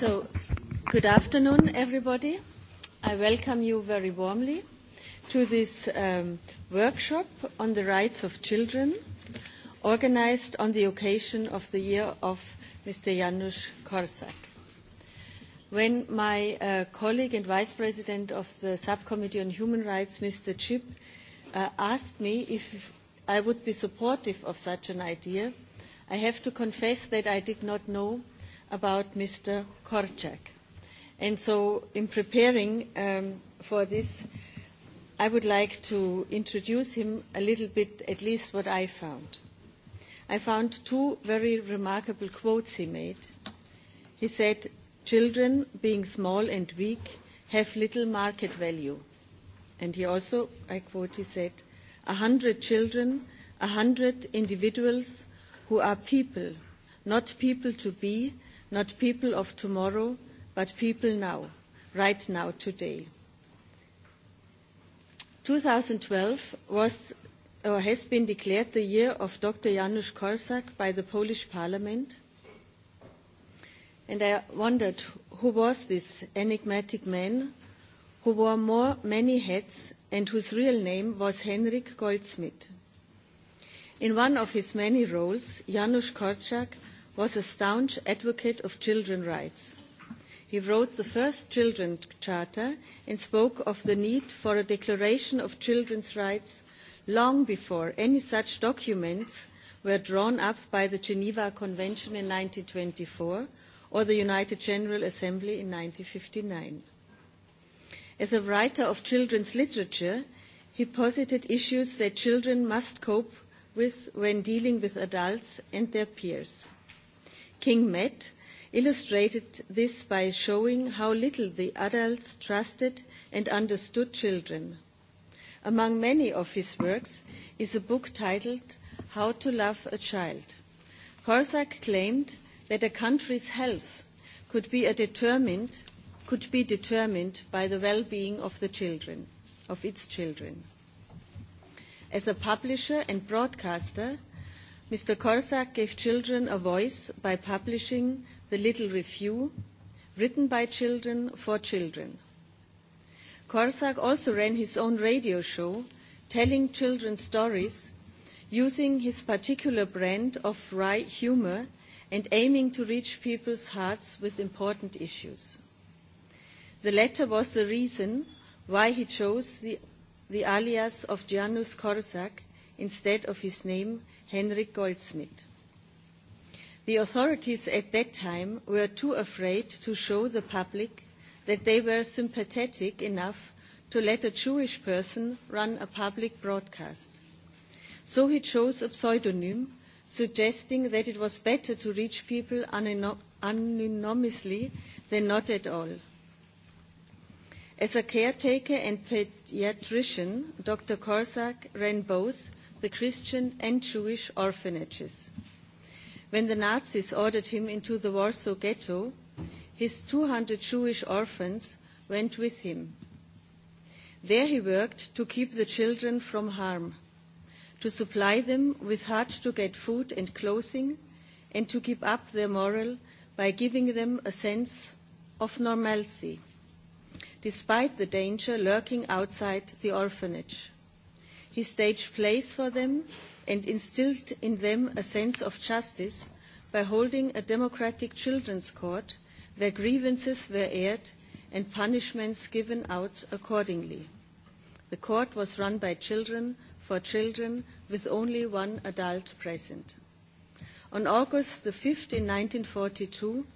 So, good afternoon, everybody. I welcome you very warmly to this workshop on the rights of children, organized on the occasion of the year of Mr. Janusz Korczak. When my colleague and vice president of the subcommittee on human rights, Mr. Chip, asked me if I would be supportive of such an idea, I have to confess that I did not know about Mr. Korczak. And so in preparing um, for this, I would like to introduce him a little bit, at least what I found. I found two very remarkable quotes he made. He said, children, being small and weak, have little market value. And he also, I quote, he said, a hundred children, a hundred individuals who are people, not people to be, not people of tomorrow, but people now, right now, today. 2012 was or has been declared the year of Dr. Janusz Korczak by the Polish Parliament. And I wondered who was this enigmatic man who wore more, many hats and whose real name was Henrik Goldschmidt. In one of his many roles, Janusz Korczak was a staunch advocate of children's rights. He wrote the first Children's Charter and spoke of the need for a declaration of children's rights long before any such documents were drawn up by the Geneva Convention in twenty four or the United General Assembly in fifty nine. As a writer of children's literature, he posited issues that children must cope with when dealing with adults and their peers. King Met illustrated this by showing how little the adults trusted and understood children. Among many of his works is a book titled How to Love a Child. Korsak claimed that a country's health could be, a determined, could be determined by the well-being of the children, of its children. As a publisher and broadcaster, Mr. Korsak gave children a voice by publishing The Little Review, written by children for children. Korsak also ran his own radio show, telling children stories, using his particular brand of wry humour and aiming to reach people's hearts with important issues. The latter was the reason why he chose the, the alias of Janusz Korsak instead of his name Henrik Goldschmidt. The authorities at that time were too afraid to show the public that they were sympathetic enough to let a Jewish person run a public broadcast. So he chose a pseudonym, suggesting that it was better to reach people anonymously than not at all. As a caretaker and paediatrician, Dr. Korsak ran both the Christian and Jewish orphanages. When the Nazis ordered him into the Warsaw Ghetto, his two hundred Jewish orphans went with him. There he worked to keep the children from harm, to supply them with hard-to-get food and clothing, and to keep up their morale by giving them a sense of normalcy, despite the danger lurking outside the orphanage. He staged plays for them and instilled in them a sense of justice by holding a democratic children's court where grievances were aired and punishments given out accordingly. The court was run by children for children with only one adult present. On August the 5th in forty two,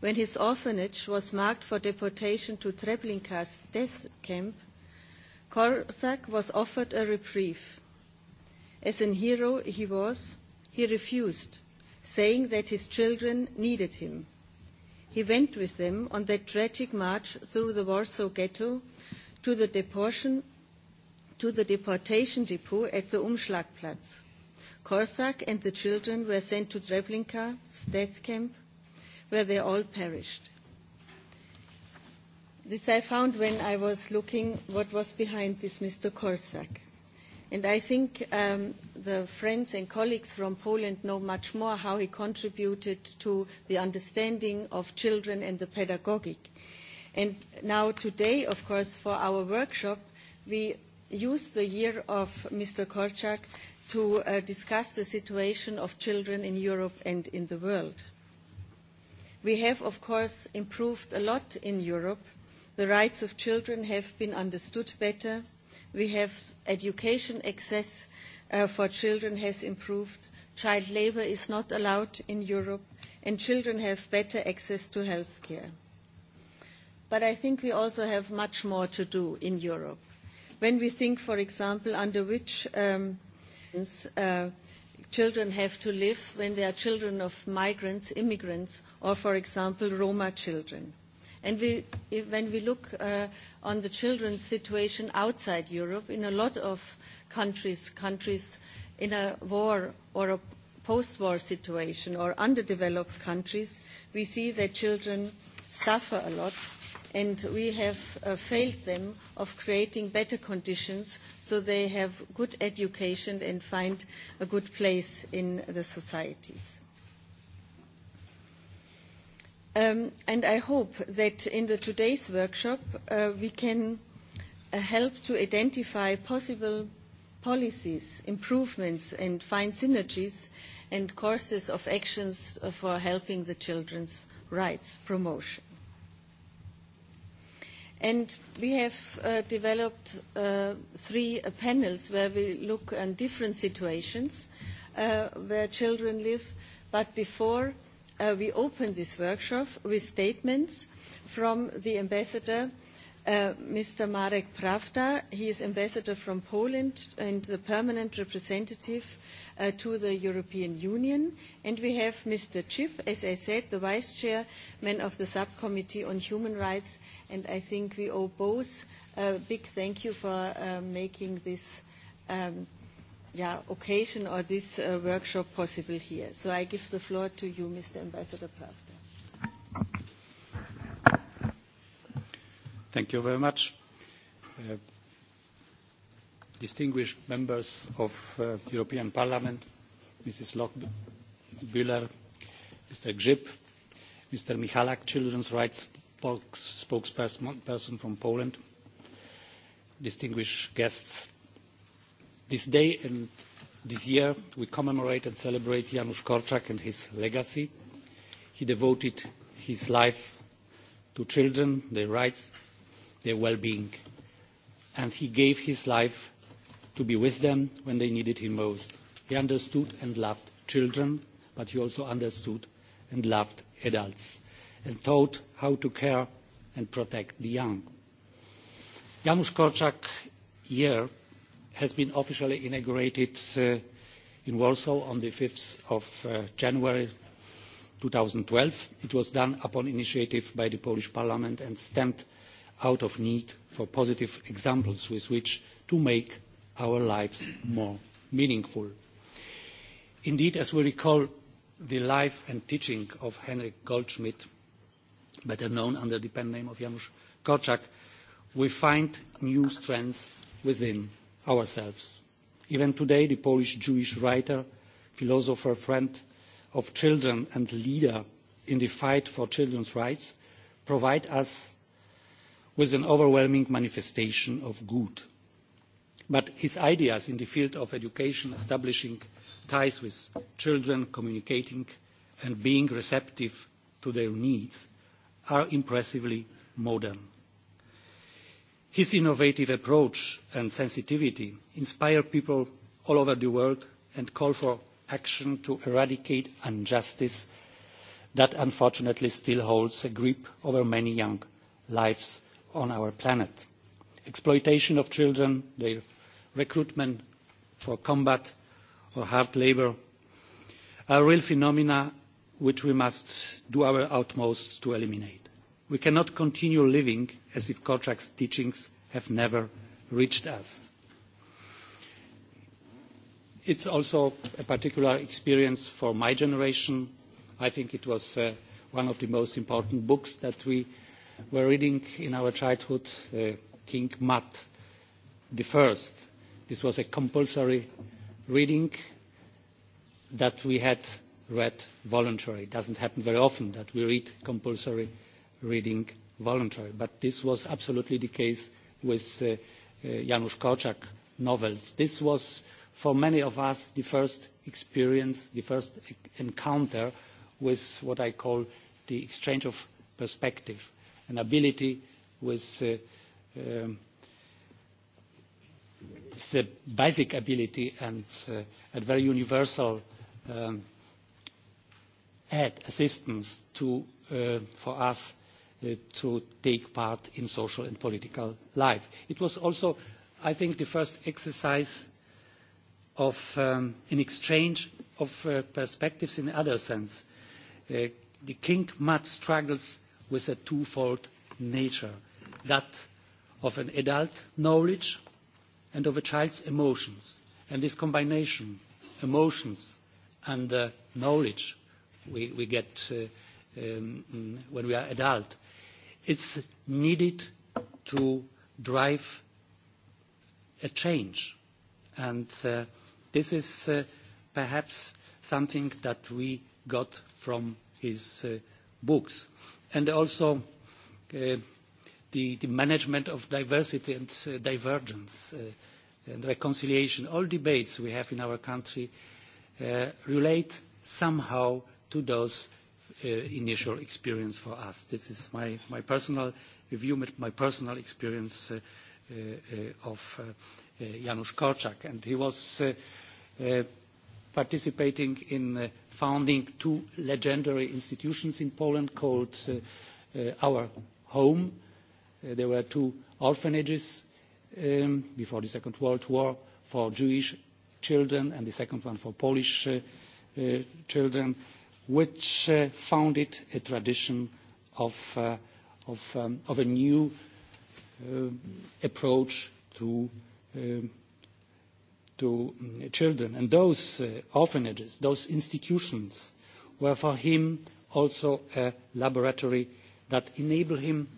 when his orphanage was marked for deportation to Treblinka's death camp, Korczak was offered a reprieve. As a hero he was, he refused, saying that his children needed him. He went with them on that tragic march through the Warsaw ghetto to the deportation, to the deportation depot at the Umschlagplatz. Korsak and the children were sent to Treblinka's death camp, where they all perished. This I found when I was looking what was behind this Mr. Korsak. And I think um, the friends and colleagues from Poland know much more how he contributed to the understanding of children and the pedagogic. And now today, of course, for our workshop, we use the year of Mr. Korczak to uh, discuss the situation of children in Europe and in the world. We have, of course, improved a lot in Europe The rights of children have been understood better. We have education access for children has improved. Child labour is not allowed in Europe, and children have better access to health care. But I think we also have much more to do in Europe. When we think, for example, under which children have to live when they are children of migrants, immigrants, or, for example, Roma children. And we, when we look uh, on the children's situation outside Europe, in a lot of countries, countries in a war or a post-war situation or underdeveloped countries, we see that children suffer a lot and we have uh, failed them of creating better conditions so they have good education and find a good place in the societies and I hope that in the today's workshop we can help to identify possible policies, improvements, and find synergies and courses of actions for helping the children's rights promotion. And we have developed three panels where we look at different situations where children live, but before we opened this workshop with statements from the ambassador, Mr. Marek Pravda. He is ambassador from Poland and the permanent representative to the European Union. And we have Mr. Chip, as I said, the vice chairman of the subcommittee on human rights. And I think we owe both a big thank you for making this yeah, occasion or this uh, workshop possible here. So I give the floor to you, Mr. Ambassador Pravda. Thank you very much. Uh, distinguished members of uh, European Parliament, Mrs. Lochbühler, Mr. Grzyb, Mr. Michalak, Children's Rights spokesperson from Poland, distinguished guests, This day and this year, we commemorate and celebrate Janusz Korczak and his legacy. He devoted his life to children, their rights, their well-being, and he gave his life to be with them when they needed him most. He understood and loved children, but he also understood and loved adults and taught how to care and protect the young. Janusz Korczak's year has been officially inaugurated in Warsaw on the 5th of January twelve. It was done upon initiative by the Polish Parliament and stemmed out of need for positive examples with which to make our lives more meaningful. Indeed, as we recall the life and teaching of Henrik Goldschmidt, better known under the pen name of Janusz Korczak, we find new strengths within ourselves. Even today, the Polish Jewish writer, philosopher, friend of children and leader in the fight for children's rights provide us with an overwhelming manifestation of good. But his ideas in the field of education, establishing ties with children, communicating and being receptive to their needs are impressively modern His innovative approach and sensitivity inspire people all over the world and call for action to eradicate injustice that unfortunately still holds a grip over many young lives on our planet. Exploitation of children, their recruitment for combat or hard labour are real phenomena which we must do our utmost to eliminate. We cannot continue living as if Korczak's teachings have never reached us. It's also a particular experience for my generation. I think it was one of the most important books that we were reading in our childhood, King Matt the First. This was a compulsory reading that we had read voluntarily. It doesn't happen very often that we read compulsory reading voluntary. But this was absolutely the case with Janusz Korczak novels. This was, for many of us, the first experience, the first encounter with what I call the exchange of perspective, an ability with it's a basic ability and a very universal add assistance to, for us to take part in social and political life. It was also, I think, the first exercise of an exchange of perspectives in other sense. the king mud struggles with a twofold nature, that of an adult knowledge and of a child's emotions. And this combination, emotions and knowledge, we, we get when we are adult, It's needed to drive a change. And this is perhaps something that we got from his books. And also the, management of diversity and divergence and reconciliation, all debates we have in our country relate somehow to those initial experience for us. This is my my personal review, my personal experience of Janusz Korczak. and He was participating in founding two legendary institutions in Poland called Our Home. There were two orphanages before the Second World War for Jewish children and the second one for Polish children which founded a tradition of, a new approach to, children. And those orphanages, those institutions, were for him also a laboratory that enabled him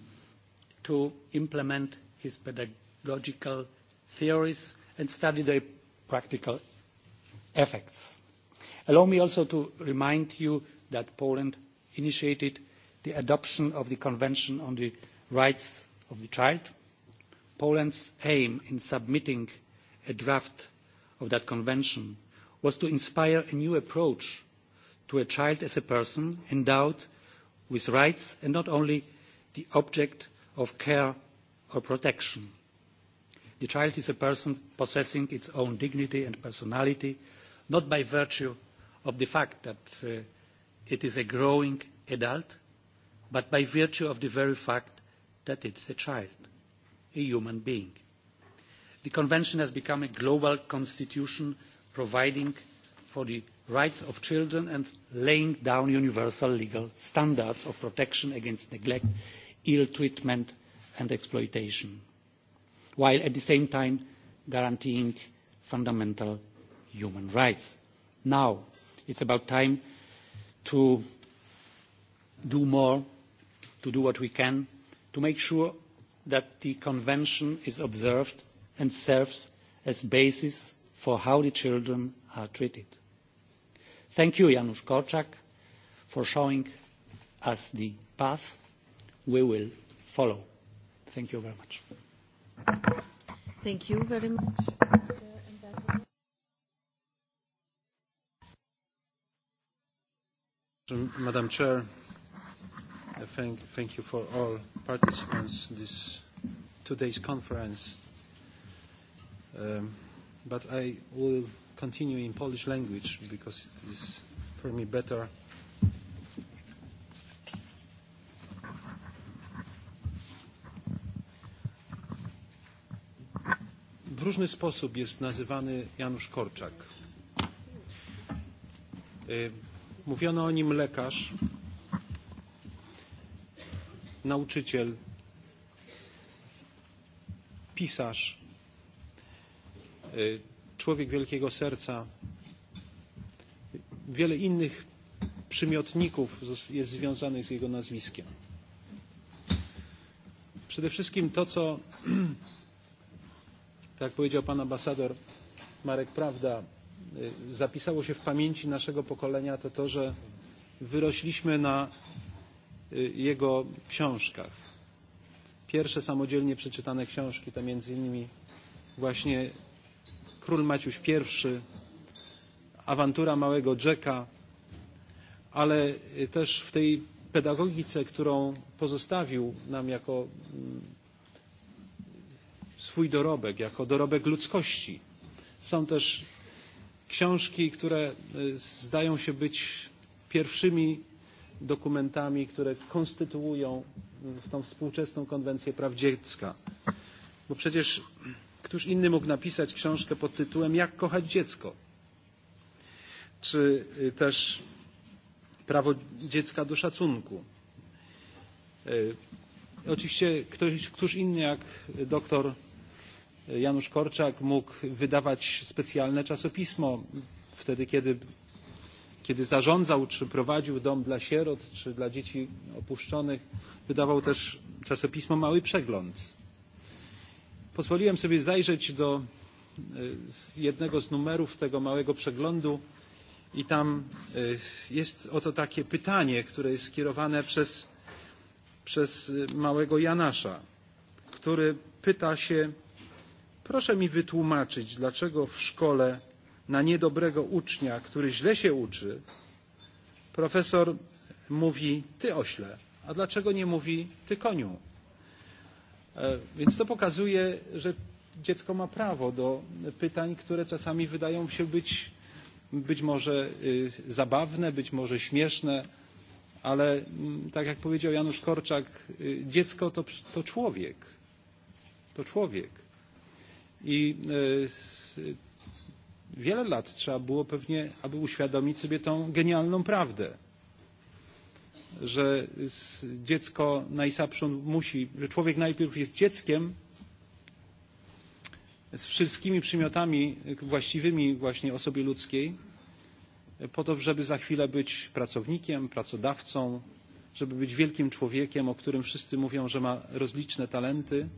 to implement his pedagogical theories and study their practical effects Allow me also to remind you that Poland initiated the adoption of the Convention on the Rights of the Child. Poland's aim in submitting a draft of that convention was to inspire a new approach to a child as a person endowed with rights and not only the object of care or protection. The child is a person possessing its own dignity and personality, not by virtue of the fact that it is a growing adult, but by virtue of the very fact that it's a child, a human being. The Convention has become a global constitution providing for the rights of children and laying down universal legal standards of protection against neglect, ill treatment and exploitation, while at the same time guaranteeing fundamental human rights. Now, It's about time to do more, to do what we can, to make sure that the Convention is observed and serves as basis for how the children are treated. Thank you, Janusz Korczak, for showing us the path we will follow. Thank you very much. Thank you very much. Madam Chair, I thank, thank you for all participants this today's conference. Um, but I will continue in Polish language because it is for me better. W różny sposób jest nazywany Janusz Korczak. Mówiono o nim lekarz, nauczyciel, pisarz, człowiek wielkiego serca. Wiele innych przymiotników jest związanych z jego nazwiskiem. Przede wszystkim to, co, tak jak powiedział pan ambasador Marek Prawda, zapisało się w pamięci naszego pokolenia, to to, że wyrośliśmy na jego książkach. Pierwsze samodzielnie przeczytane książki to między innymi właśnie Król Maciuś I, Awantura Małego Jacka, ale też w tej pedagogice, którą pozostawił nam jako swój dorobek, jako dorobek ludzkości. Są też książki, które zdają się być pierwszymi dokumentami, które konstytuują tą współczesną konwencję praw dziecka. Bo przecież któż inny mógł napisać książkę pod tytułem Jak kochać dziecko? Czy też prawo dziecka do szacunku. Oczywiście ktoś, któż inny jak doktor Janusz Korczak mógł wydawać specjalne czasopismo wtedy, kiedy, kiedy zarządzał czy prowadził dom dla sierot czy dla dzieci opuszczonych. Wydawał też czasopismo Mały Przegląd. Pozwoliłem sobie zajrzeć do jednego z numerów tego małego przeglądu i tam jest oto takie pytanie, które jest skierowane przez, przez małego Janasza, który pyta się, Proszę mi wytłumaczyć, dlaczego w szkole na niedobrego ucznia, który źle się uczy, profesor mówi ty ośle, a dlaczego nie mówi ty koniu? Więc to pokazuje, że dziecko ma prawo do pytań, które czasami wydają się być być może zabawne, być może śmieszne, ale tak jak powiedział Janusz Korczak, dziecko to, człowiek. To człowiek. I wiele lat trzeba było pewnie, aby uświadomić sobie tą genialną prawdę, że dziecko najsapszą musi, że człowiek najpierw jest dzieckiem z wszystkimi przymiotami właściwymi właśnie osobie ludzkiej, po to, żeby za chwilę być pracownikiem, pracodawcą, żeby być wielkim człowiekiem, o którym wszyscy mówią, że ma rozliczne talenty,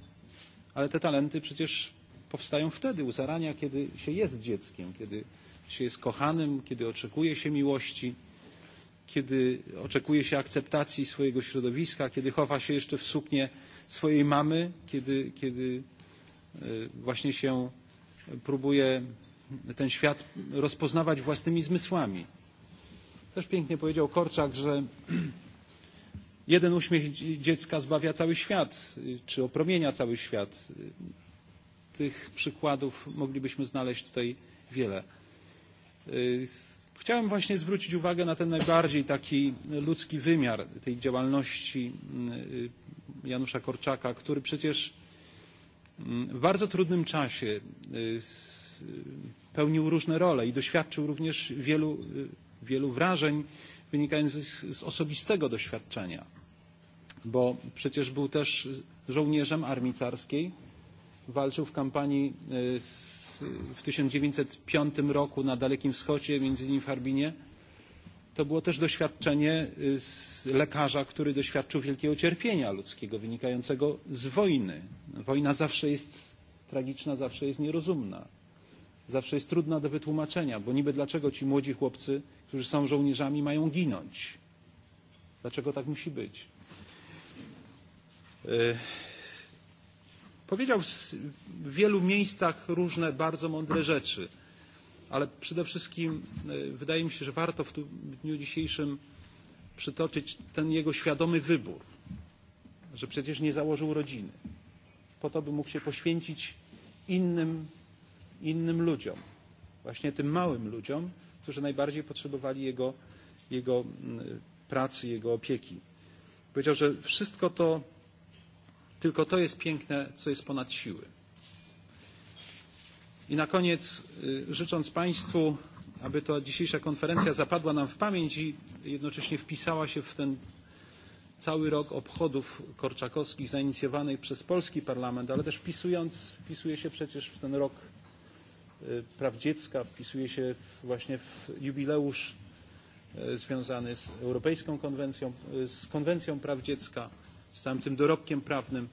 ale te talenty przecież powstają wtedy, u zarania, kiedy się jest dzieckiem, kiedy się jest kochanym, kiedy oczekuje się miłości, kiedy oczekuje się akceptacji swojego środowiska, kiedy chowa się jeszcze w suknię swojej mamy, kiedy, kiedy właśnie się próbuje ten świat rozpoznawać własnymi zmysłami. Też pięknie powiedział Korczak, że jeden uśmiech dziecka zbawia cały świat, czy opromienia cały świat tych przykładów moglibyśmy znaleźć tutaj wiele. Chciałem właśnie zwrócić uwagę na ten najbardziej taki ludzki wymiar tej działalności Janusza Korczaka, który przecież w bardzo trudnym czasie pełnił różne role i doświadczył również wielu, wielu wrażeń wynikających z osobistego doświadczenia, bo przecież był też żołnierzem armii carskiej, walczył w kampanii w 1905 roku na Dalekim Wschodzie, między innymi w Harbinie. To było też doświadczenie lekarza, który doświadczył wielkiego cierpienia ludzkiego wynikającego z wojny. Wojna zawsze jest tragiczna, zawsze jest nierozumna, zawsze jest trudna do wytłumaczenia, bo niby dlaczego ci młodzi chłopcy, którzy są żołnierzami, mają ginąć? Dlaczego tak musi być? Powiedział w wielu miejscach różne bardzo mądre rzeczy, ale przede wszystkim wydaje mi się, że warto w dniu dzisiejszym przytoczyć ten jego świadomy wybór, że przecież nie założył rodziny, po to, by mógł się poświęcić innym, innym ludziom, właśnie tym małym ludziom, którzy najbardziej potrzebowali jego, jego pracy, jego opieki. Powiedział, że wszystko to Tylko to jest piękne, co jest ponad siły. I na koniec życząc Państwu, aby ta dzisiejsza konferencja zapadła nam w pamięć i jednocześnie wpisała się w ten cały rok obchodów korczakowskich zainicjowanych przez polski parlament, ale też wpisując, wpisuje się przecież w ten rok praw dziecka, wpisuje się właśnie w jubileusz związany z Europejską Konwencją, z Konwencją Praw Dziecka, z samym tym dorobkiem prawnym.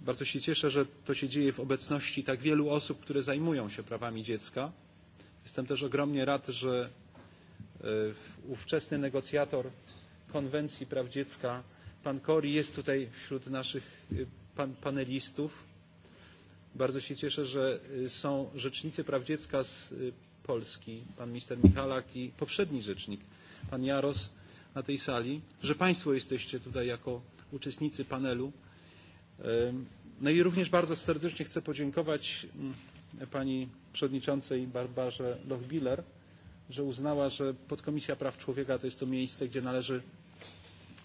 Bardzo się cieszę, że to się dzieje w obecności tak wielu osób, które zajmują się prawami dziecka. Jestem też ogromnie rad, że ówczesny negocjator konwencji praw dziecka, pan Kori, jest tutaj wśród naszych panelistów. Bardzo się cieszę, że są rzecznicy praw dziecka z Polski, pan minister Michalak i poprzedni rzecznik, pan Jaros na tej sali, że Państwo jesteście tutaj jako uczestnicy panelu. No i również bardzo serdecznie chcę podziękować pani przewodniczącej Barbarze Lochbiller, że uznała, że Podkomisja Praw Człowieka to jest to miejsce, gdzie należy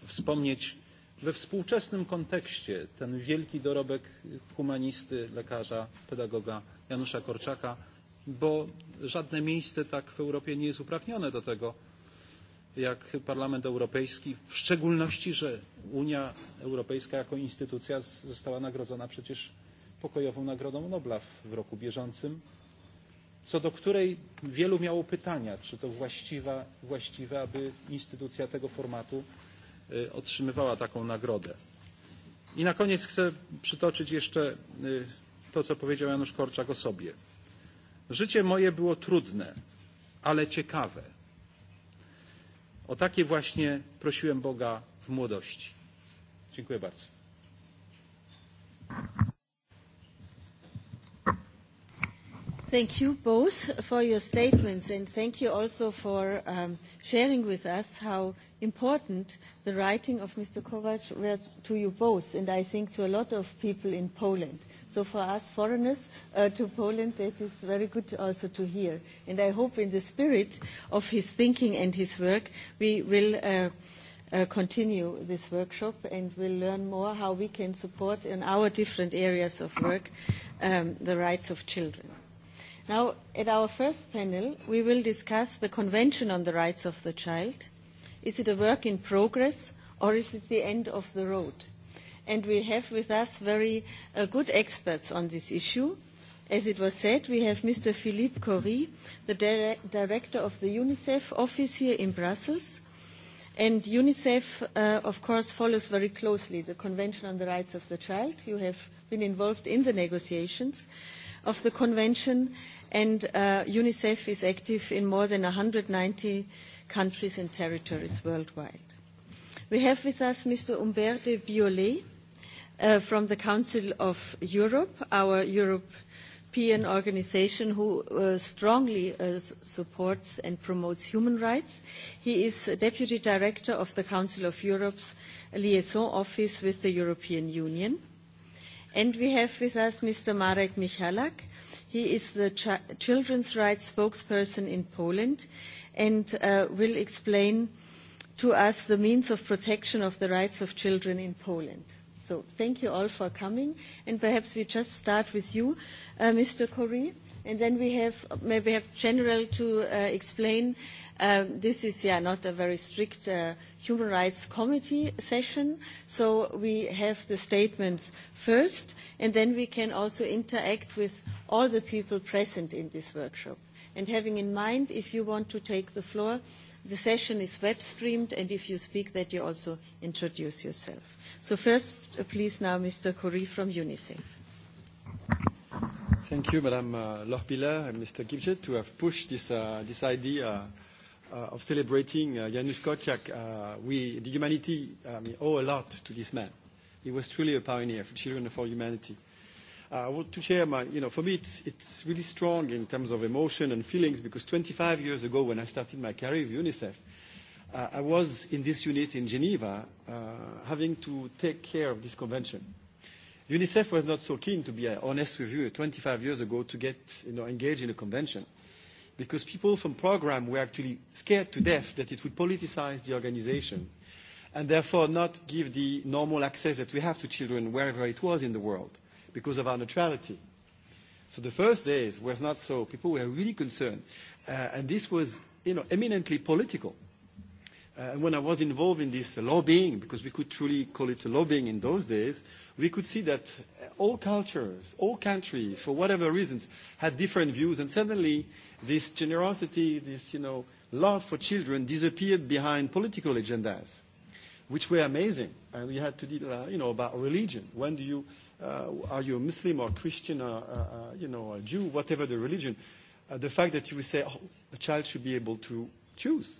wspomnieć we współczesnym kontekście ten wielki dorobek humanisty, lekarza, pedagoga Janusza Korczaka, bo żadne miejsce tak w Europie nie jest uprawnione do tego, jak Parlament Europejski, w szczególności, że Unia Europejska jako instytucja została nagrodzona przecież pokojową Nagrodą Nobla w roku bieżącym, co do której wielu miało pytania, czy to właściwa, właściwe, aby instytucja tego formatu otrzymywała taką nagrodę. I na koniec chcę przytoczyć jeszcze to, co powiedział Janusz Korczak o sobie. Życie moje było trudne, ale ciekawe. O takie właśnie prosiłem Boga w młodości. Dziękuję bardzo. Thank you both for your statements, and thank you also for um sharing with us how important the writing of Mr. Kovac was to you both, and I think to a lot of people in Poland. So for us foreigners uh, to Poland, that is very good also to hear. And I hope in the spirit of his thinking and his work, we will uh, uh, continue this workshop and we'll learn more how we can support in our different areas of work um, the rights of children. Now, at our first panel, we will discuss the Convention on the Rights of the Child. Is it a work in progress or is it the end of the road? And we have with us very uh, good experts on this issue. As it was said, we have Mr. Philippe Corrie, the dire- director of the UNICEF office here in Brussels. And UNICEF, uh, of course, follows very closely the Convention on the Rights of the Child. You have been involved in the negotiations of the Convention and UNICEF is active in more than one hundred and ninety countries and territories worldwide. We have with us Mr. Umberto Biolay from the Council of Europe, our European organisation who strongly supports and promotes human rights. He is Deputy Director of the Council of Europe's liaison office with the European Union. And we have with us Mr. Marek Michalak, He is the ch- children's rights spokesperson in Poland and uh, will explain to us the means of protection of the rights of children in Poland. So thank you all for coming. And perhaps we just start with you, uh, Mr. Corrie. And then we have maybe have general to uh, explain. Um, this is yeah not a very strict uh, human rights committee session, so we have the statements first, and then we can also interact with all the people present in this workshop. And having in mind, if you want to take the floor, the session is web streamed, and if you speak, that you also introduce yourself. So first, please now, Mr. Khoury from UNICEF. Thank you, Madame Lochbihler and Mr. Gibjet to have pushed this, uh, this idea uh, of celebrating uh, Janusz Korczak. Uh, we, the humanity, owe a lot to this man. He was truly a pioneer for Children for Humanity. Uh, want to share my, you know, for me, it's, it's really strong in terms of emotion and feelings because 25 years ago, when I started my career with UNICEF, uh, I was in this unit in Geneva, uh, having to take care of this convention. UNICEF was not so keen, to be honest with you, 25 years ago, to get you know, engaged in a convention because people from program were actually scared to death that it would politicize the organization and therefore not give the normal access that we have to children wherever it was in the world because of our neutrality. So the first days was not so. People were really concerned. Uh, and this was, you know, eminently political. Uh, and when I was involved in this lobbying, because we could truly call it a lobbying in those days, we could see that all cultures, all countries, for whatever reasons, had different views. And suddenly, this generosity, this, you know, love for children disappeared behind political agendas, which were amazing. And we had to deal, uh, you know, about religion. When do you uh, are you a Muslim or Christian or, uh, you know, a Jew, whatever the religion, uh, the fact that you would say, oh, the child should be able to choose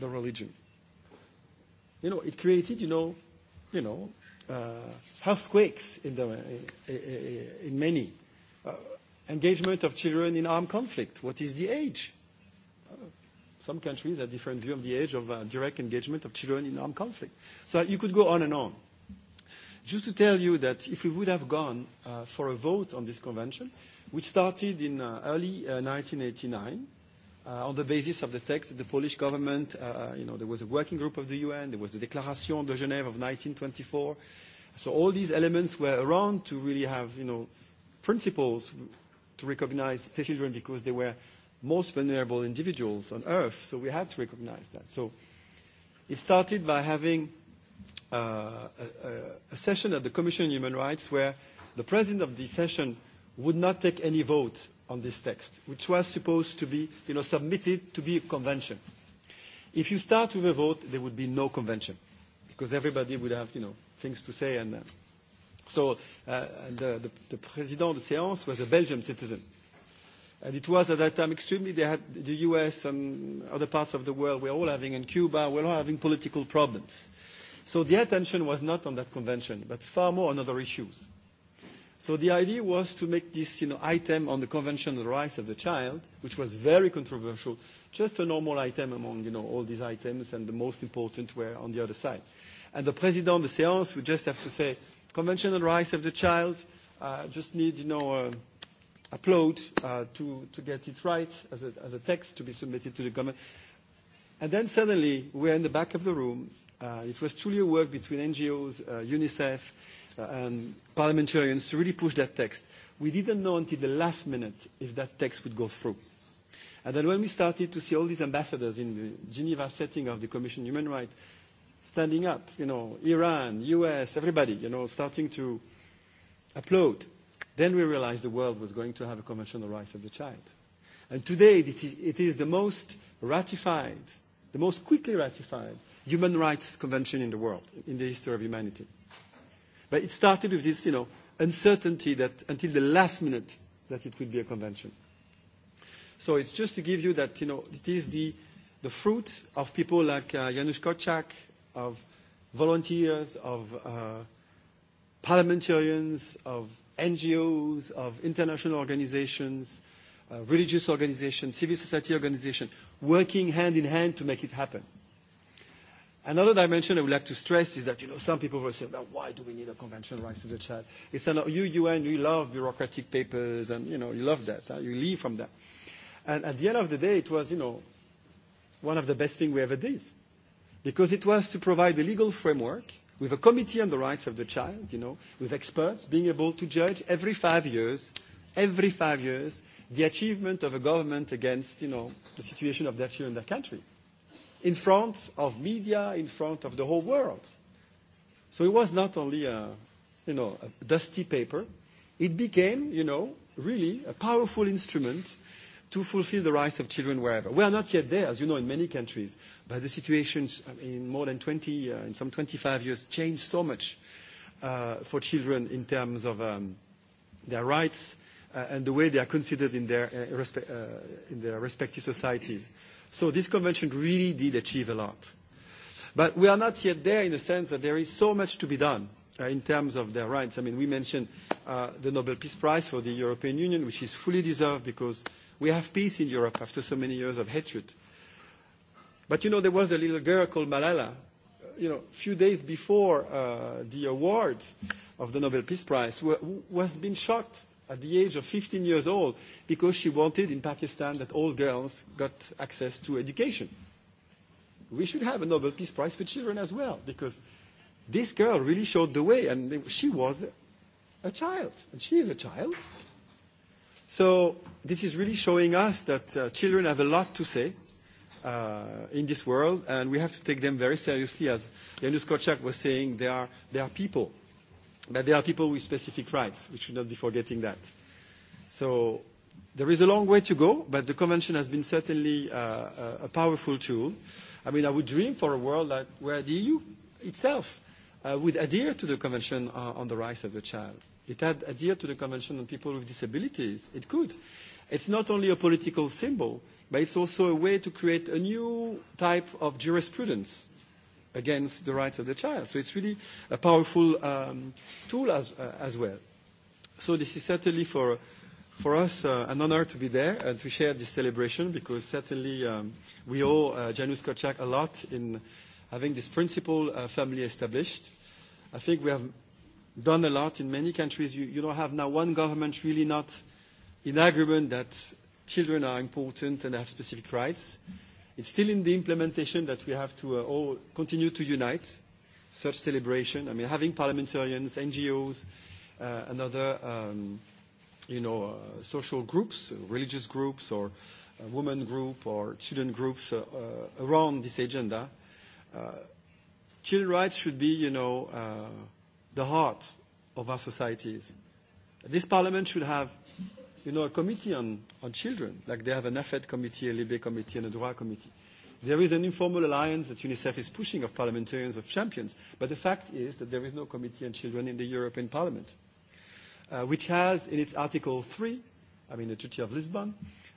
the religion. You know, it created, you know, you know, uh, earthquakes in, the, in many. Uh, engagement of children in armed conflict. What is the age? Uh, some countries have different view of the age of uh, direct engagement of children in armed conflict. So you could go on and on. Just to tell you that if we would have gone uh, for a vote on this convention, which started in uh, early uh, 1989, uh, on the basis of the text that the Polish government, uh, you know, there was a working group of the UN, there was the Declaration de Genève of 1924. So all these elements were around to really have, you know, principles to recognize the children because they were most vulnerable individuals on earth. So we had to recognize that. So it started by having uh, a, a session at the Commission on Human Rights where the president of the session would not take any vote on this text, which was supposed to be you know, submitted to be a convention. If you start with a vote, there would be no convention because everybody would have you know, things to say. And, uh, so uh, the, the, the president of the séance was a Belgian citizen. And it was at that time extremely, they had, the US and other parts of the world were all having, and Cuba, were all having political problems So the attention was not on that convention, but far more on other issues. So the idea was to make this you know, item on the convention on the rights of the child, which was very controversial, just a normal item among you know, all these items, and the most important were on the other side. And the president of the séance would just have to say, Convention on the Rights of the Child, uh, just need you know, uh, upload uh, to, to get it right as a, as a text to be submitted to the government. And then suddenly we're in the back of the room, It was truly a work between NGOs, UNICEF, and parliamentarians to really push that text. We didn't know until the last minute if that text would go through. And then when we started to see all these ambassadors in the Geneva setting of the Commission on Human Rights standing up, you know, Iran, US, everybody, you know, starting to applaud, then we realized the world was going to have a Convention on the Rights of the Child. And today it is, it is the most ratified, the most quickly ratified human rights convention in the world, in the history of humanity. But it started with this, you know, uncertainty that until the last minute that it would be a convention. So it's just to give you that, you know, it is the, the fruit of people like uh, Janusz Korczak, of volunteers, of uh, parliamentarians, of NGOs, of international organizations, uh, religious organizations, civil society organizations, working hand in hand to make it happen. Another dimension I would like to stress is that, you know, some people will say, well, why do we need a convention rights of the child? It's an, you, UN, you love bureaucratic papers and, you know, you love that. Huh? You leave from that. And at the end of the day, it was, you know, one of the best things we ever did. Because it was to provide a legal framework with a committee on the rights of the child, you know, with experts being able to judge every five years, every five years, the achievement of a government against, you know, the situation of their children in their country in front of media, in front of the whole world. So it was not only a, you know, a dusty paper. It became, you know, really a powerful instrument to fulfill the rights of children wherever. We are not yet there, as you know, in many countries, but the situations in more than 20, uh, in some 25 years, changed so much uh, for children in terms of um, their rights uh, and the way they are considered in their, uh, respe- uh, in their respective societies. So this convention really did achieve a lot. But we are not yet there in the sense that there is so much to be done uh, in terms of their rights. I mean, we mentioned uh, the Nobel Peace Prize for the European Union, which is fully deserved because we have peace in Europe after so many years of hatred. But you know, there was a little girl called Malala, you know, a few days before uh, the award of the Nobel Peace Prize, who, who has been shot at the age of 15 years old because she wanted in Pakistan that all girls got access to education. We should have a Nobel Peace Prize for children as well because this girl really showed the way and she was a child and she is a child. So this is really showing us that uh, children have a lot to say uh, in this world and we have to take them very seriously as Janusz Kocak was saying, they are, they are people But there are people with specific rights. We should not be forgetting that. So there is a long way to go, but the convention has been certainly uh, a, powerful tool. I mean, I would dream for a world that, where the EU itself uh, would adhere to the Convention uh, on the Rights of the Child. It had adhered to the Convention on People with Disabilities. It could. It's not only a political symbol, but it's also a way to create a new type of jurisprudence against the rights of the child. So it's really a powerful um, tool as, uh, as well. So this is certainly for, for us uh, an honor to be there and to share this celebration because certainly um, we owe uh, Janusz Kocak a lot in having this principle uh, firmly established. I think we have done a lot in many countries. You, you don't have now one government really not in agreement that children are important and have specific rights. Mm-hmm It's still in the implementation that we have to uh, all continue to unite such celebration. I mean, having parliamentarians, NGOs, uh, and other, um, you know, uh, social groups, religious groups, or uh, women group, or student groups uh, uh, around this agenda. Uh, children's rights should be, you know, uh, the heart of our societies. This parliament should have you know, a committee on, on children, like they have an AFED committee, a Libe committee, and a DROIT committee. There is an informal alliance that UNICEF is pushing of parliamentarians, of champions, but the fact is that there is no committee on children in the European Parliament, uh, which has in its Article 3, I mean the Treaty of Lisbon,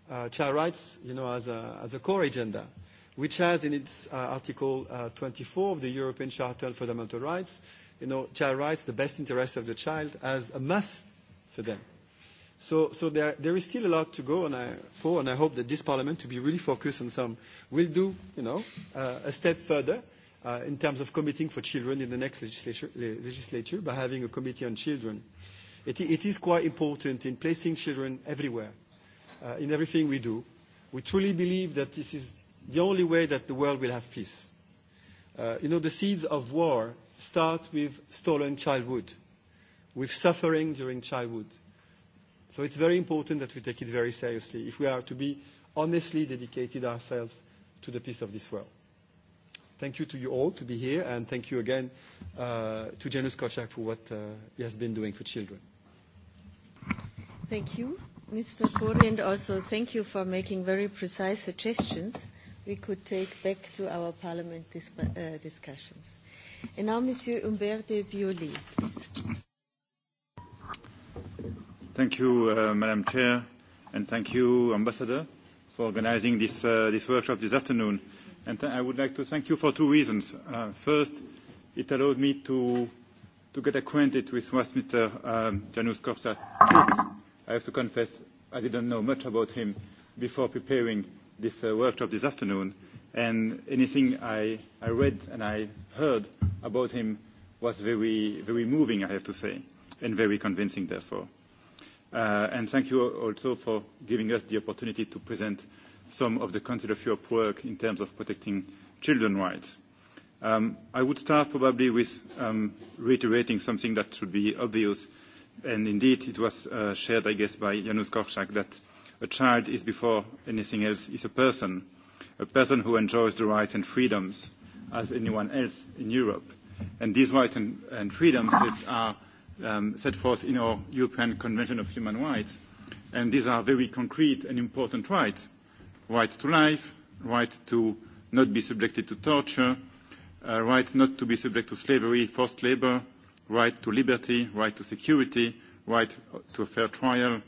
uh, child rights you know, as, a, as a core agenda, which has in its uh, Article uh, 24 of the European Charter on Fundamental Rights, you know, child rights, the best interest of the child, as a must for them. So so there there is still a lot to go and I for, and I hope that this parliament to be really focused on some will do, you know, uh a step further uh in terms of committing for children in the next legislature legislature by having a committee on children. It it is quite important in placing children everywhere, uh in everything we do. We truly believe that this is the only way that the world will have peace. Uh You know, the seeds of war start with stolen childhood, with suffering during childhood So it's very important that we take it very seriously if we are to be honestly dedicated ourselves to the peace of this world. Thank you to you all to be here, and thank you again uh, to Janusz Kocak for what uh, he has been doing for children. Thank you, Mr. Kory, and also thank you for making very precise suggestions we could take back to our parliament dis- uh, discussions. And now, Monsieur Humbert de Bioli, please. Thank you, uh, Madam Chair, and thank you, Ambassador, for organizing this, uh, this workshop this afternoon. And th- I would like to thank you for two reasons. Uh, first, it allowed me to, to get acquainted with Westminster um, Janusz Korczak. I have to confess, I didn't know much about him before preparing this uh, workshop this afternoon, and anything I, I read and I heard about him was very, very moving, I have to say, and very convincing, therefore. And thank you also for giving us the opportunity to present some of the Council of Europe work in terms of protecting children's rights. I would start probably with reiterating something that should be obvious, and indeed it was shared, I guess, by Janusz Korczak, that a child is, before anything else, is a person, a person who enjoys the rights and freedoms as anyone else in Europe. And these rights and, and freedoms are um, set forth in our European Convention of Human Rights. And these are very concrete and important rights. Right to life, right to not be subjected to torture, uh, right not to be subject to slavery, forced labor, right to liberty, right to security, right to a fair trial,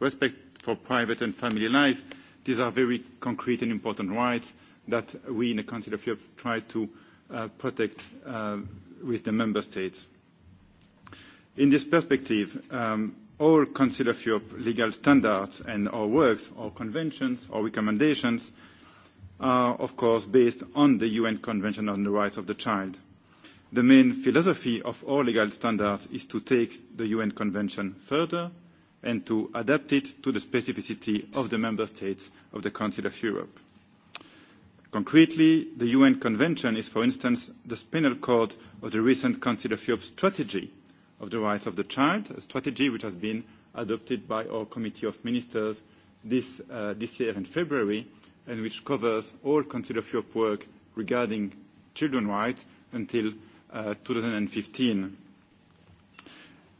respect for private and family life. These are very concrete and important rights that we in the Council of Europe try to uh, protect uh, with the member states. In this perspective, all Council of Europe legal standards and our works, our conventions, or recommendations are, of course, based on the UN Convention on the Rights of the Child. The main philosophy of all legal standards is to take the UN Convention further and to adapt it to the specificity of the member states of the Council of Europe. Concretely, the UN Convention is, for instance, the spinal cord of the recent Council of Europe strategy of the Rights of the Child, a strategy which has been adopted by our Committee of Ministers this, uh, this year in February, and which covers all Council of Europe work regarding children's rights until uh, 2015.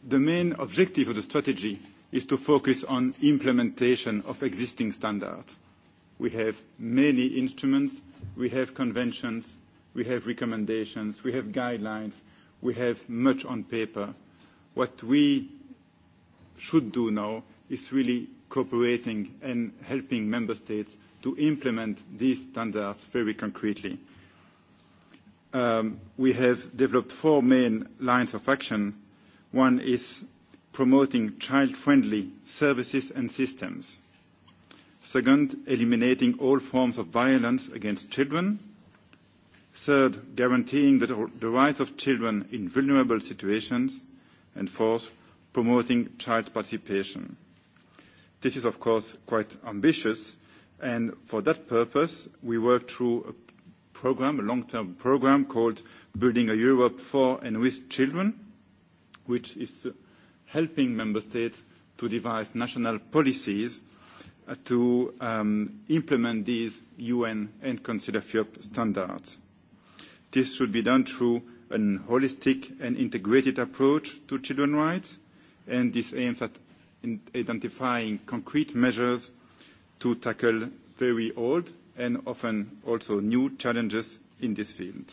The main objective of the strategy is to focus on implementation of existing standards. We have many instruments, we have conventions, we have recommendations, we have guidelines, we have much on paper, What we should do now is really cooperating and helping member states to implement these standards very concretely. We have developed four main lines of action. One is promoting child-friendly services and systems. Second, eliminating all forms of violence against children. Third, guaranteeing the rights of children in vulnerable situations and fourth, promoting child participation. This is, of course, quite ambitious, and for that purpose, we work through a program, a long-term program called Building a Europe for and with Children, which is helping member states to devise national policies to implement these UN and Council of Europe standards. This should be done through a holistic and integrated approach to children's rights, and this aims at identifying concrete measures to tackle very old and often also new challenges in this field.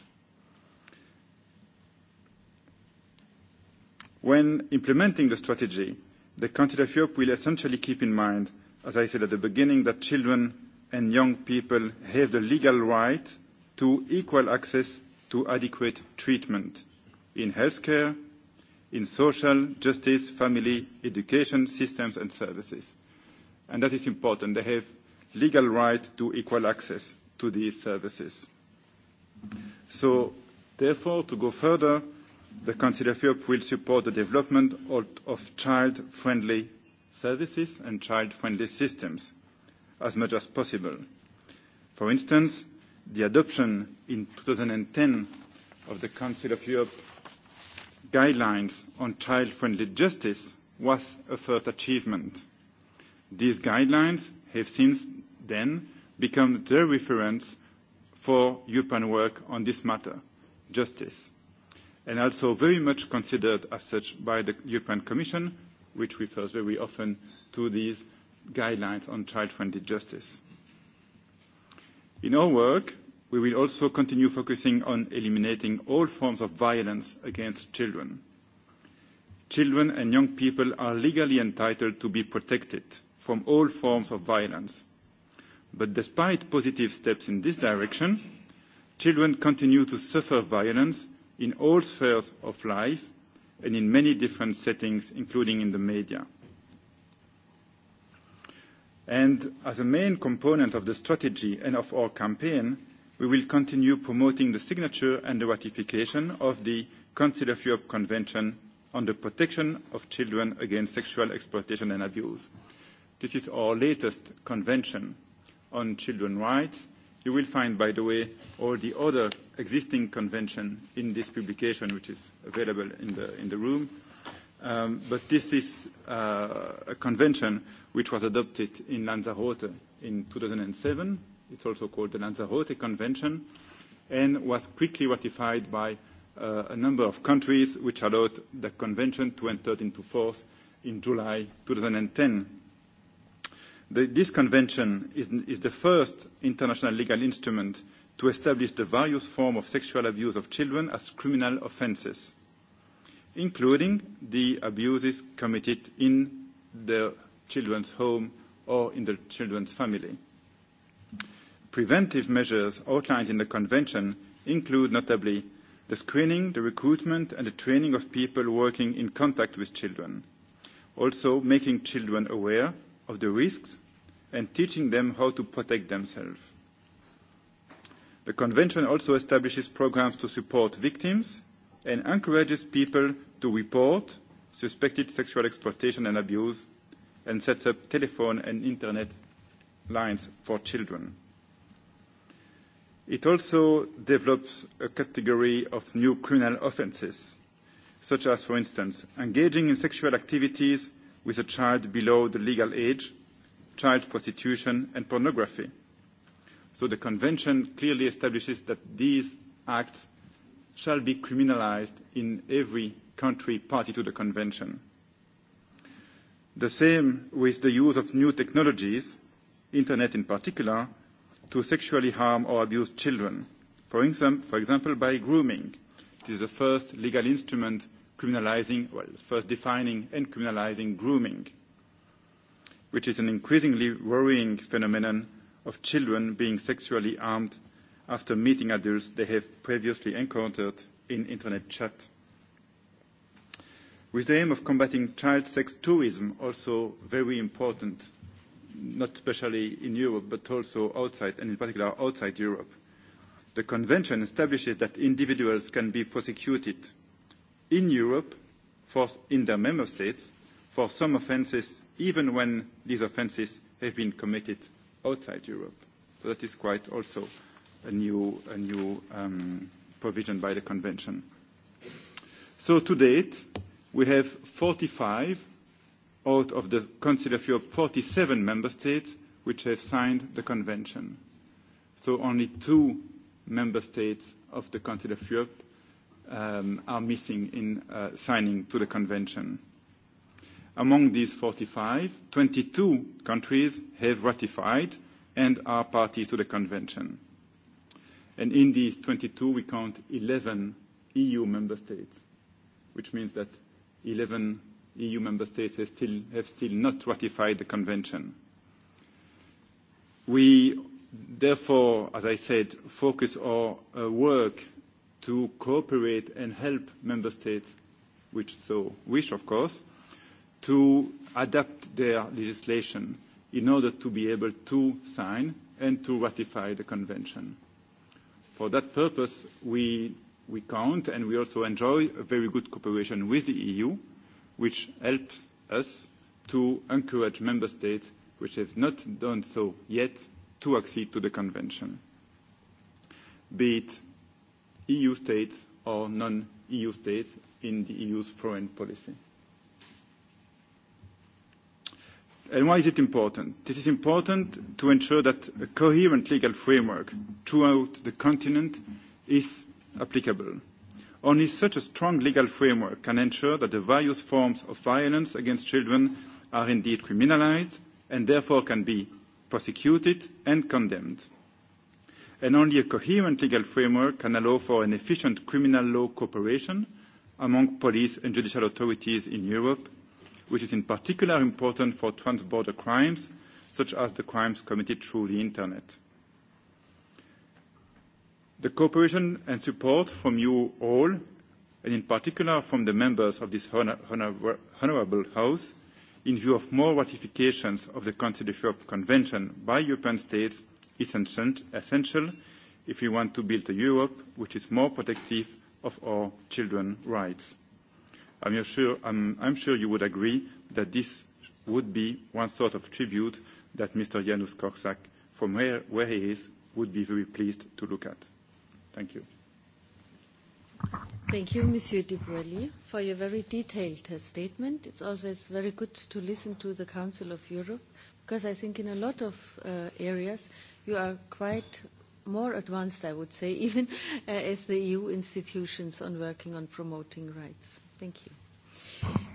When implementing the strategy, the Council of Europe will essentially keep in mind, as I said at the beginning, that children and young people have the legal right to equal access to adequate treatment in healthcare, in social justice, family, education systems and services. And that is important. They have legal right to equal access to these services. So, therefore, to go further, the Council of Europe will support the development of child-friendly services and child-friendly systems as much as possible. For instance, the adoption in 2010 of the Council of Europe guidelines on child-friendly justice was a first achievement. These guidelines have since then become the reference for European work on this matter, justice, and also very much considered as such by the European Commission, which refers very often to these guidelines on child-friendly justice. In our work, we will also continue focusing on eliminating all forms of violence against children. Children and young people are legally entitled to be protected from all forms of violence. But despite positive steps in this direction, children continue to suffer violence in all spheres of life and in many different settings, including in the media. And as a main component of the strategy and of our campaign, we will continue promoting the signature and the ratification of the Council of Europe Convention on the Protection of Children Against Sexual Exploitation and Abuse. This is our latest convention on children's rights. You will find, by the way, all the other existing conventions in this publication, which is available in the room, Um, but this is uh, a convention which was adopted in Lanzarote in 2007. It's also called the Lanzarote Convention and was quickly ratified by uh, a number of countries which allowed the convention to enter into force in July 2010. The, this convention is, is the first international legal instrument to establish the various forms of sexual abuse of children as criminal offences including the abuses committed in the children's home or in the children's family. Preventive measures outlined in the Convention include notably the screening, the recruitment and the training of people working in contact with children, also making children aware of the risks and teaching them how to protect themselves. The Convention also establishes programmes to support victims and encourages people to report suspected sexual exploitation and abuse and sets up telephone and internet lines for children. It also develops a category of new criminal offences, such as, for instance, engaging in sexual activities with a child below the legal age, child prostitution, and pornography. So the Convention clearly establishes that these acts shall be criminalized in every country party to the Convention. The same with the use of new technologies, Internet in particular, to sexually harm or abuse children, for, example, by grooming. It is the first legal instrument criminalizing, well, first defining and criminalizing grooming, which is an increasingly worrying phenomenon of children being sexually harmed after meeting adults they have previously encountered in internet chat. With the aim of combating child sex tourism, also very important, not especially in Europe, but also outside, and in particular outside Europe, the Convention establishes that individuals can be prosecuted in Europe for, in their member states for some offences, even when these offences have been committed outside Europe. So that is quite also a new, a new um, provision by the Convention. So to date, we have 45 out of the Council of Europe, 47 member states which have signed the Convention. So only two member states of the Council of Europe um, are missing in uh, signing to the Convention. Among these 45, 22 countries have ratified and are party to the Convention. And in these 22, we count 11 EU member states, which means that 11 EU member states have still, not ratified the convention. We therefore, as I said, focus our work to cooperate and help member states, which so wish, of course, to adapt their legislation in order to be able to sign and to ratify the convention. For that purpose, we we count and we also enjoy a very good cooperation with the EU, which helps us to encourage member states which have not done so yet to accede to the convention, be it EU states or non-EU states in the EU's foreign policy. And why is it important? This is important to ensure that a coherent legal framework throughout the continent is applicable. Only such a strong legal framework can ensure that the various forms of violence against children are indeed criminalised and therefore can be prosecuted and condemned. And only a coherent legal framework can allow for an efficient criminal law cooperation among police and judicial authorities in Europe which is in particular important for transborder crimes, such as the crimes committed through the Internet. The cooperation and support from you all, and in particular from the members of this honourable House, in view of more ratifications of the Council of Europe Convention by European states, is essential if we want to build a Europe which is more protective of our children's rights. I'm sure, I'm, I'm sure you would agree that this would be one sort of tribute that Mr. Janusz Korczak, from where, where he is, would be very pleased to look at. Thank you. Thank you, Monsieur Dubreuil, for your very detailed statement. It's always very good to listen to the Council of Europe because I think in a lot of uh, areas you are quite more advanced, I would say, even uh, as the EU institutions on working on promoting rights. Thank you.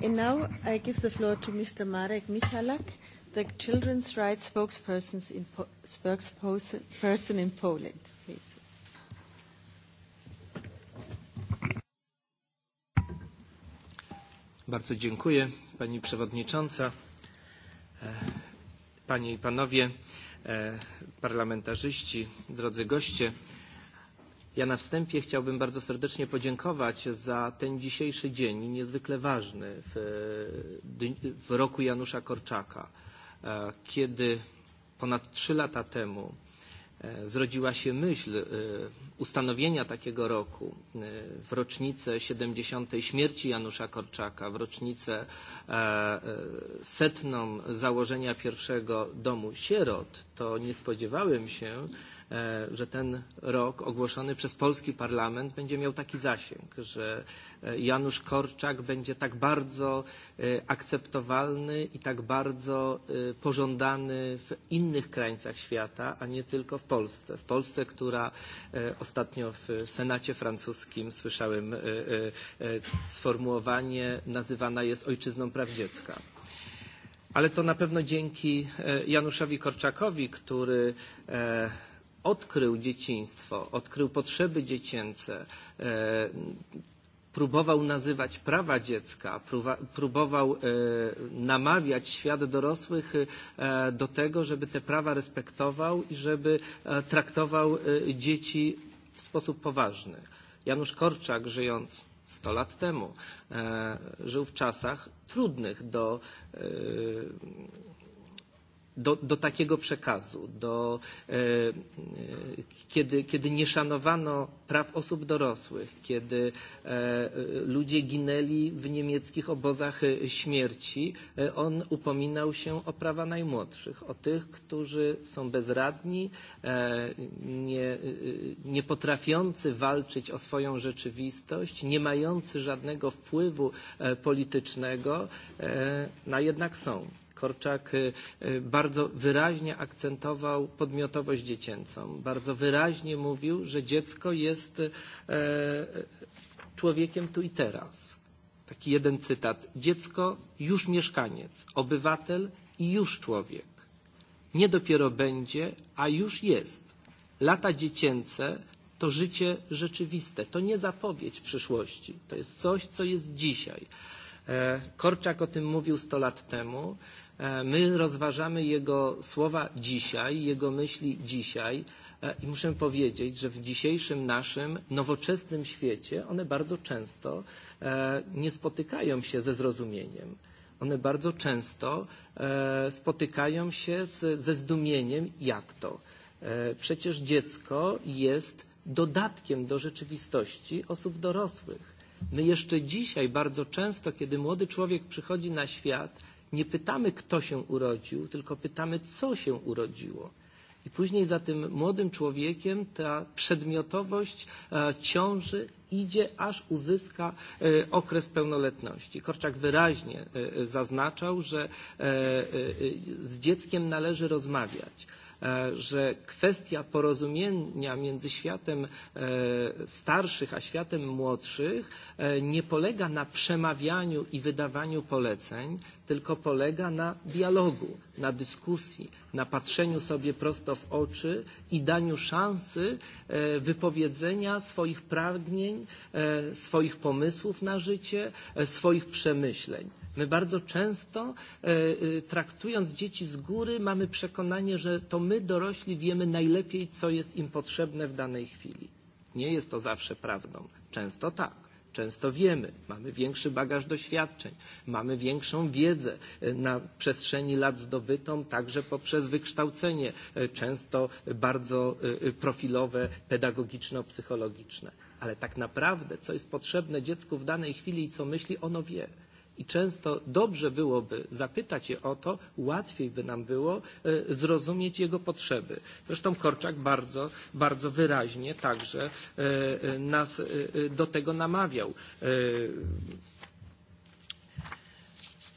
And now I give the floor to Mr. Marek Michalak, the children's rights spokesperson in, po- spokesperson in Poland. Please. Bardzo dziękuję Pani Przewodnicząca, Panie i Panowie Parlamentarzyści, drodzy goście. Ja na wstępie chciałbym bardzo serdecznie podziękować za ten dzisiejszy dzień, niezwykle ważny w, w roku Janusza Korczaka, kiedy ponad trzy lata temu zrodziła się myśl ustanowienia takiego roku w rocznicę 70. śmierci Janusza Korczaka, w rocznicę setną założenia pierwszego domu sierot, to nie spodziewałem się, że ten rok ogłoszony przez polski parlament będzie miał taki zasięg, że Janusz Korczak będzie tak bardzo akceptowalny i tak bardzo pożądany w innych krańcach świata, a nie tylko w Polsce. W Polsce, która ostatnio w Senacie francuskim słyszałem sformułowanie nazywana jest ojczyzną praw dziecka. Ale to na pewno dzięki Januszowi Korczakowi, który odkrył dzieciństwo, odkrył potrzeby dziecięce, próbował nazywać prawa dziecka, próbował namawiać świat dorosłych do tego, żeby te prawa respektował i żeby traktował dzieci w sposób poważny. Janusz Korczak, żyjąc 100 lat temu, żył w czasach trudnych do do, do takiego przekazu, do, e, e, kiedy, kiedy nie szanowano praw osób dorosłych, kiedy e, ludzie ginęli w niemieckich obozach śmierci, e, on upominał się o prawa najmłodszych, o tych, którzy są bezradni, e, nie, nie potrafiący walczyć o swoją rzeczywistość, nie mający żadnego wpływu e, politycznego, e, a jednak są. Korczak bardzo wyraźnie akcentował podmiotowość dziecięcą. Bardzo wyraźnie mówił, że dziecko jest człowiekiem tu i teraz. Taki jeden cytat. Dziecko już mieszkaniec, obywatel i już człowiek. Nie dopiero będzie, a już jest. Lata dziecięce to życie rzeczywiste, to nie zapowiedź przyszłości, to jest coś, co jest dzisiaj. Korczak o tym mówił 100 lat temu. My rozważamy jego słowa dzisiaj, jego myśli dzisiaj i muszę powiedzieć, że w dzisiejszym naszym nowoczesnym świecie one bardzo często nie spotykają się ze zrozumieniem. One bardzo często spotykają się z, ze zdumieniem, jak to. Przecież dziecko jest dodatkiem do rzeczywistości osób dorosłych. My jeszcze dzisiaj bardzo często, kiedy młody człowiek przychodzi na świat, nie pytamy, kto się urodził, tylko pytamy, co się urodziło. I później za tym młodym człowiekiem ta przedmiotowość ciąży idzie, aż uzyska okres pełnoletności. Korczak wyraźnie zaznaczał, że z dzieckiem należy rozmawiać że kwestia porozumienia między światem starszych a światem młodszych nie polega na przemawianiu i wydawaniu poleceń, tylko polega na dialogu, na dyskusji, na patrzeniu sobie prosto w oczy i daniu szansy wypowiedzenia swoich pragnień, swoich pomysłów na życie, swoich przemyśleń. My bardzo często, traktując dzieci z góry, mamy przekonanie, że to my, dorośli, wiemy najlepiej, co jest im potrzebne w danej chwili. Nie jest to zawsze prawdą. Często tak Często wiemy, mamy większy bagaż doświadczeń, mamy większą wiedzę na przestrzeni lat zdobytą, także poprzez wykształcenie, często bardzo profilowe, pedagogiczno-psychologiczne. Ale tak naprawdę, co jest potrzebne dziecku w danej chwili i co myśli, ono wie. I często dobrze byłoby zapytać je o to, łatwiej by nam było zrozumieć jego potrzeby. Zresztą Korczak bardzo, bardzo wyraźnie także nas do tego namawiał.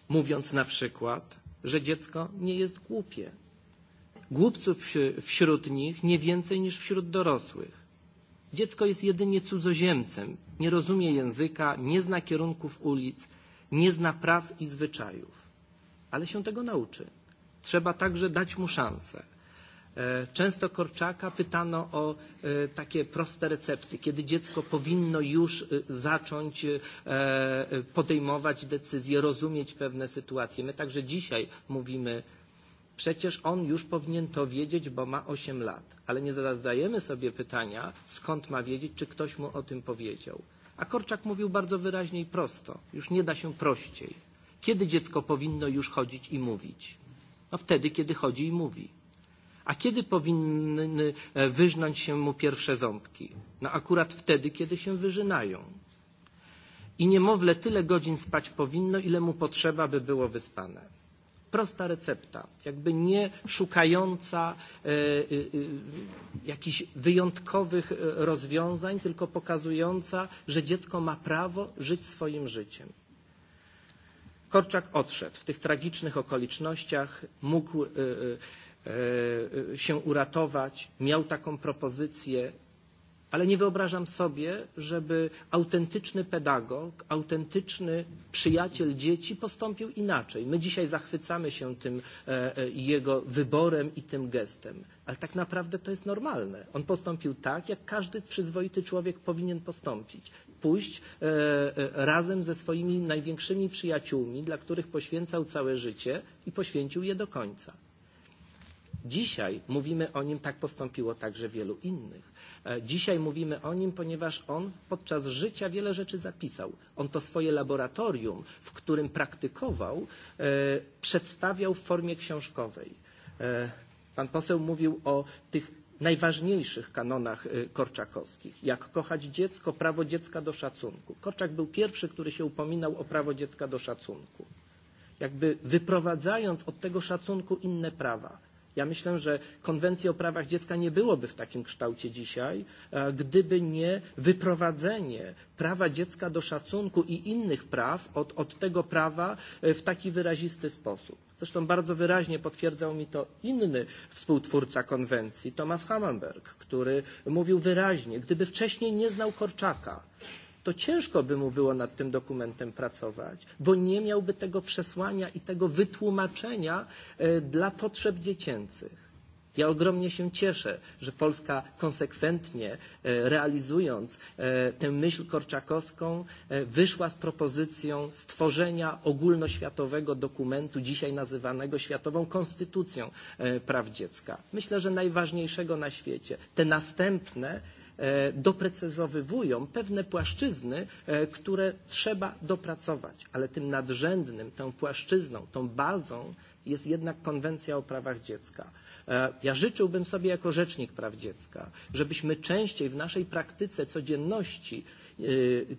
Mówiąc na przykład, że dziecko nie jest głupie. Głupców wśród nich nie więcej niż wśród dorosłych. Dziecko jest jedynie cudzoziemcem, nie rozumie języka, nie zna kierunków ulic, nie zna praw i zwyczajów, ale się tego nauczy. Trzeba także dać mu szansę. Często Korczaka pytano o takie proste recepty, kiedy dziecko powinno już zacząć podejmować decyzje, rozumieć pewne sytuacje. My także dzisiaj mówimy, przecież on już powinien to wiedzieć, bo ma 8 lat, ale nie zadajemy sobie pytania, skąd ma wiedzieć, czy ktoś mu o tym powiedział A Korczak mówił bardzo wyraźnie i prosto. Już nie da się prościej. Kiedy dziecko powinno już chodzić i mówić? No wtedy, kiedy chodzi i mówi. A kiedy powinny wyżnąć się mu pierwsze ząbki? No akurat wtedy, kiedy się wyżynają. I niemowlę tyle godzin spać powinno, ile mu potrzeba, by było wyspane prosta recepta, jakby nie szukająca jakichś wyjątkowych rozwiązań, tylko pokazująca, że dziecko ma prawo żyć swoim życiem. Korczak odszedł w tych tragicznych okolicznościach, mógł się uratować, miał taką propozycję, Ale nie wyobrażam sobie, żeby autentyczny pedagog, autentyczny przyjaciel dzieci postąpił inaczej. My dzisiaj zachwycamy się tym jego wyborem i tym gestem, ale tak naprawdę to jest normalne. On postąpił tak, jak każdy przyzwoity człowiek powinien postąpić. Pójść razem ze swoimi największymi przyjaciółmi, dla których poświęcał całe życie i poświęcił je do końca. Dzisiaj mówimy o nim, tak postąpiło także wielu innych. Dzisiaj mówimy o nim, ponieważ on podczas życia wiele rzeczy zapisał. On to swoje laboratorium, w którym praktykował, przedstawiał w formie książkowej. Pan poseł mówił o tych najważniejszych kanonach korczakowskich. Jak kochać dziecko, prawo dziecka do szacunku. Korczak był pierwszy, który się upominał o prawo dziecka do szacunku. Jakby wyprowadzając od tego szacunku inne prawa. Ja myślę, że konwencji o prawach dziecka nie byłoby w takim kształcie dzisiaj, gdyby nie wyprowadzenie prawa dziecka do szacunku i innych praw od, od tego prawa w taki wyrazisty sposób. Zresztą bardzo wyraźnie potwierdzał mi to inny współtwórca konwencji, Thomas Hammerberg, który mówił wyraźnie, gdyby wcześniej nie znał Korczaka, to ciężko by mu było nad tym dokumentem pracować, bo nie miałby tego przesłania i tego wytłumaczenia dla potrzeb dziecięcych. Ja ogromnie się cieszę, że Polska konsekwentnie realizując tę myśl korczakowską wyszła z propozycją stworzenia ogólnoświatowego dokumentu, dzisiaj nazywanego Światową Konstytucją Praw Dziecka. Myślę, że najważniejszego na świecie. Te następne doprecyzowywują pewne płaszczyzny, które trzeba dopracować, ale tym nadrzędnym, tą płaszczyzną, tą bazą jest jednak konwencja o prawach dziecka. Ja życzyłbym sobie jako rzecznik praw dziecka, żebyśmy częściej w naszej praktyce codzienności,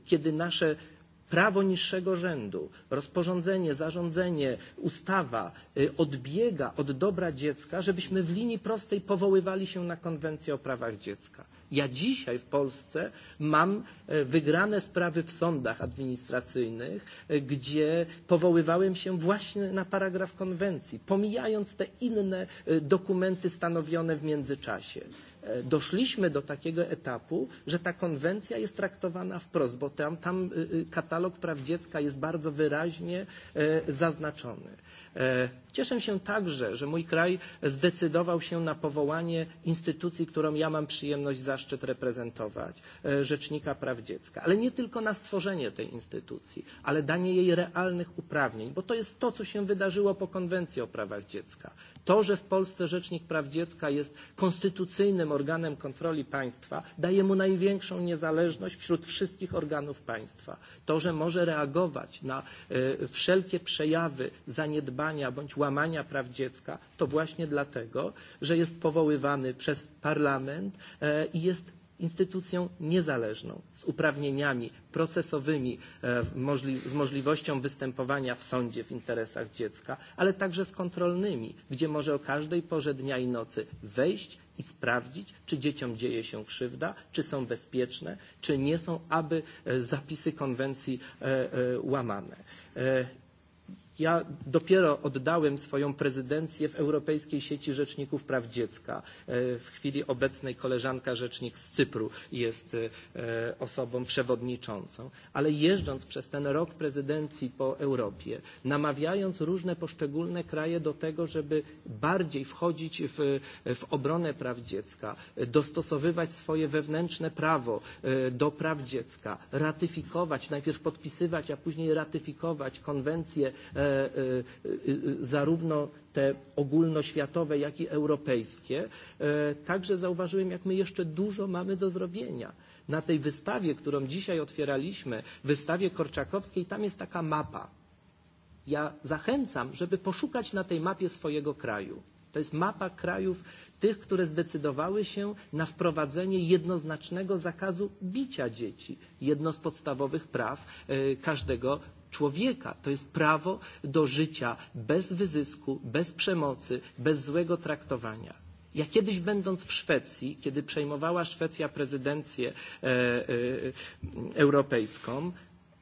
kiedy nasze prawo niższego rzędu, rozporządzenie, zarządzenie, ustawa odbiega od dobra dziecka, żebyśmy w linii prostej powoływali się na konwencję o prawach dziecka. Ja dzisiaj w Polsce mam wygrane sprawy w sądach administracyjnych, gdzie powoływałem się właśnie na paragraf konwencji, pomijając te inne dokumenty stanowione w międzyczasie doszliśmy do takiego etapu, że ta konwencja jest traktowana wprost, bo tam, tam katalog praw dziecka jest bardzo wyraźnie zaznaczony. Cieszę się także, że mój kraj zdecydował się na powołanie instytucji, którą ja mam przyjemność, zaszczyt reprezentować, Rzecznika Praw Dziecka. Ale nie tylko na stworzenie tej instytucji, ale danie jej realnych uprawnień, bo to jest to, co się wydarzyło po konwencji o prawach dziecka. To, że w Polsce Rzecznik Praw Dziecka jest konstytucyjnym organem kontroli państwa, daje mu największą niezależność wśród wszystkich organów państwa. To, że może reagować na wszelkie przejawy zaniedbania bądź łamania praw dziecka, to właśnie dlatego, że jest powoływany przez parlament i jest instytucją niezależną, z uprawnieniami procesowymi, z możliwością występowania w sądzie w interesach dziecka, ale także z kontrolnymi, gdzie może o każdej porze dnia i nocy wejść i sprawdzić, czy dzieciom dzieje się krzywda, czy są bezpieczne, czy nie są, aby zapisy konwencji łamane Ja dopiero oddałem swoją prezydencję w Europejskiej Sieci Rzeczników Praw Dziecka. W chwili obecnej koleżanka rzecznik z Cypru jest osobą przewodniczącą. Ale jeżdżąc przez ten rok prezydencji po Europie, namawiając różne poszczególne kraje do tego, żeby bardziej wchodzić w, w obronę praw dziecka, dostosowywać swoje wewnętrzne prawo do praw dziecka, ratyfikować, najpierw podpisywać, a później ratyfikować konwencję zarówno te ogólnoświatowe, jak i europejskie, także zauważyłem, jak my jeszcze dużo mamy do zrobienia. Na tej wystawie, którą dzisiaj otwieraliśmy, wystawie Korczakowskiej, tam jest taka mapa. Ja zachęcam, żeby poszukać na tej mapie swojego kraju. To jest mapa krajów tych, które zdecydowały się na wprowadzenie jednoznacznego zakazu bicia dzieci, jedno z podstawowych praw każdego człowieka. To jest prawo do życia bez wyzysku, bez przemocy, bez złego traktowania. Ja kiedyś będąc w Szwecji, kiedy przejmowała Szwecja prezydencję e, e, europejską,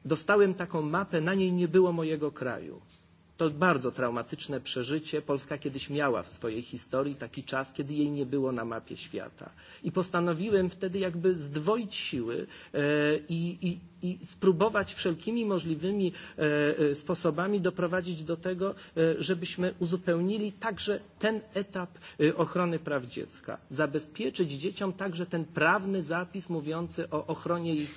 dostałem taką mapę, na niej nie było mojego kraju. To bardzo traumatyczne przeżycie. Polska kiedyś miała w swojej historii taki czas, kiedy jej nie było na mapie świata. I postanowiłem wtedy jakby zdwoić siły i, i, i spróbować wszelkimi możliwymi sposobami doprowadzić do tego, żebyśmy uzupełnili także ten etap ochrony praw dziecka. Zabezpieczyć dzieciom także ten prawny zapis mówiący o ochronie ich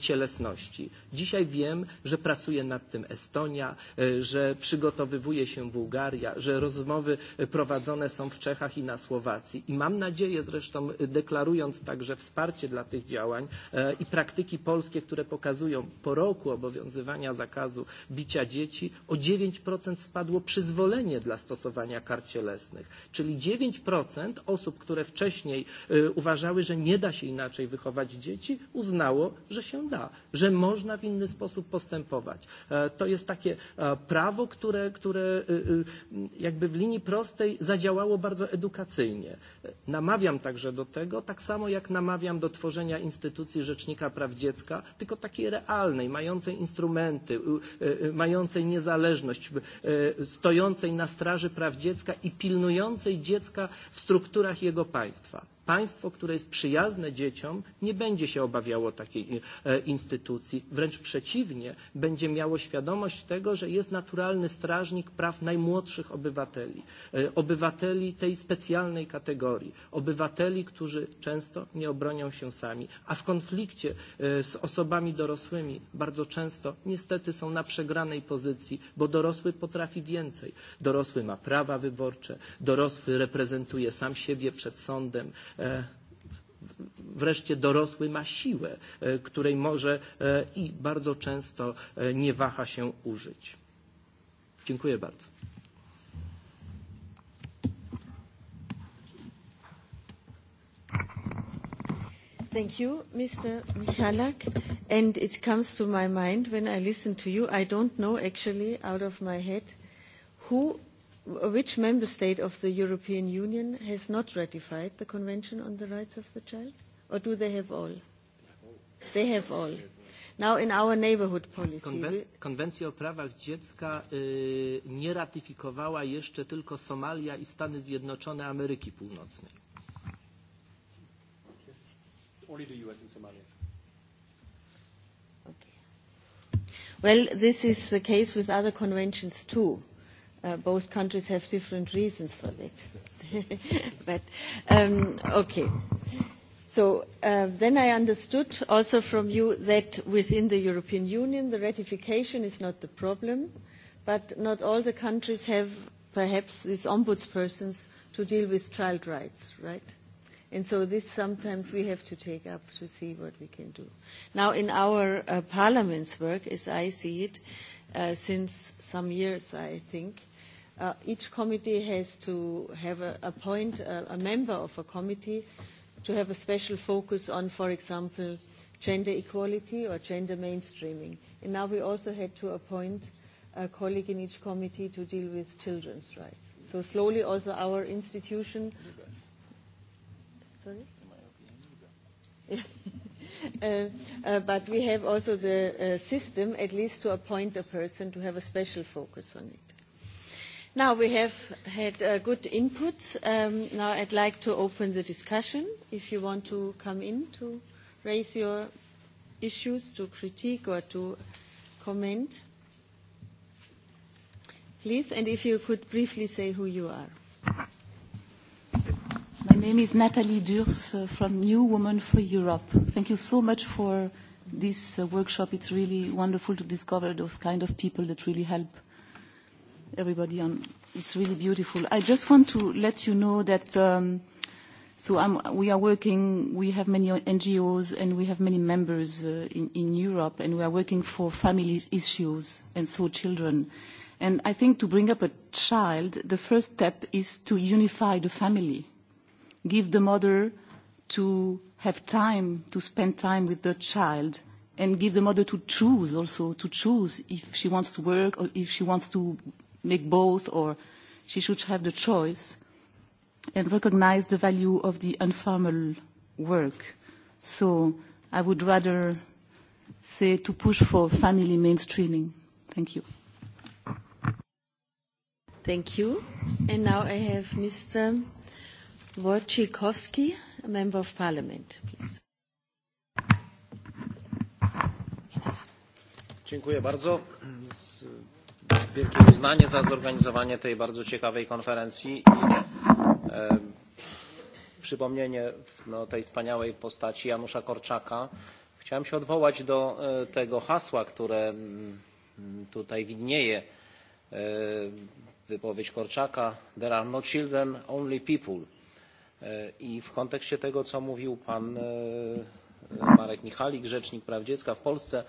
cielesności. Dzisiaj wiem, że pracuje nad tym Estonia, że przy przygotowywuje się Bułgaria, że rozmowy prowadzone są w Czechach i na Słowacji. I mam nadzieję, zresztą deklarując także wsparcie dla tych działań i praktyki polskie, które pokazują po roku obowiązywania zakazu bicia dzieci, o 9% spadło przyzwolenie dla stosowania kar cielesnych. Czyli 9% osób, które wcześniej uważały, że nie da się inaczej wychować dzieci, uznało, że się da, że można w inny sposób postępować. To jest takie prawo, które które, które jakby w linii prostej zadziałało bardzo edukacyjnie. Namawiam także do tego, tak samo jak namawiam do tworzenia instytucji Rzecznika Praw Dziecka, tylko takiej realnej, mającej instrumenty, mającej niezależność, stojącej na straży praw dziecka i pilnującej dziecka w strukturach jego państwa Państwo, które jest przyjazne dzieciom, nie będzie się obawiało takiej instytucji. Wręcz przeciwnie, będzie miało świadomość tego, że jest naturalny strażnik praw najmłodszych obywateli, obywateli tej specjalnej kategorii, obywateli, którzy często nie obronią się sami, a w konflikcie z osobami dorosłymi bardzo często niestety są na przegranej pozycji, bo dorosły potrafi więcej. Dorosły ma prawa wyborcze, dorosły reprezentuje sam siebie przed sądem, wreszcie dorosły ma siłę, której może i bardzo często nie waha się użyć. Dziękuję bardzo. Thank you, Mr. Michalak. And it comes to my mind when I listen to you, I don't know actually out of my head who which member state of the European Union has not ratified the Convention on the Rights of the Child? Or do they have all? They have all. Now in our neighborhood policy. Konwen Konwencja o prawach dziecka y, nie ratyfikowała jeszcze tylko Somalia i Stany Zjednoczone Ameryki Północnej. Well, this is the case with other conventions too uh, both countries have different reasons for that. but, um, okay. So uh, then I understood also from you that within the European Union the ratification is not the problem, but not all the countries have perhaps these ombudspersons to deal with child rights, right? And so this sometimes we have to take up to see what we can do. Now in our uh, parliament's work, as I see it, uh, since some years I think, uh, each committee has to have a, appoint a, a member of a committee to have a special focus on, for example, gender equality or gender mainstreaming. And now we also had to appoint a colleague in each committee to deal with children's rights. So slowly also our institution... Sorry? uh, uh, but we have also the uh, system at least to appoint a person to have a special focus on it. Now we have had good inputs. Um, now I'd like to open the discussion. If you want to come in to raise your issues, to critique or to comment, please. And if you could briefly say who you are. My name is Nathalie Durs from New Women for Europe. Thank you so much for this workshop. It's really wonderful to discover those kind of people that really help everybody on. It's really beautiful. I just want to let you know that um, so I'm, we are working, we have many NGOs and we have many members uh, in, in Europe and we are working for family issues and so children. And I think to bring up a child, the first step is to unify the family. Give the mother to have time to spend time with the child and give the mother to choose also to choose if she wants to work or if she wants to make both, or she should have the choice and recognize the value of the informal work. So I would rather say to push for family mainstreaming. Thank you. Thank you. And now I have Mr. Wojciechowski, a member of parliament, please. Dziękuję bardzo wielkie uznanie za zorganizowanie tej bardzo ciekawej konferencji i przypomnienie tej wspaniałej postaci Janusza Korczaka. Chciałem się odwołać do tego hasła, które tutaj widnieje, wypowiedź Korczaka, there are no children, only people. I w kontekście tego, co mówił pan Marek Michalik, rzecznik praw dziecka w Polsce,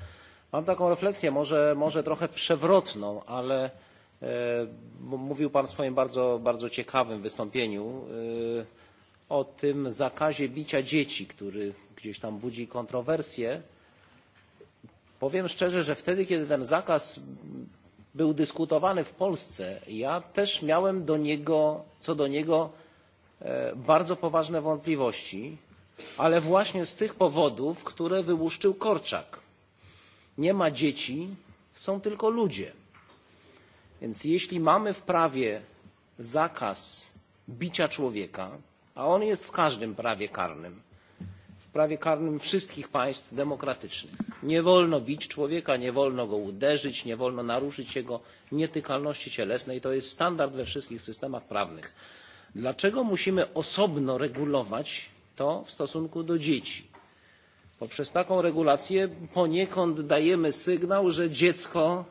Mam taką refleksję, może, może trochę przewrotną, ale mówił Pan w swoim bardzo, bardzo ciekawym wystąpieniu o tym zakazie bicia dzieci, który gdzieś tam budzi kontrowersje. Powiem szczerze, że wtedy, kiedy ten zakaz był dyskutowany w Polsce, ja też miałem do niego, co do niego bardzo poważne wątpliwości, ale właśnie z tych powodów, które wyłuszczył Korczak nie ma dzieci, są tylko ludzie. Więc jeśli mamy w prawie zakaz bicia człowieka, a on jest w każdym prawie karnym, w prawie karnym wszystkich państw demokratycznych, nie wolno bić człowieka, nie wolno go uderzyć, nie wolno naruszyć jego nietykalności cielesnej. To jest standard we wszystkich systemach prawnych. Dlaczego musimy osobno regulować to w stosunku do dzieci? Poprzez taką regulację poniekąd dajemy sygnał, że dziecko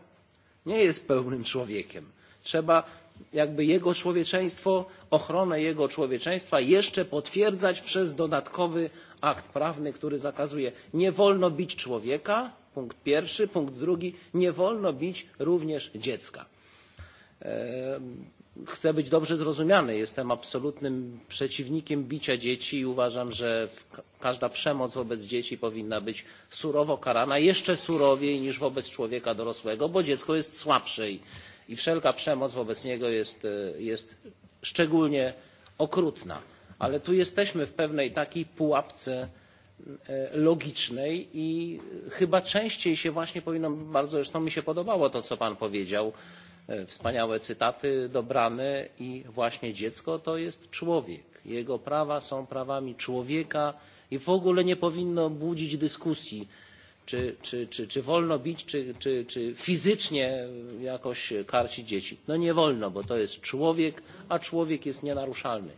nie jest pełnym człowiekiem. Trzeba jakby jego człowieczeństwo, ochronę jego człowieczeństwa jeszcze potwierdzać przez dodatkowy akt prawny, który zakazuje nie wolno bić człowieka, punkt pierwszy, punkt drugi, nie wolno bić również dziecka chcę być dobrze zrozumiany. Jestem absolutnym przeciwnikiem bicia dzieci i uważam, że każda przemoc wobec dzieci powinna być surowo karana, jeszcze surowiej niż wobec człowieka dorosłego, bo dziecko jest słabsze i wszelka przemoc wobec niego jest szczególnie okrutna. Ale tu jesteśmy w pewnej takiej pułapce logicznej i chyba częściej się właśnie powinno, bardzo zresztą mi się podobało to, co Pan powiedział, wspaniałe cytaty dobrane i właśnie dziecko to jest człowiek. Jego prawa są prawami człowieka i w ogóle nie powinno budzić dyskusji, czy, wolno bić, czy, fizycznie jakoś karcić dzieci. No nie wolno, bo to jest człowiek, a człowiek jest nienaruszalny.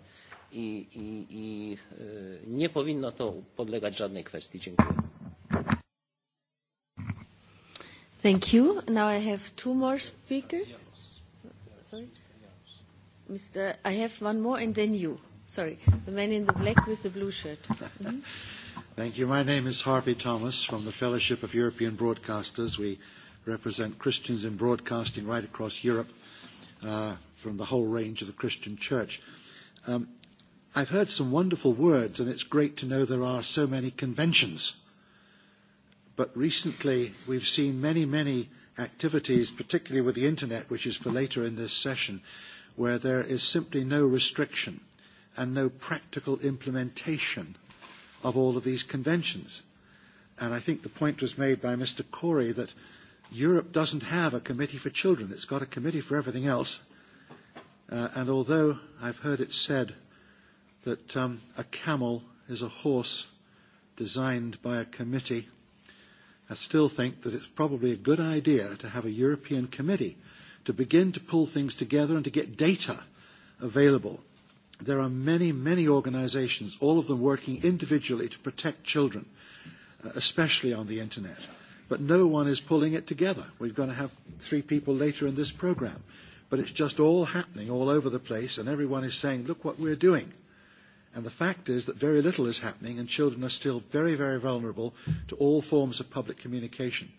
I, nie powinno to podlegać żadnej kwestii. Dziękuję Thank you. Now I have two more speakers. Sorry. Mr. I have one more and then you. Sorry. The man in the black with the blue shirt. Thank you. My name is Harvey Thomas from the Fellowship of European Broadcasters. We represent Christians in broadcasting right across Europe uh, from the whole range of the Christian church. I've heard some wonderful words, and it's great to know there are so many conventions But recently, we've seen many, many activities, particularly with the internet, which is for later in this session, where there is simply no restriction and no practical implementation of all of these conventions. And I think the point was made by Mr. Corey that Europe doesn't have a committee for children. It's got a committee for everything else. Uh, and although I've heard it said that um, a camel is a horse designed by a committee, I still think that it's probably a good idea to have a European committee to begin to pull things together and to get data available. There are many, many organisations, all of them working individually to protect children, especially on the internet. But no one is pulling it together. We're going to have three people later in this programme. But it's just all happening all over the place, and everyone is saying, look what we're doing. And the fact is that very little is happening, and children are still very, very vulnerable to all forms of public communication.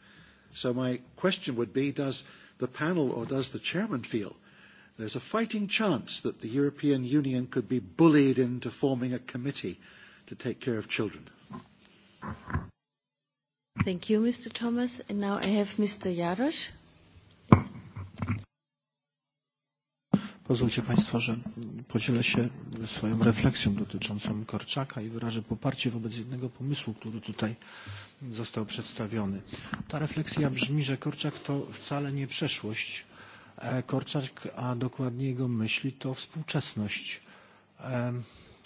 So my question would be, does the panel or does the chairman feel there's a fighting chance that the European Union could be bullied into forming a committee to take care of children? Thank you, Mr. Thomas. And now I have Mr. Jarosz. Pozwólcie Państwo, że podzielę się swoją refleksją dotyczącą Korczaka i wyrażę poparcie wobec jednego pomysłu, który tutaj został przedstawiony. Ta refleksja brzmi, że Korczak to wcale nie przeszłość. Korczak, a dokładnie jego myśli, to współczesność.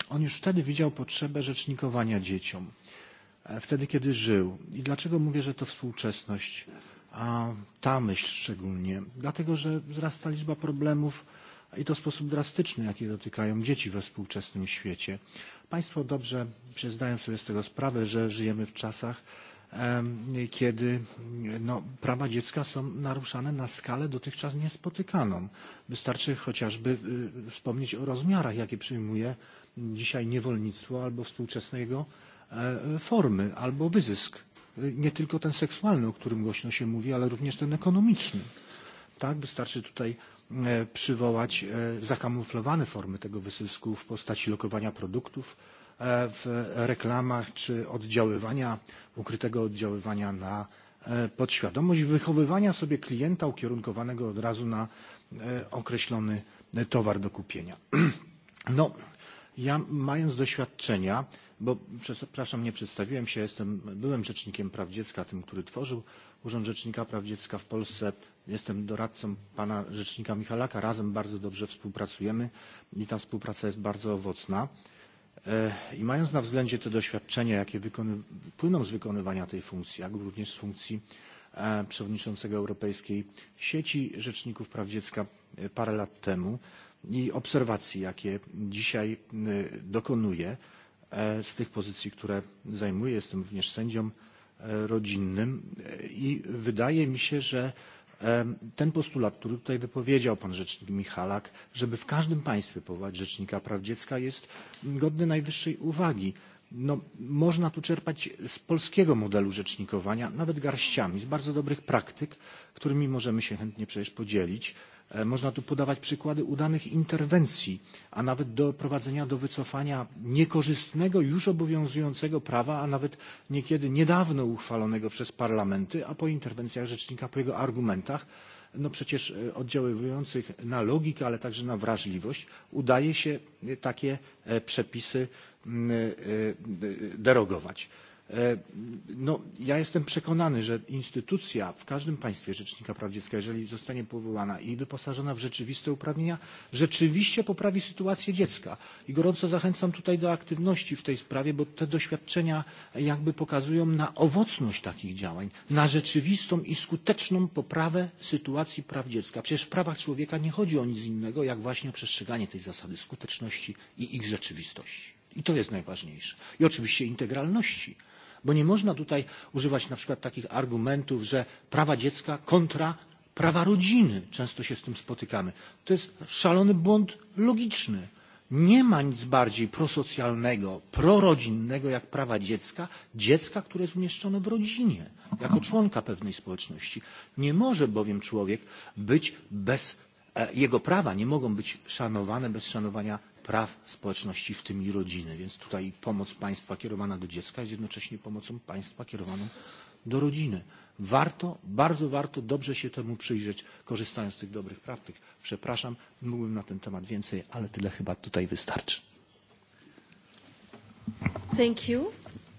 On już wtedy widział potrzebę rzecznikowania dzieciom, wtedy kiedy żył. I dlaczego mówię, że to współczesność? A ta myśl szczególnie. Dlatego, że wzrasta liczba problemów, i to w sposób drastyczny, jakie dotykają dzieci we współczesnym świecie. Państwo dobrze zdają sobie z tego sprawę, że żyjemy w czasach, kiedy no, prawa dziecka są naruszane na skalę dotychczas niespotykaną. Wystarczy chociażby wspomnieć o rozmiarach, jakie przyjmuje dzisiaj niewolnictwo albo współczesne jego formy, albo wyzysk. Nie tylko ten seksualny, o którym głośno się mówi, ale również ten ekonomiczny. Tak, wystarczy tutaj przywołać zakamuflowane formy tego wysysku w postaci lokowania produktów w reklamach czy oddziaływania, ukrytego oddziaływania na podświadomość, wychowywania sobie klienta ukierunkowanego od razu na określony towar do kupienia. No, ja mając doświadczenia, bo przepraszam, nie przedstawiłem się, jestem byłem rzecznikiem praw dziecka, tym, który tworzył Urząd Rzecznika Praw Dziecka w Polsce. Jestem doradcą pana rzecznika Michalaka. Razem bardzo dobrze współpracujemy i ta współpraca jest bardzo owocna. I mając na względzie te doświadczenia, jakie płyną z wykonywania tej funkcji, jak również z funkcji przewodniczącego Europejskiej Sieci Rzeczników Praw Dziecka parę lat temu i obserwacji, jakie dzisiaj dokonuję z tych pozycji, które zajmuję, jestem również sędzią rodzinnym i wydaje mi się, że ten postulat, który tutaj wypowiedział pan rzecznik Michalak, żeby w każdym państwie powołać rzecznika praw dziecka jest godny najwyższej uwagi. No, można tu czerpać z polskiego modelu rzecznikowania, nawet garściami, z bardzo dobrych praktyk, którymi możemy się chętnie przecież podzielić. Można tu podawać przykłady udanych interwencji, a nawet doprowadzenia do wycofania niekorzystnego, już obowiązującego prawa, a nawet niekiedy niedawno uchwalonego przez parlamenty, a po interwencjach rzecznika, po jego argumentach, no przecież oddziaływujących na logikę, ale także na wrażliwość, udaje się takie przepisy derogować. No, ja jestem przekonany, że instytucja w każdym państwie Rzecznika Praw Dziecka, jeżeli zostanie powołana i wyposażona w rzeczywiste uprawnienia, rzeczywiście poprawi sytuację dziecka. I gorąco zachęcam tutaj do aktywności w tej sprawie, bo te doświadczenia jakby pokazują na owocność takich działań, na rzeczywistą i skuteczną poprawę sytuacji praw dziecka. Przecież w prawach człowieka nie chodzi o nic innego, jak właśnie o przestrzeganie tej zasady skuteczności i ich rzeczywistości. I to jest najważniejsze. I oczywiście integralności Bo nie można tutaj używać na przykład takich argumentów, że prawa dziecka kontra prawa rodziny. Często się z tym spotykamy. To jest szalony błąd logiczny. Nie ma nic bardziej prosocjalnego, prorodzinnego jak prawa dziecka, dziecka, które jest umieszczone w rodzinie, jako członka pewnej społeczności. Nie może bowiem człowiek być bez jego prawa nie mogą być szanowane bez szanowania praw społeczności, w tym i rodziny. Więc tutaj pomoc państwa kierowana do dziecka jest jednocześnie pomocą państwa kierowaną do rodziny. Warto, bardzo warto dobrze się temu przyjrzeć, korzystając z tych dobrych praktyk. Przepraszam, mógłbym na ten temat więcej, ale tyle chyba tutaj wystarczy. Thank you.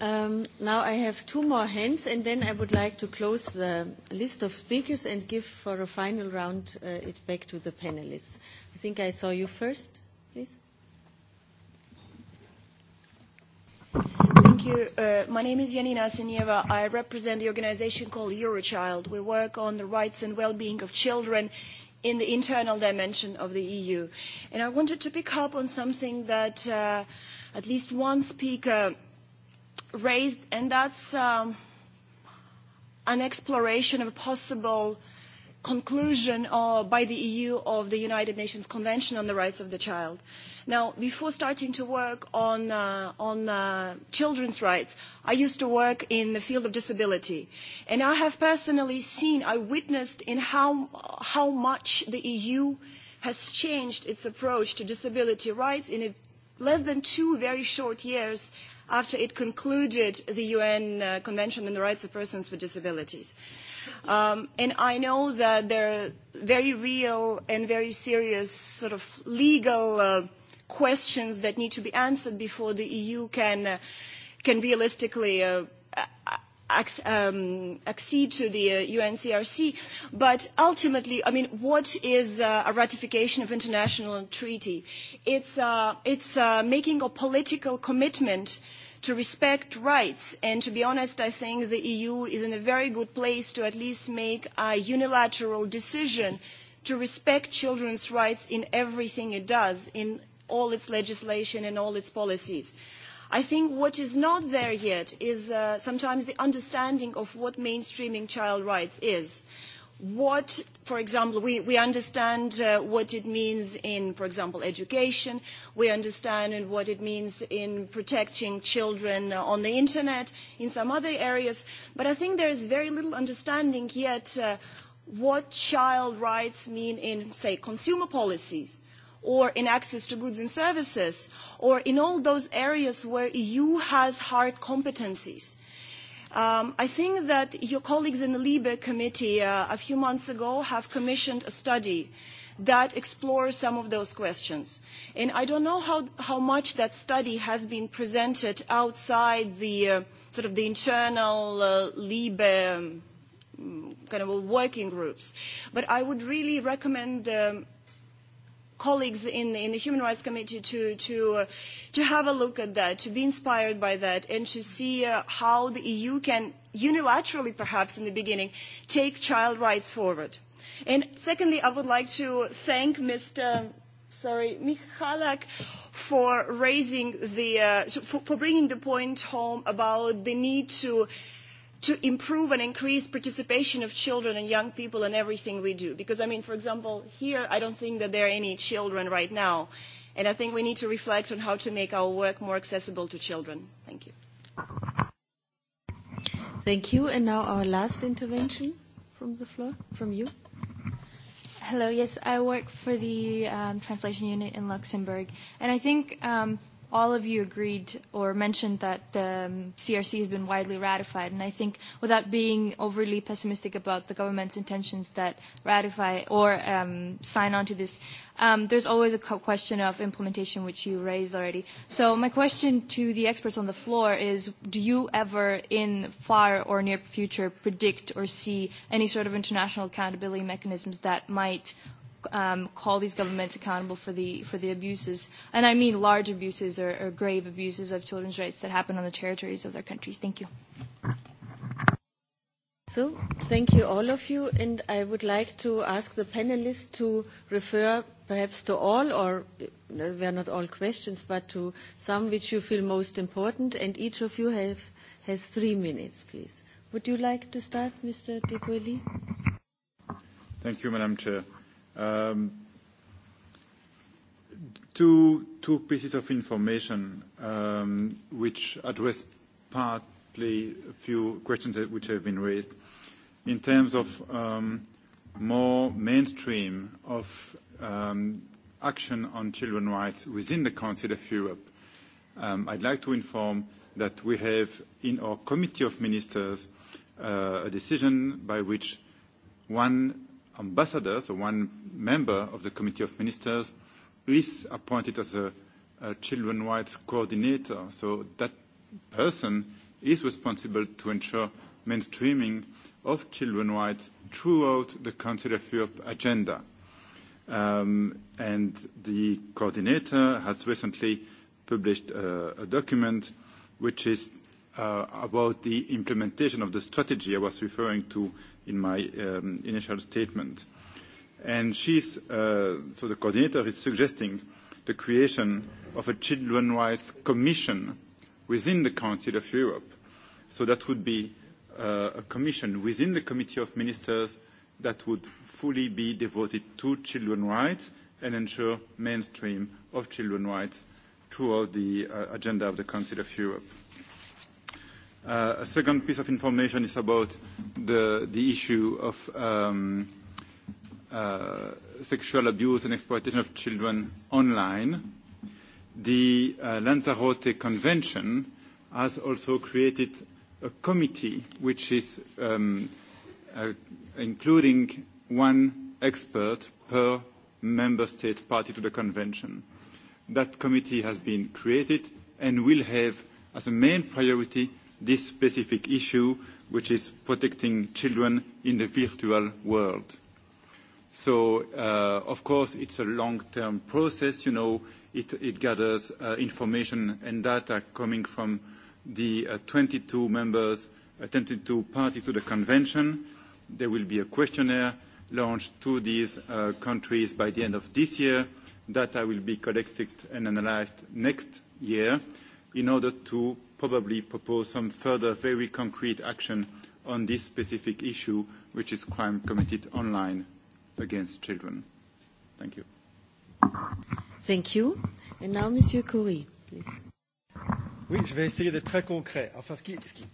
Um, now I have two more hands, and then I would like to close the list of speakers and give for a final round uh, it back to the panelists. I think I saw you first. Thank you. Uh, my name is Yanina Asenieva. I represent the organization called Eurochild. We work on the rights and well-being of children in the internal dimension of the EU. And I wanted to pick up on something that uh, at least one speaker raised, and that's um, an exploration of a possible conclusion uh, by the EU of the United Nations Convention on the Rights of the Child. Uh, Now, before starting to work on, uh, on uh, children's rights, I used to work in the field of disability. And I have personally seen, I witnessed in how, how much the EU has changed its approach to disability rights in less than two very short years after it concluded the UN uh, Convention on the Rights of Persons with Disabilities. Um, and I know that there are very real and very serious sort of legal uh, questions that need to be answered before the EU can, can realistically accede to the UNCRC. But ultimately, I mean, what is a ratification of international treaty? It's, uh, it's uh, making a political commitment to respect rights. And to be honest, I think the EU is in a very good place to at least make a unilateral decision to respect children's rights in everything it does, in all its legislation and all its policies. I think what is not there yet is sometimes the understanding of what mainstreaming child rights is. What, for example, we, we understand what it means in, for example, education. We understand what it means in protecting children on the internet, in some other areas. But I think there is very little understanding yet what child rights mean in, say, consumer policies or in access to goods and services, or in all those areas where the EU has hard competencies. I think that your colleagues in the LIBE committee a few months ago have commissioned a study that explores some of those questions. And I don't know how, how much that study has been presented outside the sort of the internal uh, LIBE kind of working groups. But I would really recommend colleagues in, in the Human Rights Committee to, to, uh, to have a look at that, to be inspired by that, and to see uh, how the EU can unilaterally, perhaps in the beginning, take child rights forward. And secondly, I would like to thank Mr. Sorry, Michalak for raising the uh, for, for bringing the point home about the need to to improve and increase participation of children and young people in everything we do. Because, I mean, for example, here, I don't think that there are any children right now. And I think we need to reflect on how to make our work more accessible to children. Thank you. Thank you. And now our last intervention from the floor, from you. Hello, yes, I work for the um, translation unit in Luxembourg. And I think um, all of you agreed or mentioned that the um, CRC has been widely ratified. And I think without being overly pessimistic about the government's intentions that ratify or um, sign on to this, um, there's always a question of implementation, which you raised already. So my question to the experts on the floor is, do you ever in far or near future predict or see any sort of international accountability mechanisms that might – um, call these governments accountable for the for the abuses, and I mean large abuses or, or grave abuses of children's rights that happen on the territories of their countries. Thank you. So, thank you all of you, and I would like to ask the panelists to refer perhaps to all, or they were not all questions, but to some which you feel most important, and each of you have, has three minutes, please. Would you like to start, Mr. Deboeli? Thank you, Madam Chair. Two pieces of information which address partly a few questions which have been raised. In terms of more mainstream of action on children's rights within the Council of Europe, I'd like to inform that we have in our Committee of Ministers a decision by which one ambassador, so one member of the Committee of Ministers, is appointed as a, a children rights coordinator. So that person is responsible to ensure mainstreaming of children rights throughout the Council of Europe agenda. Um, and the coordinator has recently published a, a document which is uh, about the implementation of the strategy I was referring to in my um, initial statement. And she's, uh, so the coordinator is suggesting the creation of a Children's Rights Commission within the Council of Europe. So that would be uh, a commission within the Committee of Ministers that would fully be devoted to children's rights and ensure mainstream of children's rights throughout the uh, agenda of the Council of Europe. Uh, a second piece of information is about the, the issue of um, uh, sexual abuse and exploitation of children online. The uh, Lanzarote Convention has also created a committee which is um, uh, including one expert per member state party to the convention. That committee has been created and will have as a main priority this specific issue, which is protecting children in the virtual world. So, of course, it's a long-term process. You know, it it gathers information and data coming from the 22 members attempting to party to the convention. There will be a questionnaire launched to these countries by the end of this year. Data will be collected and analyzed next year in order to probably propose some further very concrete action on this specific issue, which is crime committed online against children. Thank you. Thank you. And now, Monsieur Khoury, please. Oui, je vais essayer d'être très concret. Enfin, ce qui, ce qui,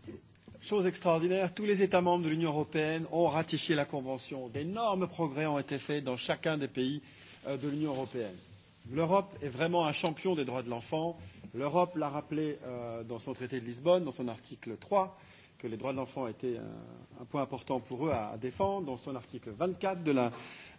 chose extraordinaire, tous les États membres de l'Union européenne ont ratifié la Convention. D'énormes progrès ont été faits dans chacun des pays de l'Union européenne. L'Europe est vraiment un champion des droits de l'enfant. L'Europe l'a rappelé euh, dans son traité de Lisbonne, dans son article 3, que les droits de l'enfant étaient un, un point important pour eux à, à défendre, dans son article 24 de la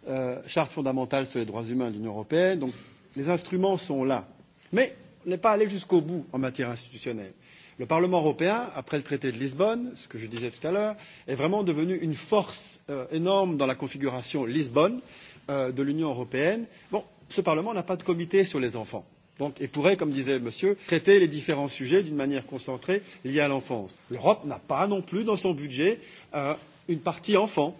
euh, Charte fondamentale sur les droits humains de l'Union européenne. Donc les instruments sont là. Mais on n'est pas allé jusqu'au bout en matière institutionnelle. Le Parlement européen, après le traité de Lisbonne, ce que je disais tout à l'heure, est vraiment devenu une force euh, énorme dans la configuration Lisbonne de l'Union européenne. Bon, ce Parlement n'a pas de comité sur les enfants donc, et pourrait, comme disait monsieur, traiter les différents sujets d'une manière concentrée liée à l'enfance. L'Europe n'a pas non plus dans son budget euh, une partie enfant.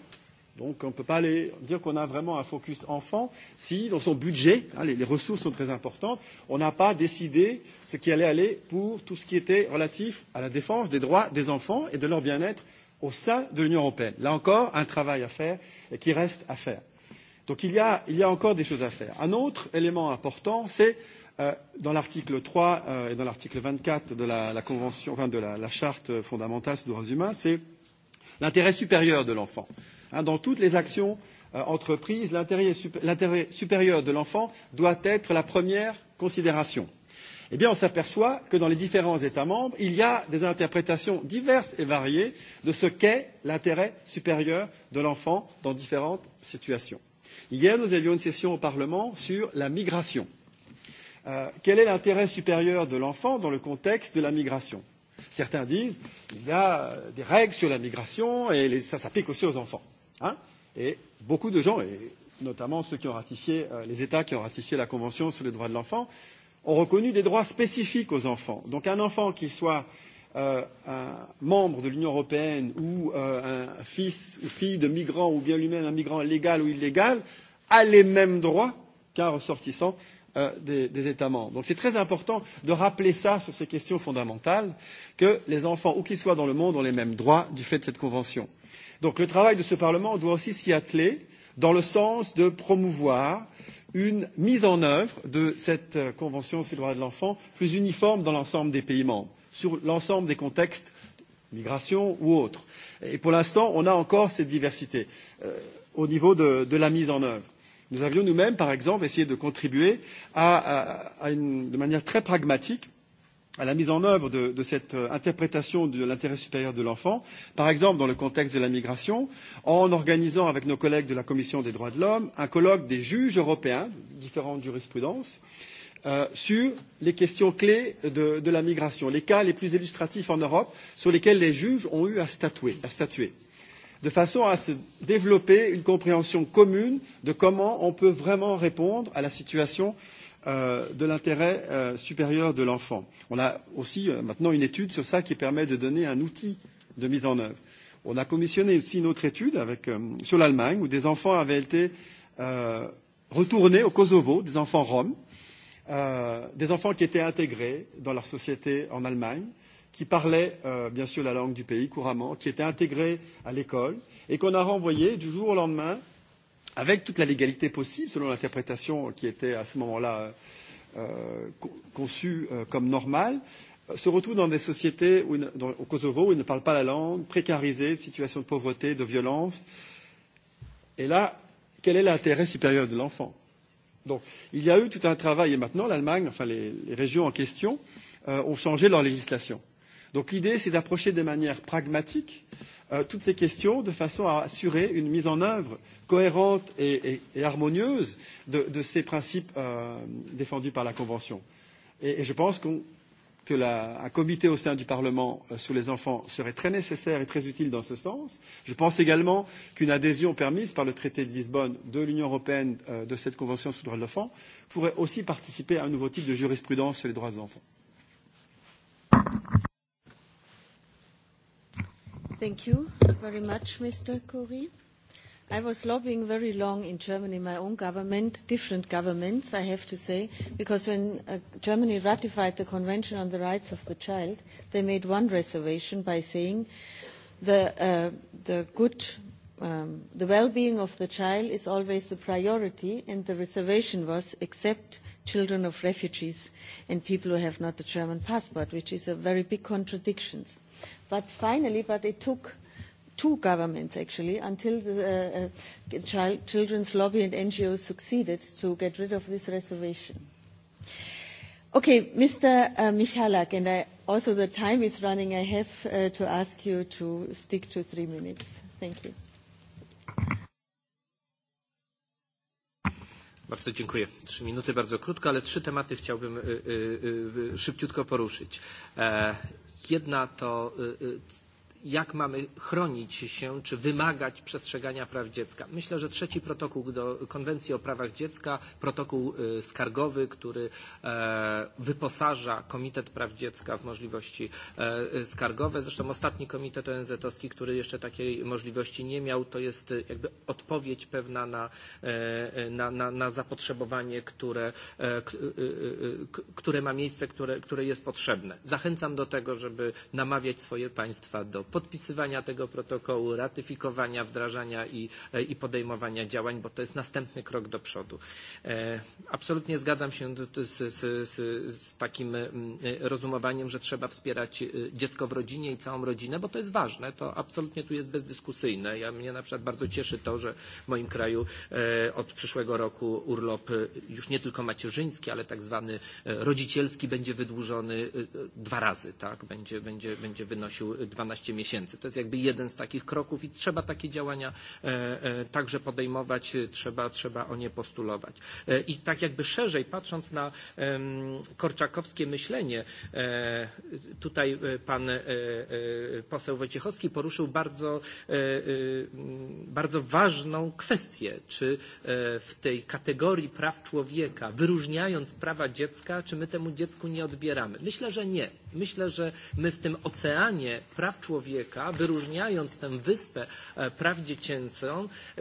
Donc on ne peut pas aller dire qu'on a vraiment un focus enfant si dans son budget, hein, les, les ressources sont très importantes, on n'a pas décidé ce qui allait aller pour tout ce qui était relatif à la défense des droits des enfants et de leur bien-être au sein de l'Union européenne. Là encore, un travail à faire et qui reste à faire. Donc il y, a, il y a encore des choses à faire. Un autre élément important, c'est euh, dans l'article 3 euh, et dans l'article 24 de la, la Convention, enfin de la, la Charte fondamentale sur les droits humains, c'est l'intérêt supérieur de l'enfant. Hein, dans toutes les actions euh, entreprises, l'intérêt supérieur de l'enfant doit être la première considération. Eh bien, on s'aperçoit que dans les différents États membres, il y a des interprétations diverses et variées de ce qu'est l'intérêt supérieur de l'enfant dans différentes situations. Hier, nous avions une session au Parlement sur la migration. quel est l'intérêt supérieur de l'enfant dans le contexte de la migration Certains disent qu'il y a des règles sur la migration et ça s'applique aussi aux enfants. Hein et beaucoup de gens, et notamment ceux qui ont ratifié, les États qui ont ratifié la Convention sur les droits de l'enfant, ont reconnu des droits spécifiques aux enfants. Donc un enfant qui soit un membre de l'Union européenne ou un fils ou fille de migrant ou bien lui-même un migrant légal ou illégal a les mêmes droits qu'un ressortissant des, États membres. Donc c'est très important de rappeler cela sur ces questions fondamentales, que les enfants, où qu'ils soient dans le monde, ont les mêmes droits du fait de cette convention. Donc le travail de ce Parlement doit aussi s'y atteler dans le sens de promouvoir une mise en œuvre de cette convention sur les droits de l'enfant plus uniforme dans l'ensemble des pays membres sur l'ensemble des contextes migration ou autre. Et pour l'instant, on a encore cette diversité euh, au niveau de, de la mise en œuvre. Nous avions nous-mêmes, par exemple, essayé de contribuer à, à, à une, de manière très pragmatique à la mise en œuvre de, de cette interprétation de l'intérêt supérieur de l'enfant, par exemple dans le contexte de la migration, en organisant avec nos collègues de la Commission des droits de l'homme un colloque des juges européens, différentes jurisprudences, sur les questions clés de, la migration, les cas les plus illustratifs en Europe sur lesquels les juges ont eu à statuer, de façon à se développer une compréhension commune de comment on peut vraiment répondre à la situation de l'intérêt supérieur de l'enfant. On a aussi maintenant une étude sur cela qui permet de donner un outil de mise en œuvre. On a commissionné aussi une autre étude sur l'Allemagne où des enfants avaient été retournés au Kosovo, des enfants roms, des enfants qui étaient intégrés dans leur société en Allemagne, qui parlaient euh, bien sûr la langue du pays couramment, qui étaient intégrés à l'école et qu'on a renvoyés du jour au lendemain avec toute la légalité possible selon l'interprétation qui était à ce moment-là euh, conçue euh, comme normale, se retrouvent dans des sociétés où, dans, au Kosovo où ils ne parlent pas la langue, précarisés, situation de pauvreté, de violence. Et là, quel est l'intérêt supérieur de l'enfant Donc il y a eu tout un travail et maintenant l'Allemagne, enfin les, les régions en question, euh, ont changé leur législation. Donc l'idée, c'est d'approcher de manière pragmatique euh, toutes ces questions de façon à assurer une mise en œuvre cohérente et, et, et harmonieuse de, de ces principes euh, défendus par la Convention. Et, et je pense qu'on qu'un comité au sein du Parlement sur les enfants serait très nécessaire et très utile dans ce sens. Je pense également qu'une adhésion permise par le traité de Lisbonne de l'Union européenne de cette Convention sur les droits de l'enfant pourrait aussi participer à un nouveau type de jurisprudence sur les droits des enfants. Thank you very much, Mr. I was lobbying very long in Germany, my own government, different governments, I have to say, because when uh, Germany ratified the Convention on the Rights of the Child, they made one reservation by saying the, uh, the good um, the well-being of the child is always the priority, and the reservation was except children of refugees and people who have not a German passport, which is a very big contradiction. But finally, but it took two governments actually until the uh, child, children's lobby and NGOs succeeded to get rid of this reservation. Okay, Mr. Michalak, and I, also the time is running. I have uh, to ask you to stick to three minutes. Thank you. Bardzo dziękuję. Trzy minuty bardzo krótko, ale trzy tematy chciałbym y, y, y, szybciutko poruszyć. E, jedna to y, jak mamy chronić się czy wymagać przestrzegania praw dziecka. Myślę, że trzeci protokół do konwencji o prawach dziecka, protokół skargowy, który wyposaża Komitet Praw Dziecka w możliwości skargowe. Zresztą ostatni komitet ONZ-owski, który jeszcze takiej możliwości nie miał, to jest jakby odpowiedź pewna na, na, na, na zapotrzebowanie, które, które ma miejsce, które, które jest potrzebne. Zachęcam do tego, żeby namawiać swoje państwa do podpisywania tego protokołu, ratyfikowania, wdrażania i, i podejmowania działań, bo to jest następny krok do przodu. Absolutnie zgadzam się z, z, z, z takim rozumowaniem, że trzeba wspierać dziecko w rodzinie i całą rodzinę, bo to jest ważne. To absolutnie tu jest bezdyskusyjne. Ja, mnie na przykład bardzo cieszy to, że w moim kraju od przyszłego roku urlop już nie tylko macierzyński, ale tak zwany rodzicielski będzie wydłużony dwa razy. Tak? Będzie, będzie, będzie wynosił 12 miesięcy miesięcy. To jest jakby jeden z takich kroków i trzeba takie działania także podejmować, trzeba, trzeba o nie postulować. I tak jakby szerzej patrząc na korczakowskie myślenie, tutaj pan poseł Wojciechowski poruszył bardzo, bardzo ważną kwestię, czy w tej kategorii praw człowieka, wyróżniając prawa dziecka, czy my temu dziecku nie odbieramy. Myślę, że nie. Myślę, że my w tym oceanie praw człowieka, wyróżniając tę wyspę praw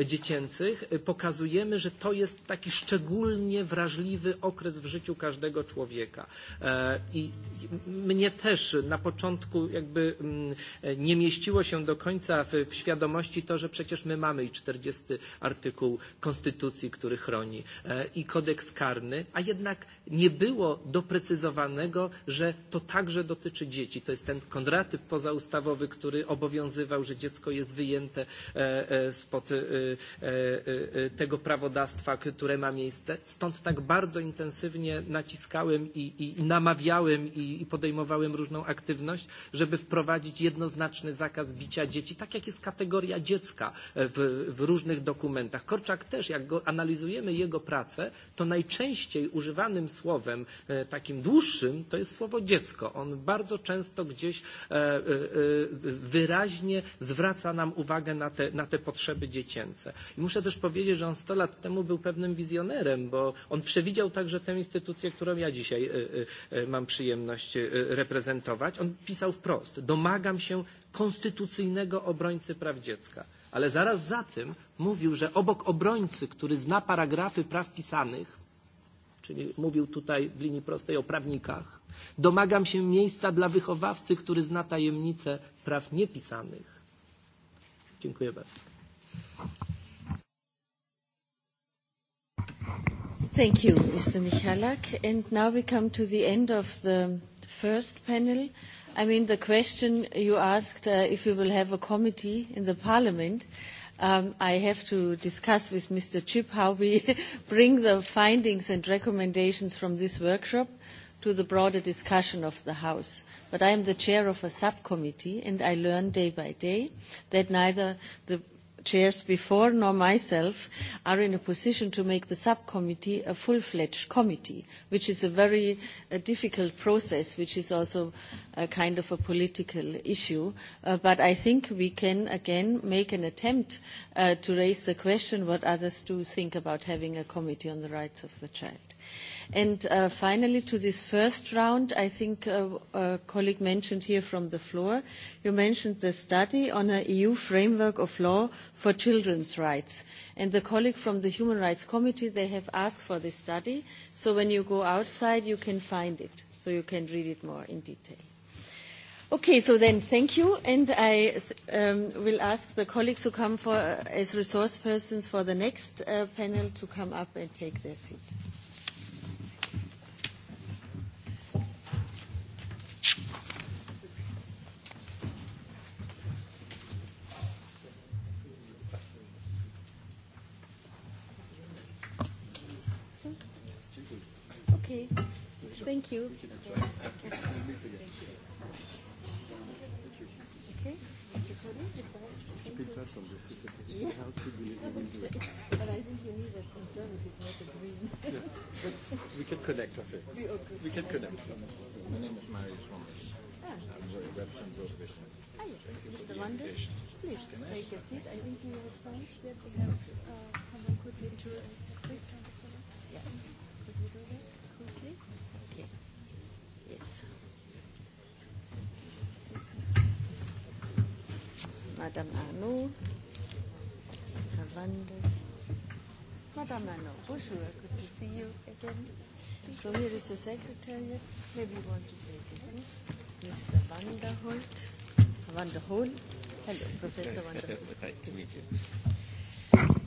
dziecięcych, pokazujemy, że to jest taki szczególnie wrażliwy okres w życiu każdego człowieka. I mnie też na początku jakby nie mieściło się do końca w, w świadomości to, że przecież my mamy i 40 artykuł Konstytucji, który chroni, i kodeks karny, a jednak nie było doprecyzowanego, że to także także dotyczy dzieci. To jest ten kontratyp pozaustawowy, który obowiązywał, że dziecko jest wyjęte spod tego prawodawstwa, które ma miejsce. Stąd tak bardzo intensywnie naciskałem i, i namawiałem i, i podejmowałem różną aktywność, żeby wprowadzić jednoznaczny zakaz bicia dzieci, tak jak jest kategoria dziecka w, w różnych dokumentach. Korczak też, jak go analizujemy jego pracę, to najczęściej używanym słowem, takim dłuższym, to jest słowo dziecko. On On bardzo często gdzieś wyraźnie zwraca nam uwagę na te, na te potrzeby dziecięce. I muszę też powiedzieć, że on 100 lat temu był pewnym wizjonerem, bo on przewidział także tę instytucję, którą ja dzisiaj mam przyjemność reprezentować. On pisał wprost, domagam się konstytucyjnego obrońcy praw dziecka. Ale zaraz za tym mówił, że obok obrońcy, który zna paragrafy praw pisanych, czyli mówił tutaj w linii prostej o prawnikach, Domagam się miejsca dla wychowawcy, który zna tajemnicę praw niepisanych. Dziękuję bardzo. Thank you, Mr. Michalak. And now we come to the end of the first panel. I mean, the question you asked uh, if we will have a committee in the parliament, um, I have to discuss with Mr. Chip how we bring the findings and recommendations from this workshop to the broader discussion of the House. But I am the chair of a subcommittee, and I learn day by day that neither the chairs before nor myself are in a position to make the subcommittee a full-fledged committee, which is a very difficult process, which is also a kind of a political issue. but I think we can again make an attempt to raise the question what others do think about having a committee on the rights of the child. And finally, to this first round, I think a colleague mentioned here from the floor, you mentioned the study on an EU framework of law for children's rights. And the colleague from the Human Rights Committee, they have asked for this study. So when you go outside, you can find it. So you can read it more in detail. Okay, so then thank you. And I um, will ask the colleagues who come for, as resource persons for the next uh, panel to come up and take their seat. Okay. Thank you. Okay. do it? But I think you need a conservative, not a green. we can connect, I think. We can connect. My name is Mary Swammers. Ah. I'm Mr. Wander. please take a seat. I think you were saying we have uh, someone Please turn this Yeah. Could we do that? Madame Arnaud, Hernandez. Madame Arnaud, bonjour. Good to see you again. So here is the secretariat. Maybe you want to take a seat. Mr. Vanderholt. Vanderholt. Hello, Professor Vanderholt. nice to meet you.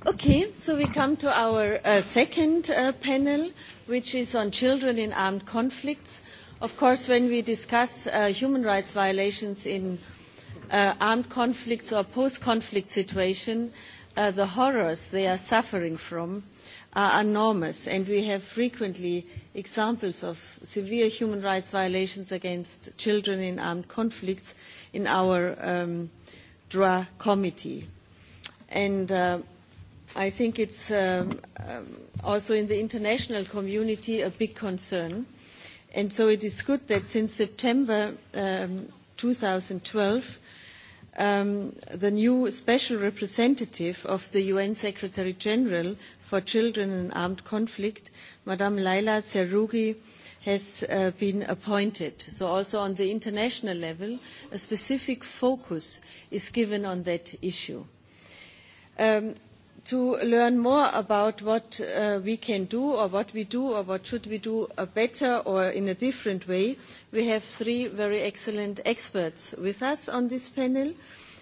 Okay, so we come to our uh, second uh, panel, which is on children in armed conflicts. Of course, when we discuss uh, human rights violations in uh, armed conflicts or post-conflict situation, uh, the horrors they are suffering from are enormous, and we have frequently examples of severe human rights violations against children in armed conflicts in our um, DRA committee. And I think it's um, um, also in the international community a big concern. And so it is good that since September um, 2012, um, the new special representative of the UN Secretary General for Children and Armed Conflict, Madame Laila Zerougi, has been appointed. So also on the international level, a specific focus is given on that issue to learn more about what we can do or what we do or what should we do better or in a different way, we have three very excellent experts with us on this panel.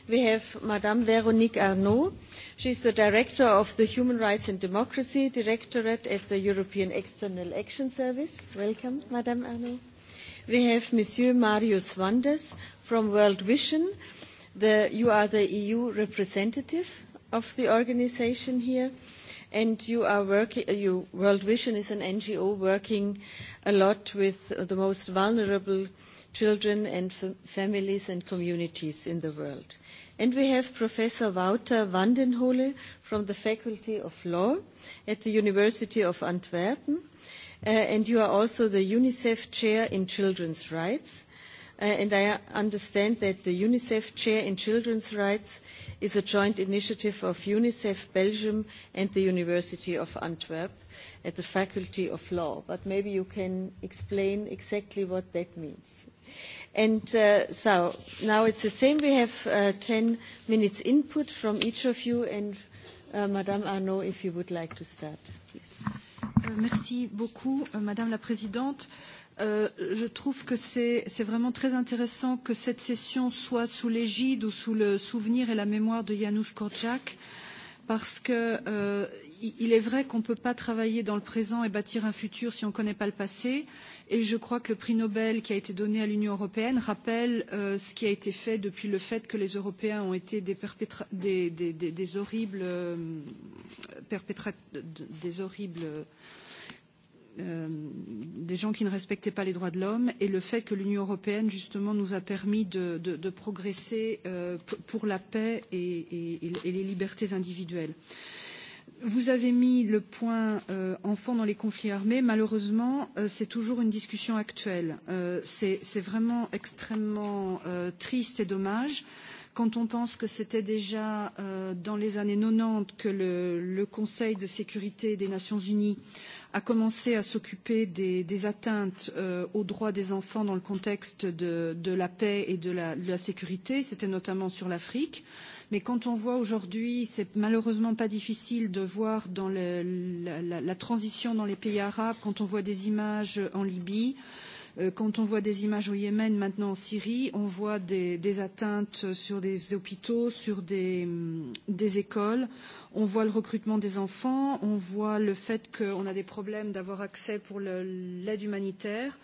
We have Madame Véronique Arnaud. She is the Director of the Human Rights and Democracy Directorate at the European External Action Service. Welcome, Madame Arnaud. We have Monsieur Marius Wanders from World Vision. you are the EU representative of the organization here. And you are working, you, World Vision is an NGO working a lot with the most vulnerable children and families and communities in the world. And we have Professor Wouter Vandenhole from the Faculty of Law at the University of Antwerpen. and you are also the UNICEF Chair in Children's Rights and I understand that the UNICEF Chair in Children's Rights is a joint initiative of UNICEF Belgium and the University of Antwerp at the Faculty of Law. But maybe you can explain exactly what that means. And so now it's the same. We have ten minutes input from each of you. And Madame Arnaud, if you would like to start, please. Merci beaucoup, Madame la Présidente je trouve que c'est vraiment très intéressant que cette session soit sous l'égide ou sous le souvenir et la mémoire de Janusz Korczak, parce que il est vrai qu'on ne peut pas travailler dans le présent et bâtir un futur si on ne connaît pas le passé. Et je crois que le prix Nobel qui a été donné à l'Union européenne rappelle ce qui a été fait depuis le fait que les Européens ont été des, des, horribles, des horribles des gens qui ne respectaient pas les droits de l'homme et le fait que l'Union européenne, justement, nous a permis de, de, de progresser euh, pour la paix et, et, et les libertés individuelles. Vous avez mis le point euh, enfant dans les conflits armés. Malheureusement, euh, c'est toujours une discussion actuelle. Euh, c'est vraiment extrêmement euh, triste et dommage. Euh, Quand on pense que c'était déjà euh, dans les années 90 que le, le Conseil de sécurité des Nations Unies a commencé à s'occuper des, des atteintes euh, aux droits des enfants dans le contexte de, de la paix et de la, de la sécurité, c'était notamment sur l'Afrique. Mais quand on voit aujourd'hui, c'est malheureusement pas difficile de voir dans le, la, la, la transition dans les pays arabes, quand on voit des images en Libye, euh, quand on voit des images au Yémen, maintenant en Syrie, on voit des, des atteintes sur des hôpitaux, sur des, des écoles, on voit le recrutement des enfants, on voit le fait qu'on a des problèmes d'avoir accès pour l'aide humanitaire.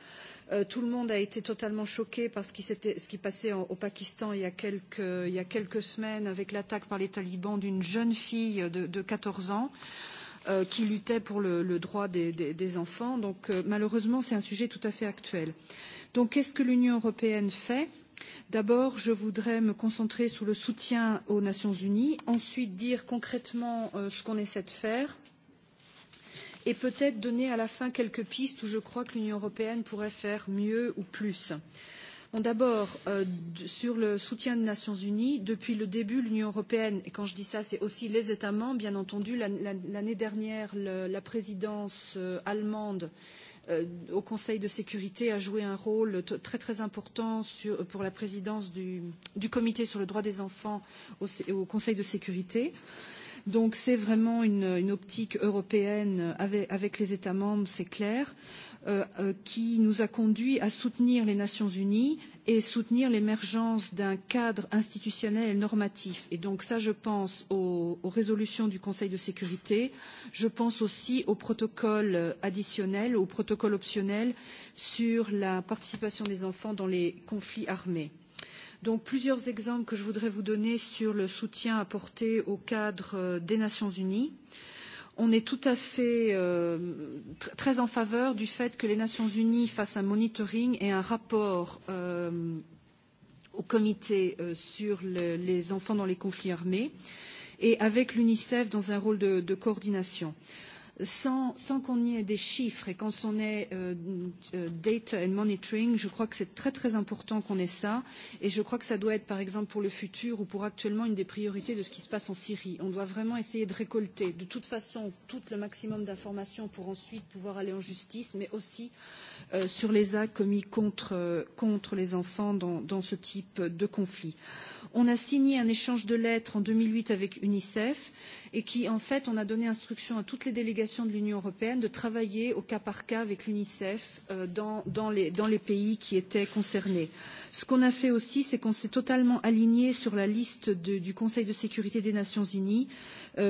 Euh, tout le monde a été totalement choqué par ce qui, ce qui passait en, au Pakistan il y, a quelques, il y a quelques semaines avec l'attaque par les talibans d'une jeune fille de, de 14 ans. Euh, qui luttaient pour le, droit des, enfants. Donc malheureusement, c'est un sujet tout à fait actuel. Donc qu'est-ce que l'Union européenne fait D'abord, je voudrais me concentrer sur le soutien aux Nations Unies, ensuite dire concrètement ce qu'on essaie de faire et peut-être donner à la fin quelques pistes où je crois que l'Union européenne pourrait faire mieux ou plus. Euh, Bon, D'abord, euh, sur le soutien des Nations Unies, depuis le début, l'Union européenne, et quand je dis ça, c'est aussi les États membres, bien entendu, l'année dernière, le, la présidence euh, allemande au Conseil de sécurité a joué un rôle très très important sur, pour la présidence du, du comité sur le droit des enfants au, au Conseil de sécurité. Donc c'est vraiment une, une optique européenne avec, avec les États membres, c'est clair. Euh, qui nous a conduits à soutenir les Nations Unies et soutenir l'émergence d'un cadre institutionnel et normatif. Et donc ça, je pense aux, résolutions du Conseil de sécurité, je pense aussi au protocole additionnel, au protocole optionnel sur la participation des enfants dans les conflits armés. Donc plusieurs exemples que je voudrais vous donner sur le soutien apporté au cadre des Nations Unies. Euh, on est tout à fait euh, très en faveur du fait que les Nations Unies fassent un monitoring et un rapport euh, au comité euh, sur le, les enfants dans les conflits armés et avec l'UNICEF dans un rôle de, de coordination. Euh, sans, sans qu'on y ait des chiffres et quand on ait euh, data and monitoring, je crois que c'est très très important qu'on ait ça et je crois que ça doit être par exemple pour le futur ou pour actuellement une des priorités de ce qui se passe en Syrie. On doit vraiment essayer de récolter de toute façon tout le maximum d'informations pour ensuite pouvoir aller en justice mais aussi euh, sur les actes commis contre, contre les enfants dans, dans ce type de conflit. Euh, On a signé un échange de lettres en 2008 avec UNICEF et qui, en fait, on a donné instruction à toutes les délégations de l'Union européenne de travailler au cas par cas avec l'UNICEF dans, les, pays qui étaient concernés. Ce qu'on a fait aussi, c'est qu'on s'est totalement aligné sur la liste du Conseil de sécurité des Nations Unies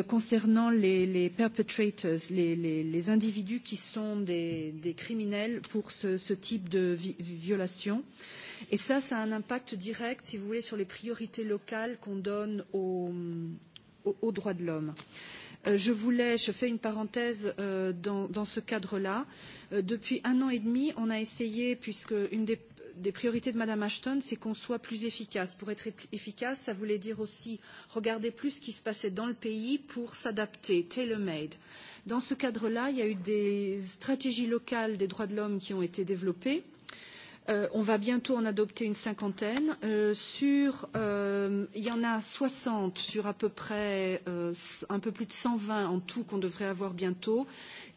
concernant les, perpetrators, les, individus qui sont des, criminels pour ce, type de violation. Euh, Et ça, ça a un impact direct, si vous voulez, sur les priorités locales qu'on donne aux, aux, aux droits de l'homme. Je voulais, je fais une parenthèse euh, dans, dans ce cadre-là. Euh, depuis un an et demi, on a essayé, puisque une des des priorités de Madame Ashton, c'est qu'on soit plus efficace. Pour être efficace, ça voulait dire aussi regarder plus ce qui se passait dans le pays pour s'adapter, tailor-made. Dans ce cadre-là, il y a eu des stratégies locales des droits de l'homme qui ont été développées on va bientôt en adopter une cinquantaine. sur, il y en a soixante sur à peu près un peu plus de cent vingt en tout qu'on devrait avoir bientôt,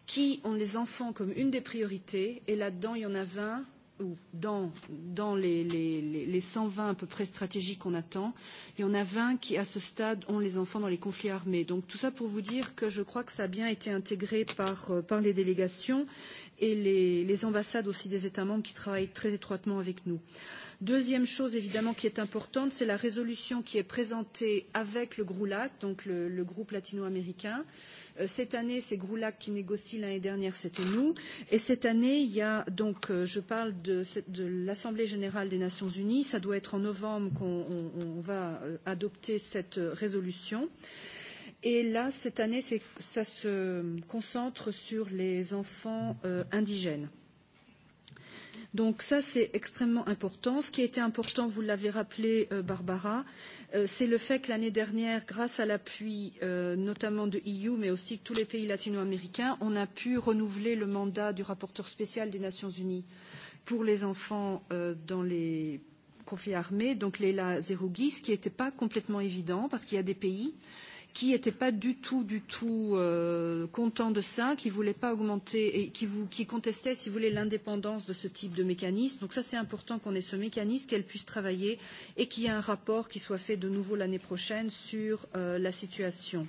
qui ont les enfants comme une des priorités. Et là-dedans, il y en a vingt ou dans, dans les, les, les, les 120 à peu près stratégiques qu'on attend, il y en a 20 qui, à ce stade, ont les enfants dans les conflits armés. Donc tout ça pour vous dire que je crois que ça a bien été intégré par, par les délégations et les, les ambassades aussi des États membres qui travaillent très étroitement avec nous. Deuxième chose évidemment qui est importante, c'est la résolution qui est présentée avec le GRULAC, donc le, le groupe latino-américain. Cette année, c'est GRULAC qui négocie, l'année dernière c'était nous. Et cette année, il y a donc, je parle de, de l'Assemblée générale des Nations unies, ça doit être en novembre qu'on va adopter cette résolution. Euh, Et là, cette année, ça se concentre sur les enfants euh, indigènes. Donc ça, c'est extrêmement important. Ce qui a été important, vous l'avez rappelé, euh, Barbara, euh, c'est le fait que l'année dernière, grâce à l'appui euh, notamment de EU, mais aussi de tous les pays latino-américains, on a pu renouveler le mandat du rapporteur spécial des Nations Unies pour les enfants euh, dans les conflits armés, donc Leila Zerougui, ce qui n'était pas complètement évident, parce qu'il y a des pays qui n'étaient pas du tout, du tout euh, contents de ça, qui ne voulaient pas augmenter et qui, vous, qui contestaient, si vous voulez, l'indépendance de ce type de mécanisme. Donc ça, c'est important qu'on ait ce mécanisme, qu'elle puisse travailler et qu'il y ait un rapport qui soit fait de nouveau l'année prochaine sur euh, la situation.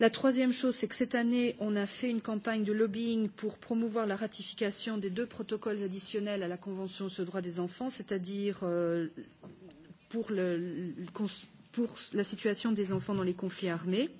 La troisième chose, c'est que cette année, on a fait une campagne de lobbying pour promouvoir la ratification des deux protocoles additionnels à la Convention sur le droit des enfants, c'est-à-dire euh, pour le, pour la situation des enfants dans les conflits armés.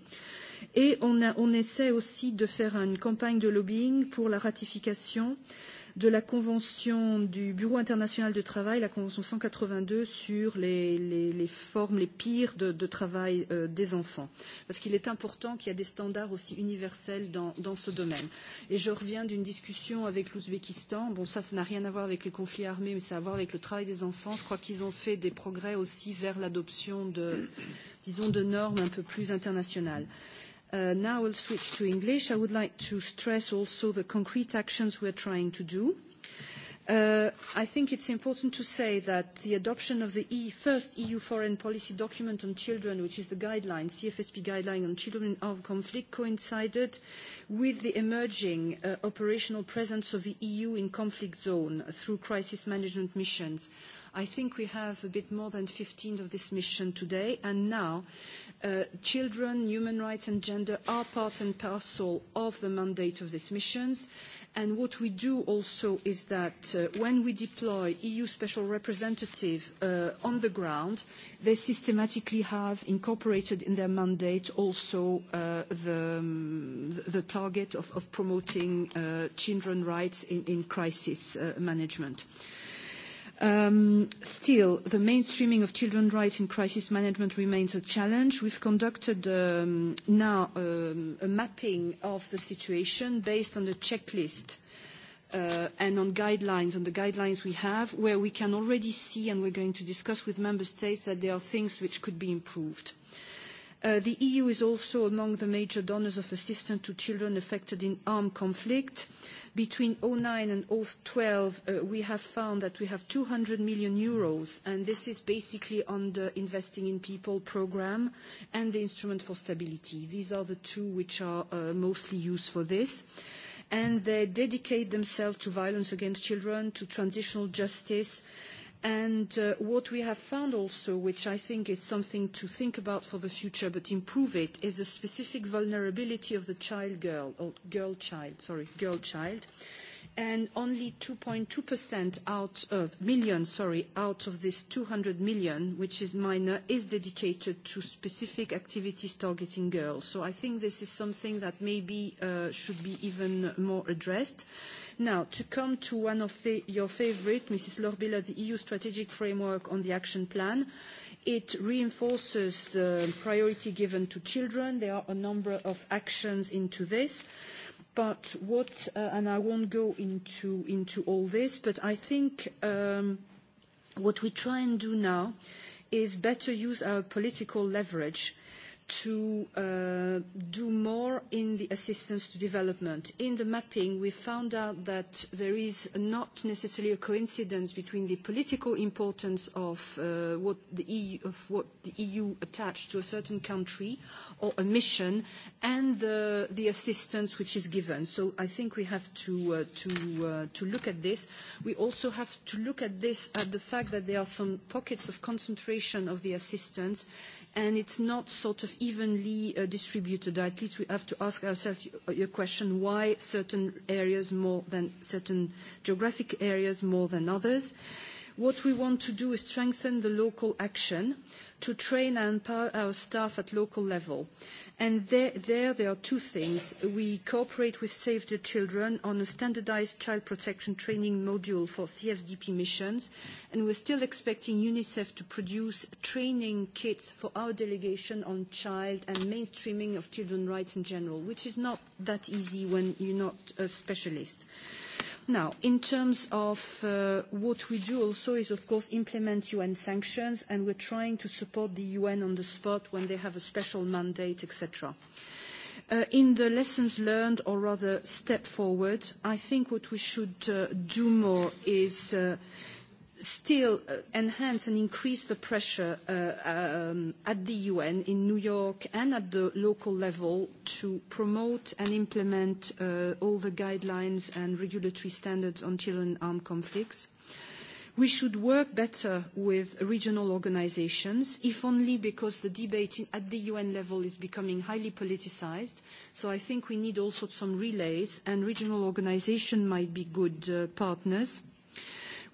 Et on, a, on essaie aussi de faire une campagne de lobbying pour la ratification euh, de la Convention du Bureau international du travail, la Convention 182, sur les, les, les formes les pires de, de travail euh, des enfants. Parce qu'il est important qu'il y ait des standards aussi universels dans, dans ce domaine. Et je reviens d'une discussion avec l'Ouzbékistan. Bon, ça, ça n'a rien à voir avec les conflits armés, mais ça a à voir avec le travail des enfants. Je crois qu'ils ont fait des progrès aussi vers l'adoption de, disons, de normes un peu plus internationales. Euh, Now I'll switch to English. I would like to stress also the concrete actions we're trying to do. I think it's important to say that the adoption of the first EU foreign policy document on children, which is the guideline, CFSP guideline on children in armed conflict, coincided with the emerging operational presence of the EU in conflict zone through crisis management missions I think we have a bit more than 15 of this mission today, and now children, human rights and gender are part and parcel of the mandate of these missions. And what we do also is that when we deploy EU special representative on the ground, they systematically have incorporated in their mandate also the, target of, promoting children's rights in, crisis management. Uh, Still, the mainstreaming of children's rights in crisis management remains a challenge. We've conducted now a mapping of the situation based on the checklist and on guidelines, on the guidelines we have, where we can already see, and we're going to discuss with member states, that there are things which could be improved the EU is also among the major donors of assistance to children affected in armed conflict. Between 2009 and 2012, uh, we have found that we have 200 million euros, and this is basically on the Investing in People programme and the Instrument for Stability. These are the two which are mostly used for this and they dedicate themselves to violence against children, to transitional justice, And what we have found also, which I think is something to think about for the future but improve it, is a specific vulnerability of the child girl, or girl child, sorry, girl child, and only 2.2% out of million, sorry, out of this 200 million, which is minor, is dedicated to specific activities targeting girls. So I think this is something that maybe should be even more addressed. Now, to come to one of your favorite, Mrs. Lorbilla, the EU strategic framework on the action plan. It reinforces the priority given to children. There are a number of actions into this But what, and I won't go into, into all this, but I think what we try and do now is better use our political leverage to do more in the assistance to development. In the mapping, we found out that there is not necessarily a coincidence between the political importance of, what, the EU, of what the EU attached to a certain country or a mission and the, the assistance which is given. So I think we have to, to, to look at this. We also have to look at this at the fact that there are some pockets of concentration of the assistance and it's not sort of evenly distributed. At least we have to ask ourselves your question, why certain areas more than certain geographic areas more than others? What we want to do is strengthen the local action to train and empower our staff at local level. And there, there are two things. We cooperate with Save the Children on a standardised child protection training module for CFDP missions, and we're still expecting UNICEF to produce training kits for our delegation on child and mainstreaming of children's rights in general, which is not that easy when you're not a specialist. Uh, Now, in terms of what we do also is, of course, implement UN sanctions, and we're trying to support the UN on the spot when they have a special mandate, etc. In the lessons learned, or rather step forward, I think what we should do more is still enhance and increase the pressure at the UN in New York and at the local level to promote and implement all the guidelines and regulatory standards on children armed conflicts. We should work better with regional organisations, if only because the debate at the UN level is becoming highly politicised. So I think we need also some relays, and regional organisations might be good partners. Uh,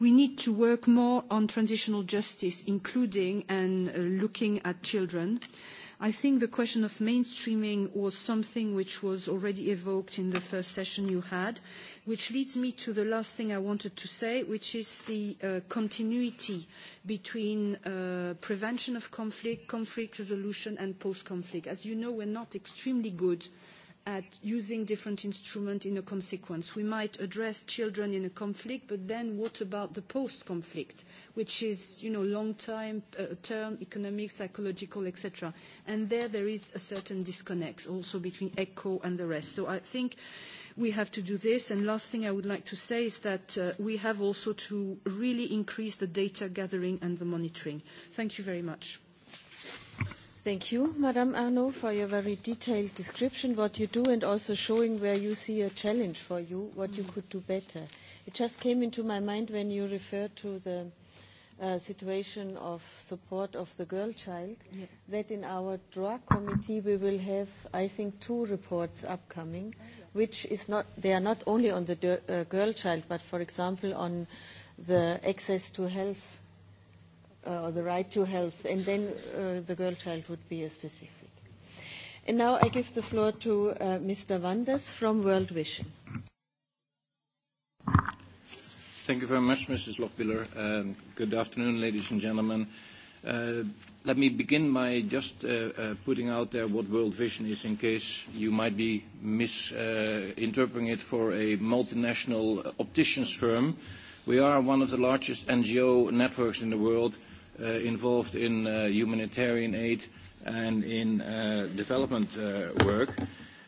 We need to work more on transitional justice, including and looking at children. I think the question of mainstreaming was something which was already evoked in the first session you had, which leads me to the last thing I wanted to say, which is the continuity between prevention of conflict, conflict resolution, and post-conflict. As you know, we're not extremely good at using different instruments in a consequence. We might address children in a conflict, but then what about the post-conflict, which is, you know, long time, uh, term, economic, psychological, etc. And there, there is a certain disconnect also between ECHO and the rest. So I think we have to do this. And last thing I would like to say is that uh, we have also to really increase the data gathering and the monitoring. Thank you very much. Thank you, Madame Arnaud, for your very detailed description, what you do, and also showing where you see a challenge for you, what you could do better. It just came into my mind when you referred to the uh, situation of support of the girl child, yeah. that in our drug committee we will have, I think, two reports upcoming, which is not, they are not only on the uh, girl child, but for example on the access to health uh, or the right to health, and then uh, the girl child would be a specific. And now I give the floor to uh, Mr. Wanders from World Vision. Thank you very much, Mrs. Lochbiller. Um, good afternoon, ladies and gentlemen. Uh, let me begin by just uh, uh, putting out there what World Vision is in case you might be misinterpreting uh, it for a multinational opticians firm. Uh, We are one of the largest NGO networks in the world involved in humanitarian aid and in development work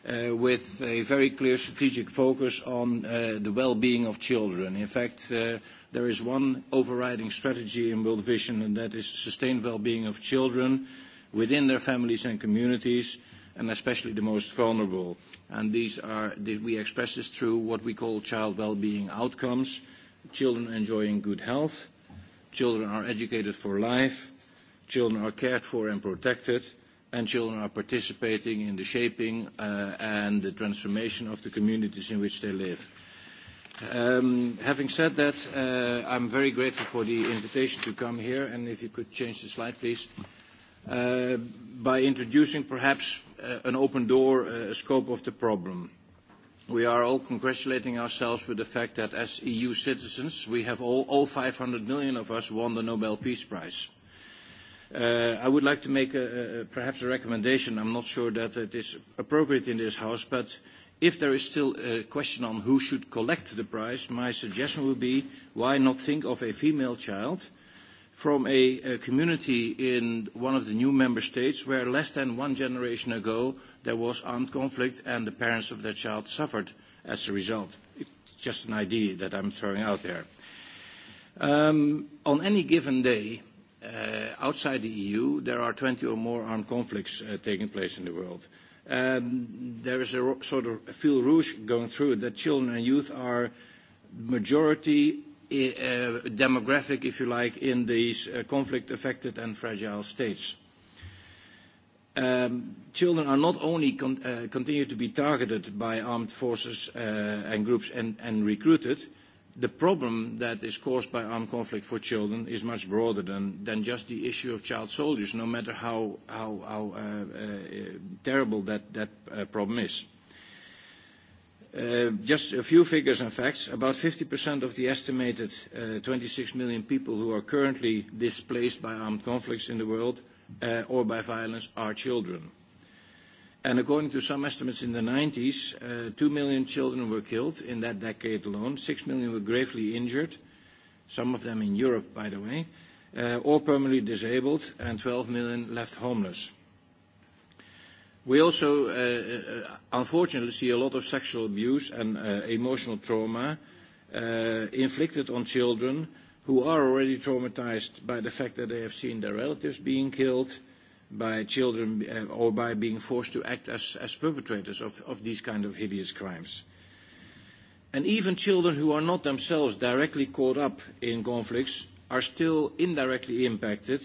with a very clear strategic focus on the well-being of children. In fact, there is one overriding strategy in World Vision, and that is sustained well-being of children within their families and communities, and especially the most vulnerable. And these are, we express this through what we call child well-being outcomes, children enjoying good health, children are educated for life, children are cared for and protected, and children are participating in the shaping uh, and the transformation of the communities in which they live. Um, having said that, uh, I'm very grateful for the invitation to come here, and if you could change the slide, please. Uh, by introducing perhaps uh, an open door uh, scope of the problem we are all congratulating ourselves with the fact that as EU citizens, we have all, all 500 million of us won the Nobel Peace Prize. Uh, I would like to make a, a, perhaps a recommendation. I'm not sure that it is appropriate in this House, but if there is still a question on who should collect the prize, my suggestion would be why not think of a female child from a, a community in one of the new member states where less than one generation ago there was armed conflict and the parents of their child suffered as a result. It's just an idea that I'm throwing out there. Um, on any given day, uh, outside the EU, there are 20 or more armed conflicts uh, taking place in the world. Um, there is a sort of fil rouge going through that children and youth are majority uh, demographic, if you like, in these uh, conflict-affected and fragile states children are not only continue to be targeted by armed forces and groups and, and recruited, the problem that is caused by armed conflict for children is much broader than, than just the issue of child soldiers, no matter how, how, how uh, uh, terrible that, that uh, problem is. Uh, just a few figures and facts. About 50% of the estimated uh, 26 million people who are currently displaced by armed conflicts in the world uh, or by violence are children. And according to some estimates in the 90s, uh, 2 million children were killed in that decade alone, 6 million were gravely injured, some of them in Europe, by the way, uh, or permanently disabled, and 12 million left homeless. We also, uh, unfortunately, see a lot of sexual abuse and uh, emotional trauma uh, inflicted on children who are already traumatized by the fact that they have seen their relatives being killed, by children or by being forced to act as, as perpetrators of, of these kind of hideous crimes. And even children who are not themselves directly caught up in conflicts are still indirectly impacted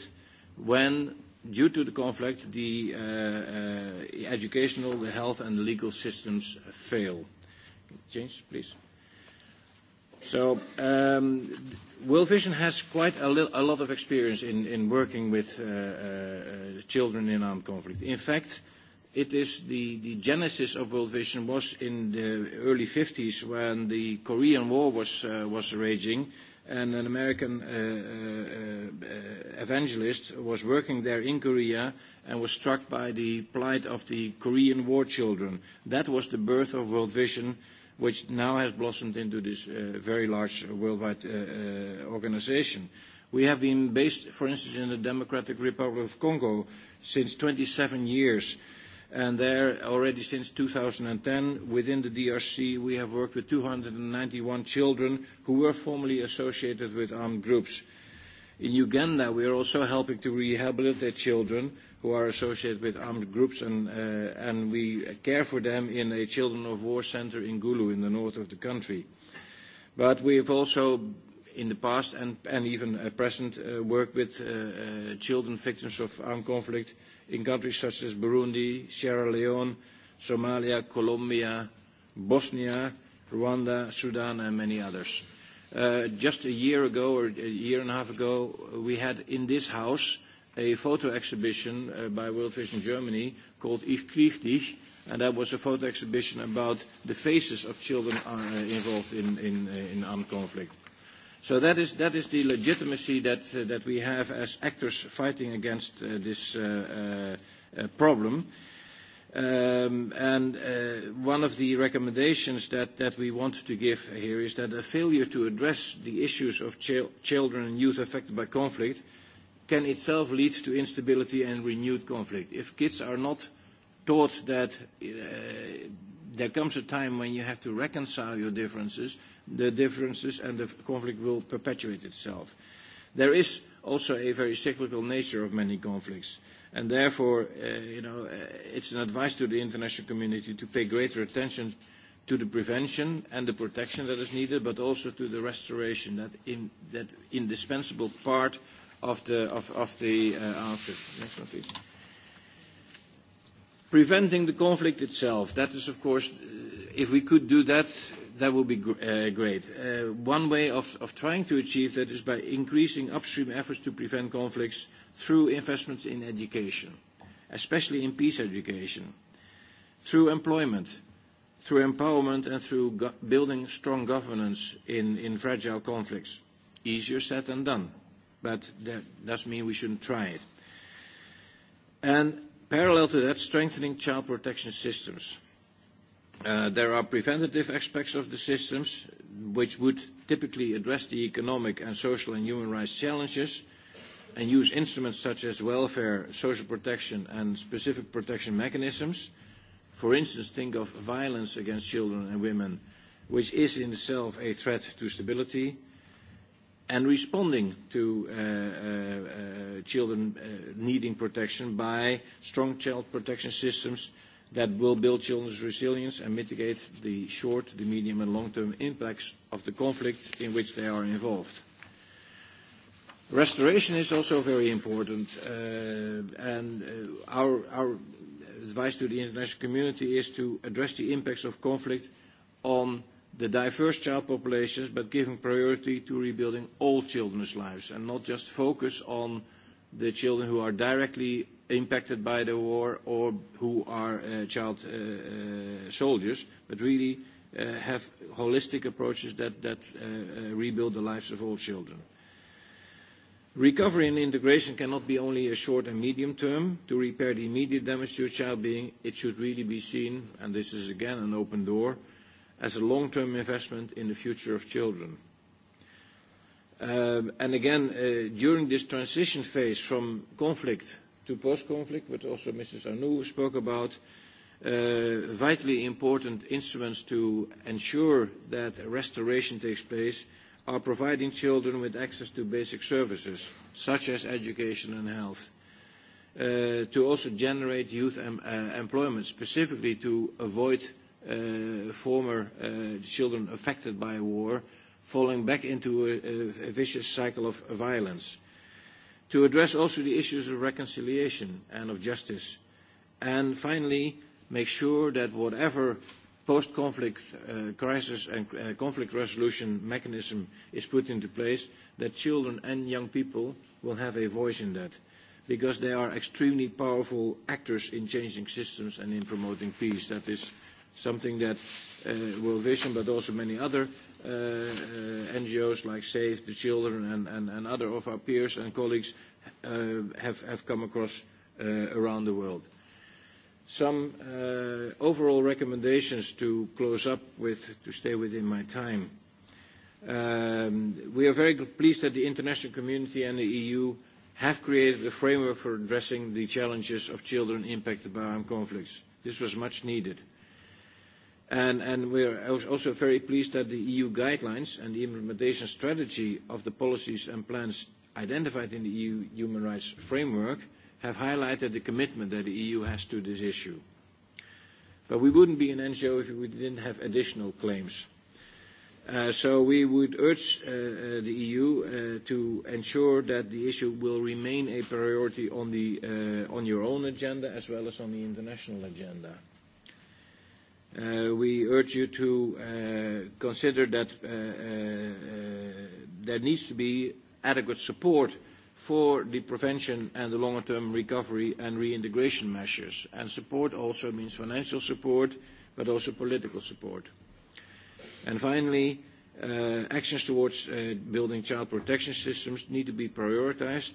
when, due to the conflict, the uh, uh, educational, the health, and the legal systems fail. James, please. World Vision has quite a, li- a lot of experience in, in working with uh, uh, children in armed conflict. In fact, it is the, the genesis of World Vision was in the early 50s when the Korean War was, uh, was raging and an American evangelist was working there in Korea and was struck by the plight of the Korean war children. That was the birth of World Vision which now has blossomed into this very large worldwide organization. We have been based, for instance, in the Democratic Republic of Congo since 27 years, and there already since 2010, within the DRC, we have worked with 291 children who were formerly associated with armed groups In Uganda, we are also helping to rehabilitate children who are associated with armed groups, and, uh, and we care for them in a children of war center in Gulu, in the north of the country. But we have also, in the past and, and even at present, uh, worked with uh, uh, children victims of armed conflict in countries such as Burundi, Sierra Leone, Somalia, Colombia, Bosnia, Rwanda, Sudan, and many others. Just a year ago or a year and a half ago, we had in this house a photo exhibition by World Vision Germany called Ich krieg dich, and that was a photo exhibition about the faces of children involved in armed conflict. So that is the legitimacy that we have as actors fighting against this problem. And One of the recommendations that we want to give here is that a failure to address the issues of children and youth affected by conflict can itself lead to instability and renewed conflict. If kids are not taught that there comes a time when you have to reconcile your differences, the differences and the conflict will perpetuate itself. There is also a very cyclical nature of many conflicts And therefore, uh, you know, uh, it's an advice to the international community to pay greater attention to the prevention and the protection that is needed, but also to the restoration, that, in, that indispensable part of the, of, of the uh, answer. Next one, please. Preventing the conflict itself, that is, of course, if we could do that, that would be uh, great. Uh, one way of, of trying to achieve that is by increasing upstream efforts to prevent conflicts through investments in education, especially in peace education, through employment, through empowerment, and through building strong governance in, in fragile conflicts. Easier said than done, but that doesn't mean we shouldn't try it. And parallel to that, strengthening child protection systems. Uh, there are preventative aspects of the systems which would typically address the economic and social and human rights challenges – and use instruments such as welfare, social protection, and specific protection mechanisms. For instance, think of violence against children and women, which is in itself a threat to stability, and responding to children needing protection by strong child protection systems that will build children's resilience and mitigate the short, the medium, and long-term impacts of the conflict in which they are involved. Restoration is also very important, and our our advice to the international community is to address the impacts of conflict on the diverse child populations, but giving priority to rebuilding all children's lives and not just focus on the children who are directly impacted by the war or who are uh, child uh, soldiers, but really uh, have holistic approaches that, that uh, uh, rebuild the lives of all children. Recovery and integration cannot be only a short and medium term. To repair the immediate damage to a child being, it should really be seen, and this is again an open door, as a long-term investment in the future of children. And Again, during this transition phase from conflict to post-conflict, which also Mrs. Arnoux spoke about, vitally important instruments to ensure that restoration takes place are providing children with access to basic services, such as education and health, to also generate youth employment, specifically to avoid former children affected by war falling back into a vicious cycle of violence, to address also the issues of reconciliation and of justice, and finally, make sure that whatever post-conflict crisis and conflict resolution mechanism is put into place, that children and young people will have a voice in that, because they are extremely powerful actors in changing systems and in promoting peace. That is something that World Vision, but also many other NGOs like Save the Children and other of our peers and colleagues have come across around the world. Some overall recommendations to close up with, to stay within my time. We are very pleased that the international community and the EU have created a framework for addressing the challenges of children impacted by armed conflicts. This was much needed. And we are also very pleased that the EU guidelines and the implementation strategy of the policies and plans identified in the EU human rights framework have highlighted the commitment that the EU has to this issue. But we wouldn't be an NGO if we didn't have additional claims. So we would urge the EU to ensure that the issue will remain a priority on the on your own agenda as well as on the international agenda. We urge you to consider that there needs to be adequate support for the prevention and the longer-term recovery and reintegration measures. And support also means financial support, but also political support. And finally, actions towards building child protection systems need to be prioritised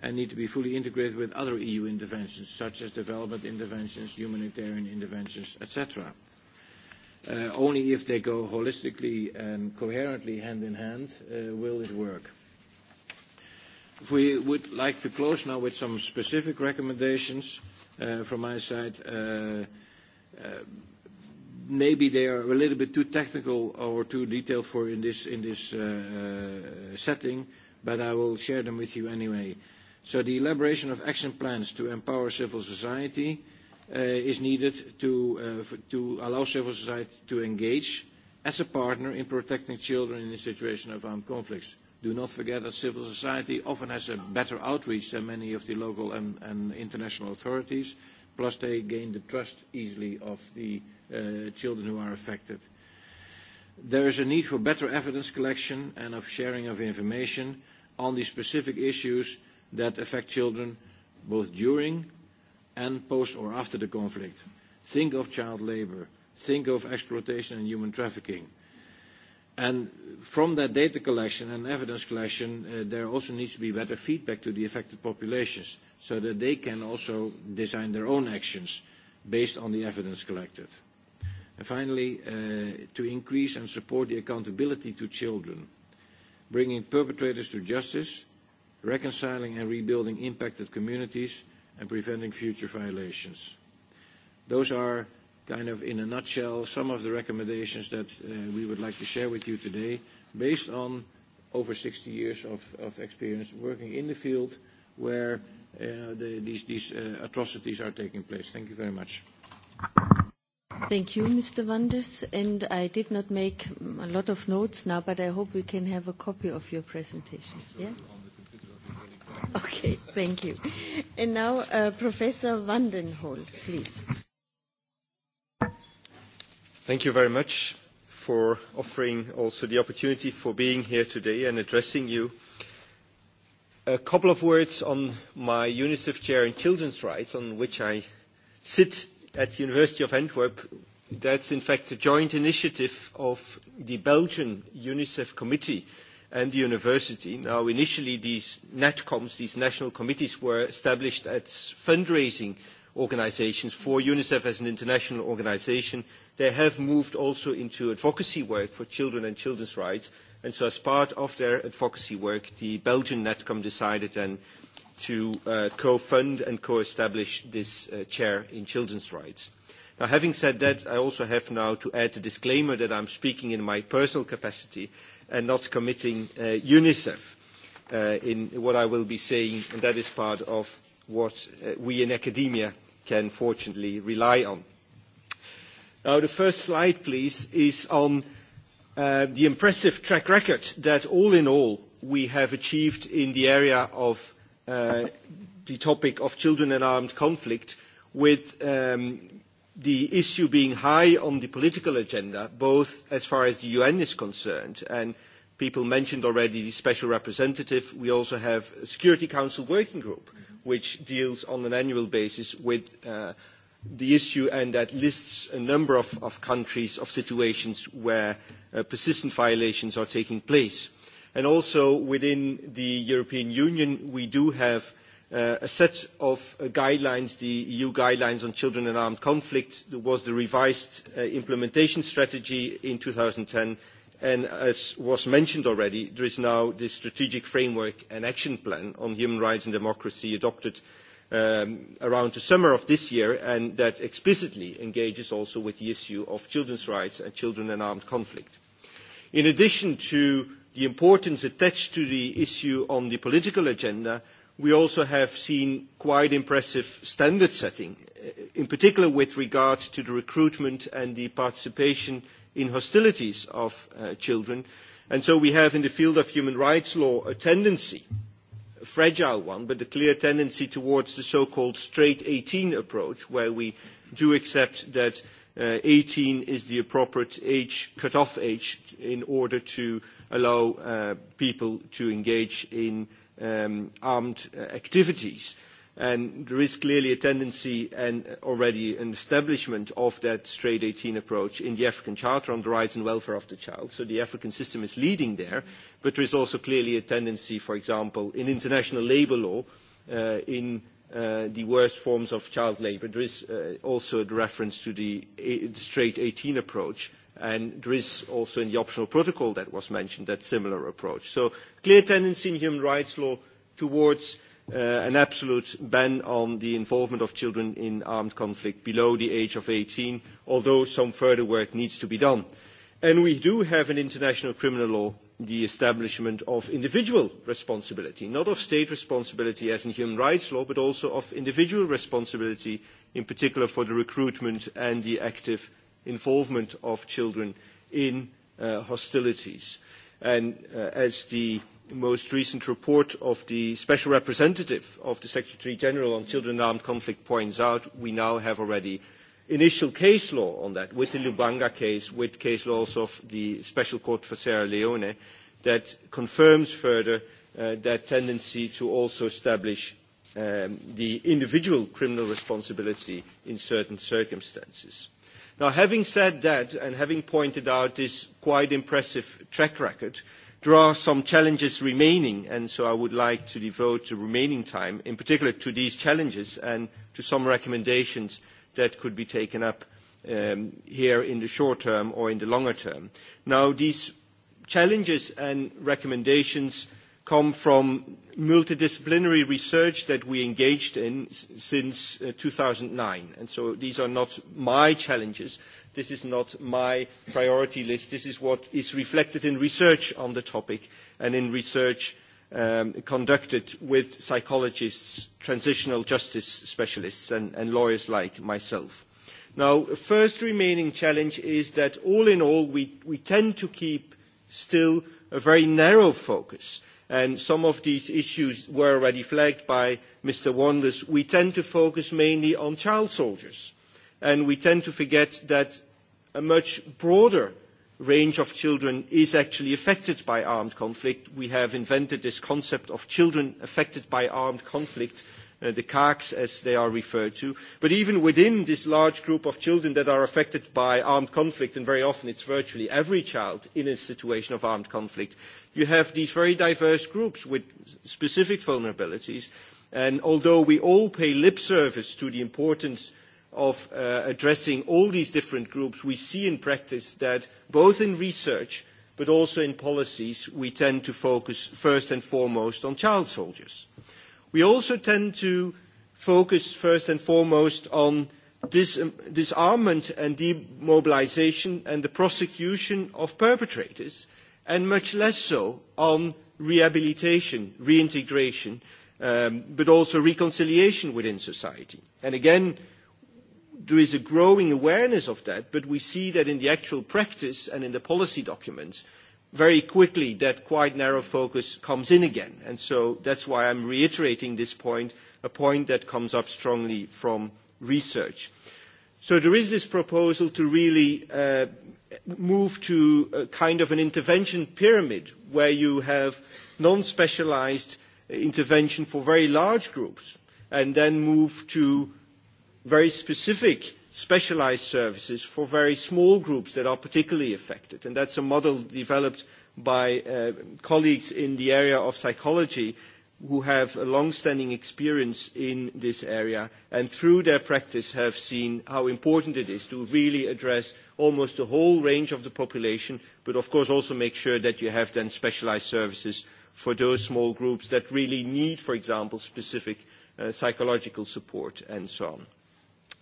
and need to be fully integrated with other EU interventions, such as development interventions, humanitarian interventions, etc. only if they go holistically and coherently hand in hand will it work. We would like to close now with some specific recommendations from my side. Maybe they are a little bit too technical or too detailed for in this in this setting, but I will share them with you anyway. So the elaboration of action plans to empower civil society is needed to allow civil society to engage as a partner in protecting children in a situation of armed conflicts Do not forget that civil society often has a better outreach than many of the local and, and international authorities, plus they gain the trust easily of the uh, children who are affected. There is a need for better evidence collection and of sharing of information on the specific issues that affect children both during and post or after the conflict. Think of child labour. Think of exploitation and human trafficking And from that data collection and evidence collection, uh, there also needs to be better feedback to the affected populations so that they can also design their own actions based on the evidence collected. And finally, uh, to increase and support the accountability to children, bringing perpetrators to justice, reconciling and rebuilding impacted communities, and preventing future violations. Those are kind of in a nutshell some of the recommendations that we would like to share with you today based on over 60 years of experience working in the field where these atrocities are taking place. Thank you very much. Thank you, Mr. Wanders. I did not make a lot of notes now, but I hope we can have a copy of your presentation. Yeah? Okay, thank you. now, uh, Professor Vandenhol, please. Thank you very much for offering also the opportunity for being here today and addressing you. A couple of words on my UNICEF chair in children's rights, on which I sit at the University of Antwerp. That's in fact a joint initiative of the Belgian UNICEF committee and the university. Now, initially, these NATCOMs, these national committees, were established as fundraising organisations for UNICEF as an international organisation. They have moved also into advocacy work for children and children's rights. And so as part of their advocacy work, the Belgian NETCOM decided then to co-fund and co-establish this chair in children's rights. Now, having said that, I also have now to add the disclaimer that I am speaking in my personal capacity and not committing UNICEF in what I will be saying, and that is part of what we in academia can fortunately rely on. Now, the first slide, please, is on the impressive track record that all in all we have achieved in the area of the topic of children and armed conflict, with the issue being high on the political agenda, both as far as the UN is concerned, and people mentioned already the special representative. We also have a Security Council working group. mm which deals on an annual basis with the issue and that lists a number of, of countries, of situations where persistent violations are taking place. And also within the European Union, we do have a set of guidelines, the EU guidelines on children and armed conflict. There was the revised implementation strategy in ten And as was mentioned already, there is now this strategic framework and action plan on human rights and democracy adopted around the summer of this year, and that explicitly engages also with the issue of children's rights and children in armed conflict. In addition to the importance attached to the issue on the political agenda, we also have seen quite impressive standard setting, in particular with regard to the recruitment and the participation in hostilities of children. And so we have in the field of human rights law a tendency, a fragile one, but a clear tendency towards the so-called straight eighteen approach, where we do accept that eighteen is the appropriate age, cut-off age, in order to allow people to engage in armed activities. Uh, And there is clearly a tendency and already an establishment of that straight 18 approach in the African Charter on the Rights and Welfare of the Child. So the African system is leading there, but there is also clearly a tendency, for example, in international labour law, in the worst forms of child labour, there is also the reference to the straight 18 approach, and there is also in the optional protocol that was mentioned that similar approach. So clear tendency in human rights law towards – an absolute ban on the involvement of children in armed conflict below the age of eighteen, although some further work needs to be done. And we do have in international criminal law the establishment of individual responsibility, not of state responsibility as in human rights law, but also of individual responsibility, in particular for the recruitment and the active involvement of children in hostilities. And as the most recent report of the Special Representative of the Secretary General on Children in Armed Conflict points out, we now have already initial case law on that, with the Lubanga case, with case laws of the Special Court for Sierra Leone, that confirms further that tendency to also establish the individual criminal responsibility in certain circumstances. Now, having said that, and having pointed out this quite impressive track record, There are some challenges remaining, and so I would like to devote the remaining time, in particular, to these challenges and to some recommendations that could be taken up here in the short term or in the longer term. Now, these challenges and recommendations come from multidisciplinary research that we engaged in since two thousand nine, and so these are not my challenges, This is not my priority list. This is what is reflected in research on the topic and in research conducted with psychologists, transitional justice specialists, and, lawyers like myself. Now, the first remaining challenge is that all in all, we, we tend to keep still a very narrow focus. And some of these issues were already flagged by Mr. Wanders. We tend to focus mainly on child soldiers and we tend to forget that a much broader range of children is actually affected by armed conflict. We have invented this concept of children affected by armed conflict, the CACs as they are referred to. But even within this large group of children that are affected by armed conflict, and very often it's virtually every child in a situation of armed conflict, you have these very diverse groups with specific vulnerabilities. And although we all pay lip service to the importance of addressing all these different groups, we see in practice that both in research but also in policies, we tend to focus first and foremost on child soldiers. We also tend to focus first and foremost on disarmament and demobilisation and the prosecution of perpetrators, and much less so on rehabilitation, reintegration, but also reconciliation within society. And again, there is a growing awareness of that, but we see that in the actual practice and in the policy documents, very quickly that quite narrow focus comes in again. And so that's why I'm reiterating this point, a point that comes up strongly from research. So there is this proposal to really uh, move to a kind of an intervention pyramid where you have non-specialized intervention for very large groups and then move to very specific specialized services for very small groups that are particularly affected. And that's a model developed by uh, colleagues in the area of psychology who have a long-standing experience in this area and through their practice have seen how important it is to really address almost the whole range of the population, but of course also make sure that you have then specialized services for those small groups that really need, for example, specific uh, psychological support and so on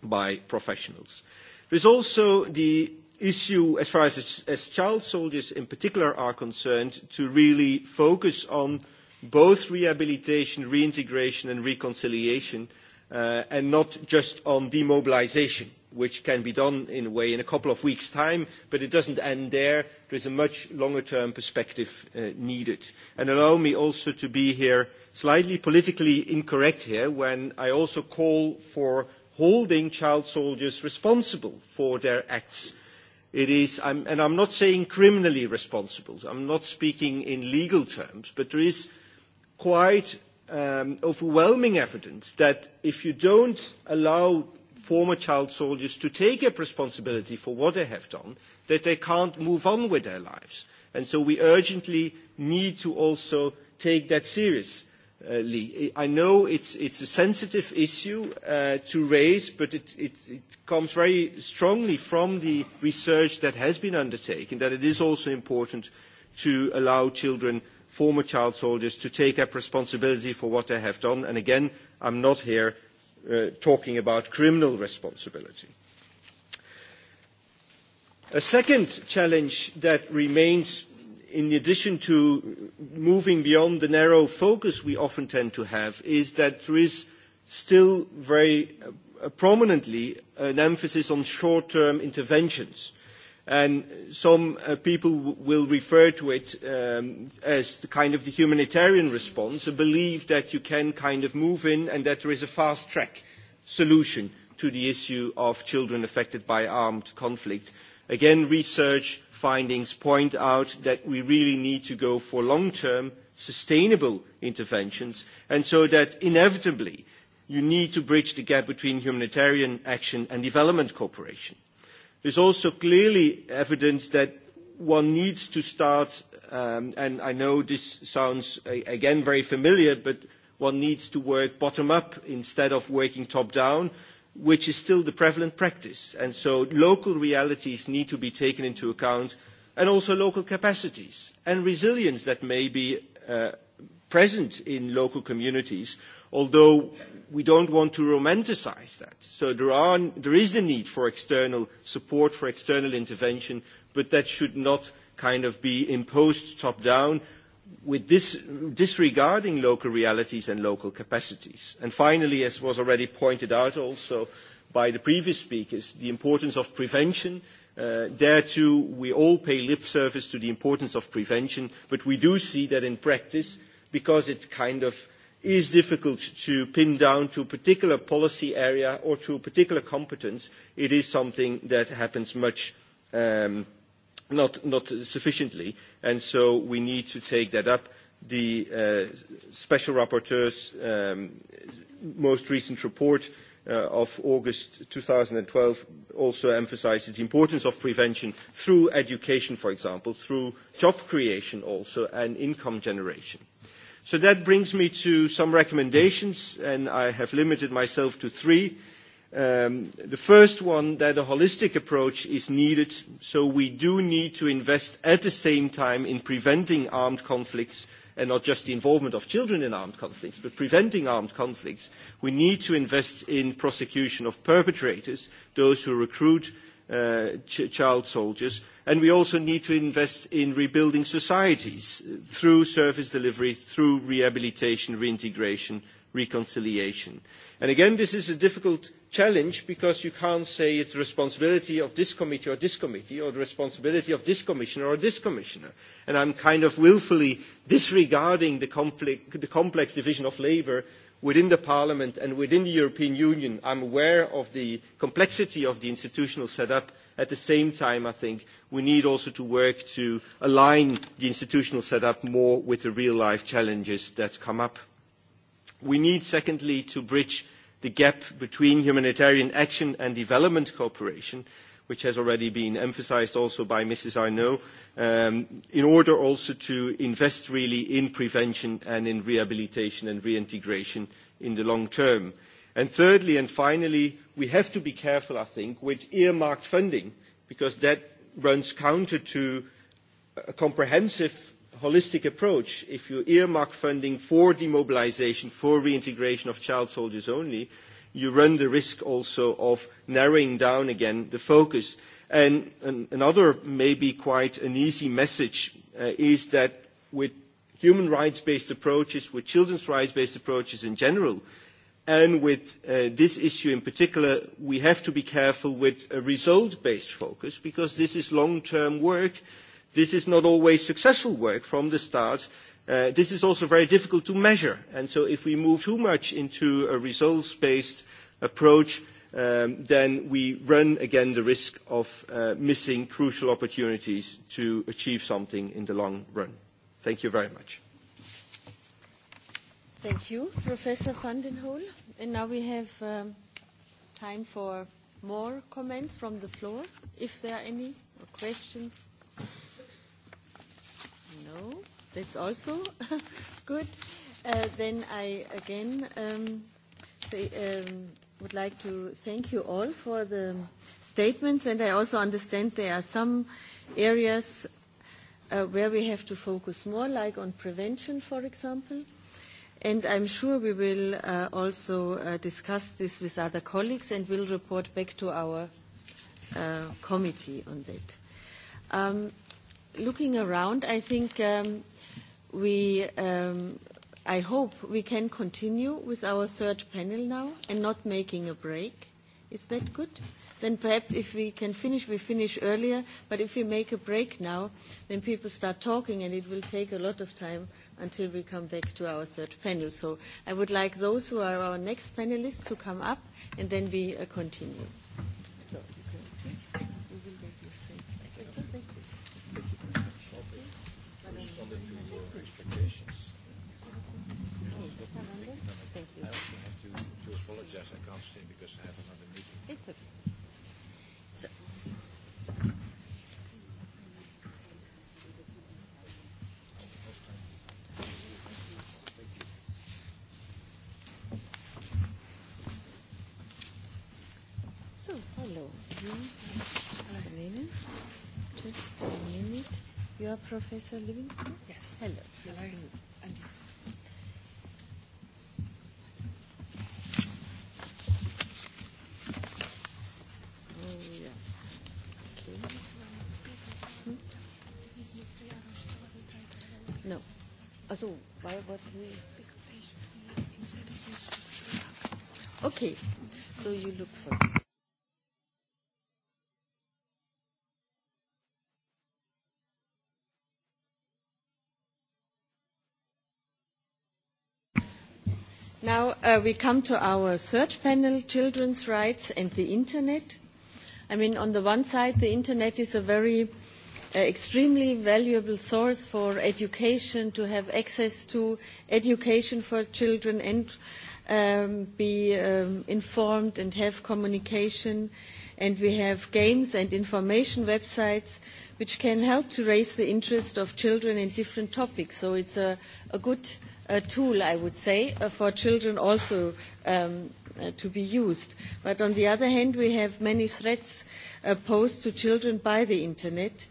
by professionals. There is also the issue, as far as, as child soldiers in particular are concerned, to really focus on both rehabilitation, reintegration and reconciliation, and not just on demobilisation, which can be done in a way in a couple of weeks' time, but it does not end there. There is a much longer-term perspective needed. And allow me also to be here slightly politically incorrect here when I also call for holding child soldiers responsible for their acts. It is, I'm, and I'm not saying criminally responsible, I'm not speaking in legal terms, but there is quite um, overwhelming evidence that if you don't allow former child soldiers to take up responsibility for what they have done, that they can't move on with their lives. And so we urgently need to also take that seriously. Lee. I know it's, it's a sensitive issue uh, to raise, but it, it, it comes very strongly from the research that has been undertaken that it is also important to allow children, former child soldiers, to take up responsibility for what they have done. And again, I'm not here uh, talking about criminal responsibility. A second challenge that remains in addition to moving beyond the narrow focus we often tend to have, is that there is still very prominently an emphasis on short-term interventions. And some uh, people will refer to it um, as the kind of the humanitarian response, a belief that you can kind of move in and that there is a fast track solution to the issue of children affected by armed conflict Again, research findings point out that we really need to go for long-term sustainable interventions, and so that inevitably you need to bridge the gap between humanitarian action and development cooperation. There is also clearly evidence that one needs to start, and I know this sounds again very familiar, but one needs to work bottom up instead of working top down which is still the prevalent practice. And so local realities need to be taken into account, and also local capacities and resilience that may be present in local communities, although we don't want to romanticise that. So there, are, there is the need for external support, for external intervention, but that should not kind of be imposed top down with this, disregarding local realities and local capacities. And finally, as was already pointed out also by the previous speakers, the importance of prevention. Uh, there too, we all pay lip service to the importance of prevention, but we do see that in practice, because it kind of is difficult to pin down to a particular policy area or to a particular competence, it is something that happens much um, not, not sufficiently, and so we need to take that up. The Special Rapporteur's most recent report of August twelve also emphasises the importance of prevention through education, for example, through job creation also, and income generation. So that brings me to some recommendations, and I have limited myself to three. Uh, the first one, that a holistic approach is needed, so we do need to invest at the same time in preventing armed conflicts and not just the involvement of children in armed conflicts, but preventing armed conflicts. We need to invest in prosecution of perpetrators, those who recruit child soldiers, and we also need to invest in rebuilding societies through service delivery, through rehabilitation, reintegration, reconciliation. And again, this is a difficult challenge because you can't say it's the responsibility of this committee or this committee or the responsibility of this commissioner or this commissioner. And I'm kind of willfully disregarding the, conflict, the complex division of labour within the parliament and within the European Union. I'm aware of the complexity of the institutional setup. At the same time, I think we need also to work to align the institutional setup more with the real-life challenges that come up. We need, secondly, to bridge – the gap between humanitarian action and development cooperation, which has already been emphasised also by Mrs. Arnaud, in order also to invest really in prevention and in rehabilitation and reintegration in the long term. And thirdly and finally, we have to be careful, I think, with earmarked funding, because that runs counter to a comprehensive holistic approach, if you earmark funding for demobilisation, for reintegration of child soldiers only, you run the risk also of narrowing down again the focus. And another maybe quite an easy message is that with human rights-based approaches, with children's rights-based approaches in general, and with this issue in particular, we have to be careful with a result-based focus because this is long-term work This is not always successful work from the start. This is also very difficult to measure. And so if we move too much into a results-based approach, then we run again the risk of missing crucial opportunities to achieve something in the long run. Thank you very much. Thank you, Professor van den Hol. And now we have time for more comments from the floor, if there are any, or questions. No, that's also good. Then I again say would like to thank you all for the statements, and I also understand there are some areas where we have to focus more, like on prevention, for example. And I'm sure we will also discuss this with other colleagues and will report back to our committee on that looking around, I think um, we, um, I hope we can continue with our third panel now and not making a break. Is that good? Then perhaps if we can finish, we finish earlier. But if we make a break now, then people start talking, and it will take a lot of time until we come back to our third panel. So I would like those who are our next panelists to come up, and then we uh, continue. says I can't stay because I have another meeting. It's okay. So So, hello. Just a minute. Just a minute. You are Professor Livingston? Yes. Hello. Hello. Also, weil what we... Okay, so you look for... Now uh, we come to our third panel, children's rights and the internet. I mean, on the one side, the internet is a very extremely valuable source for education to have access to education for children and be informed and have communication and we have games and information websites which can help to raise the interest of children in different topics so it's a, a good a tool, I would say, for children also to be used. But on the other hand, we have many threats posed to children by the internet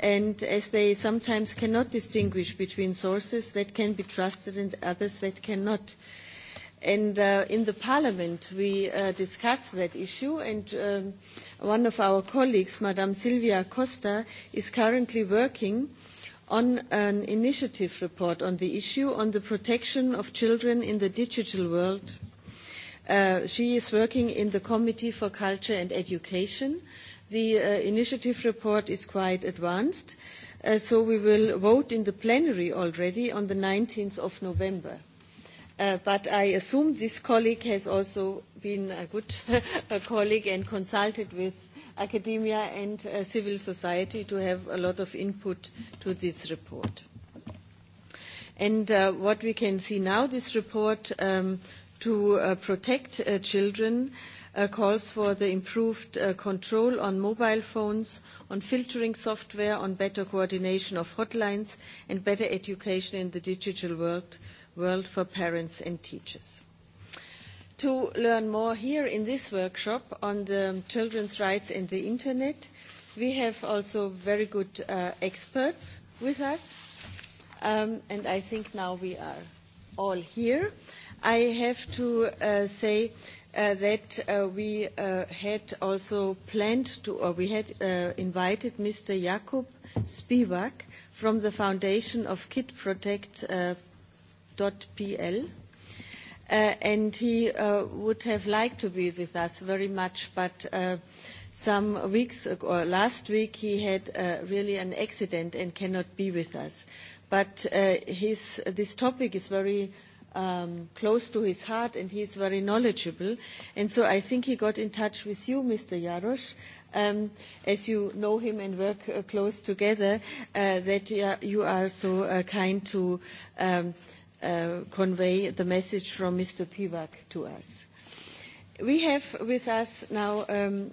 and as they sometimes cannot distinguish between sources that can be trusted and others that cannot. And uh, in the Parliament, we uh, discussed that issue, and um, one of our colleagues, Madame Silvia Costa, is currently working on an initiative report on the issue on the protection of children in the digital world. Uh, she is working in the Committee for Culture and Education, The initiative report is quite advanced, so we will vote in the plenary already on the 19 of November. But I assume this colleague has also been a good colleague and consulted with academia and civil society to have a lot of input to this report. And what we can see now, this report to protect children calls for the improved control on mobile phones, on filtering software, on better coordination of hotlines, and better education in the digital world for parents and teachers. To learn more here in this workshop on the children's rights and the internet, we have also very good experts with us, and I think now we are all here. I have to say that we had also planned to, or we had invited Mr. Jakub Spivak from the foundation of kidprotect.pl, and he would have liked to be with us very much, but some weeks ago, or last week, he had really an accident and cannot be with us. But his, this topic is very um, close to his heart and he is very knowledgeable. And so I think he got in touch with you, Mr. Jarosz, um, as you know him and work uh, close together, uh, that you are so uh, kind to um, uh, convey the message from Mr. Pivak to us. We have with us now um,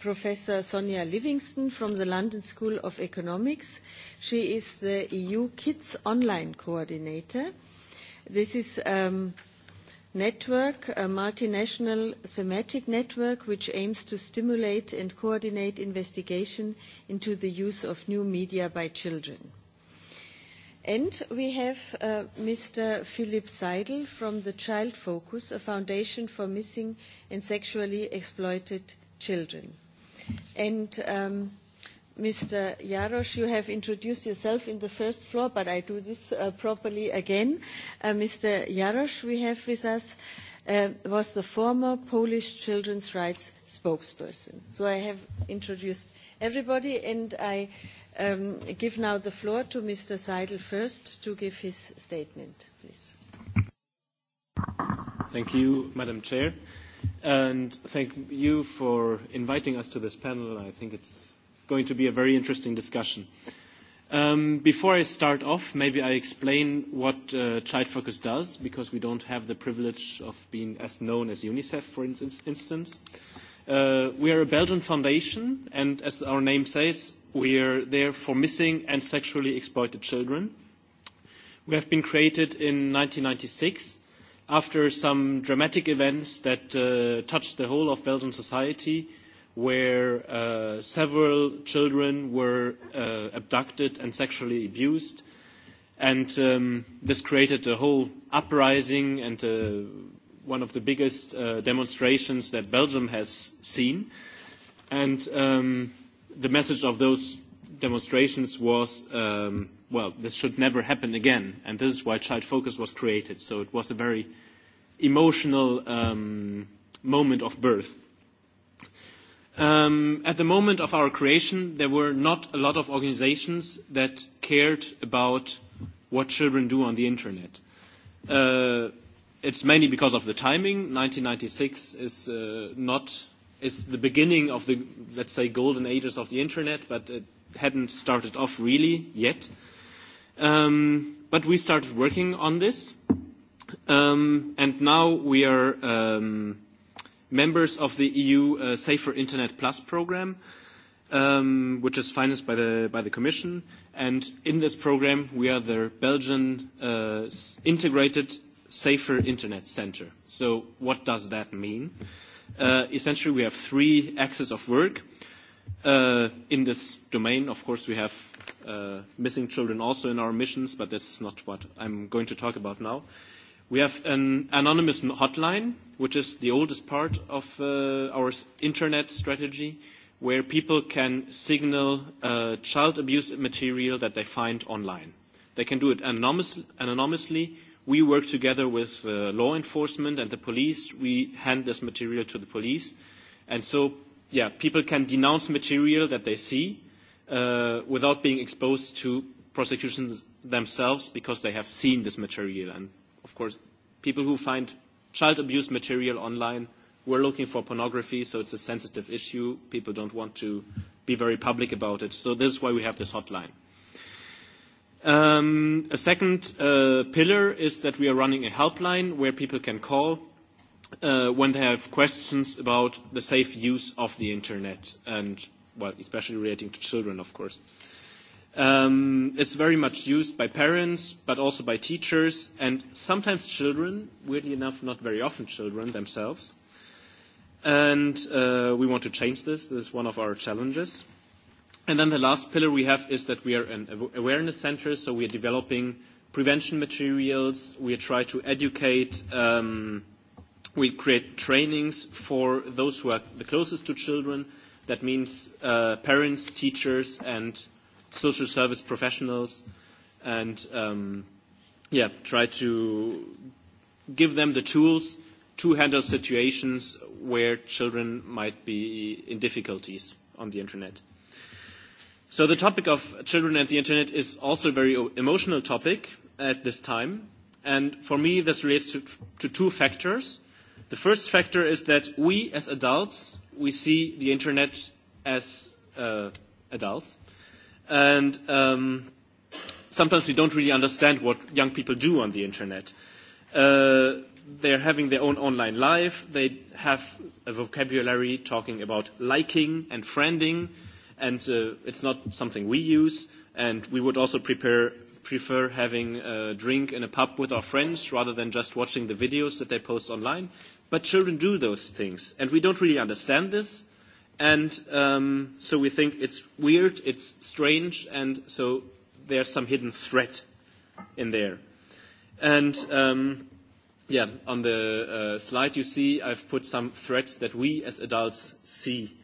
Professor Sonia Livingston from the London School of Economics. She is the EU Kids Online Coordinator. This is um, network, a multinational thematic network which aims to stimulate and coordinate investigation into the use of new media by children. And we have Mr. Philip Seidel from the Child Focus, a foundation for missing and sexually exploited children. And Mr. Jarosz, you have introduced yourself in the first floor, but I do this uh, properly again. Uh, Mr. Jarosz, we have with us, uh, was the former Polish children's rights spokesperson. So I have introduced everybody, and I um, give now the floor to Mr. Seidel first to give his statement, please. Thank you, Madam Chair, and thank you for inviting us to this panel. I think it's going to be a very interesting discussion. Um, before I start off, maybe I explain what uh, Child Focus does, because we don't have the privilege of being as known as UNICEF, for in- instance. Uh, we are a Belgian foundation, and as our name says, we are there for missing and sexually exploited children. We have been created in 1996 after some dramatic events that uh, touched the whole of Belgian society where several children were abducted and sexually abused. And this created a whole uprising and one of the biggest demonstrations that Belgium has seen. And the message of those demonstrations was, well, this should never happen again. And this is why Child Focus was created. So it was a very emotional moment of birth Um, at the moment of our creation, there were not a lot of organizations that cared about what children do on the internet. Uh, it's mainly because of the timing. 1996 is uh, not is the beginning of the let's say golden ages of the internet, but it hadn't started off really yet. Um, but we started working on this, um, and now we are. Um, members of the EU Safer Internet Plus programme, which is financed by the by the Commission. And in this programme, we are the Belgian Integrated Safer Internet Centre. So what does that mean? Essentially, we have three axes of work. In this domain, of course, we have missing children also in our missions, but that's not what I'm going to talk about now. We have an anonymous hotline, which is the oldest part of uh, our internet strategy, where people can signal uh, child abuse material that they find online. They can do it anonymously. We work together with uh, law enforcement and the police. We hand this material to the police. And so, yeah, people can denounce material that they see uh, without being exposed to prosecutions themselves because they have seen this material and of course, people who find child abuse material online were looking for pornography, so it's a sensitive issue. People don't want to be very public about it. So this is why we have this hotline. Um, a second uh, pillar is that we are running a helpline where people can call uh, when they have questions about the safe use of the internet and, well, especially relating to children, of course. Uh, um, is very much used by parents, but also by teachers, and sometimes children, weirdly enough, not very often children themselves. And uh, we want to change this. This is one of our challenges. And then the last pillar we have is that we are an awareness center, so we are developing prevention materials. We try to educate. Um, we create trainings for those who are the closest to children. That means uh, parents, teachers, and social service professionals and um, yeah, try to give them the tools to handle situations where children might be in difficulties on the internet. So the topic of children and the internet is also a very emotional topic at this time. And for me, this relates to, to two factors. The first factor is that we as adults, we see the internet as uh, adults, and um, sometimes we don't really understand what young people do on the internet. Uh, they're having their own online life. They have a vocabulary talking about liking and friending, and uh, it's not something we use. And we would also prepare, prefer having a drink in a pub with our friends rather than just watching the videos that they post online. But children do those things, and we don't really understand this And um, so we think it's weird, it's strange, and so there's some hidden threat in there. And um, yeah, on the uh, slide you see, I've put some threats that we as adults see.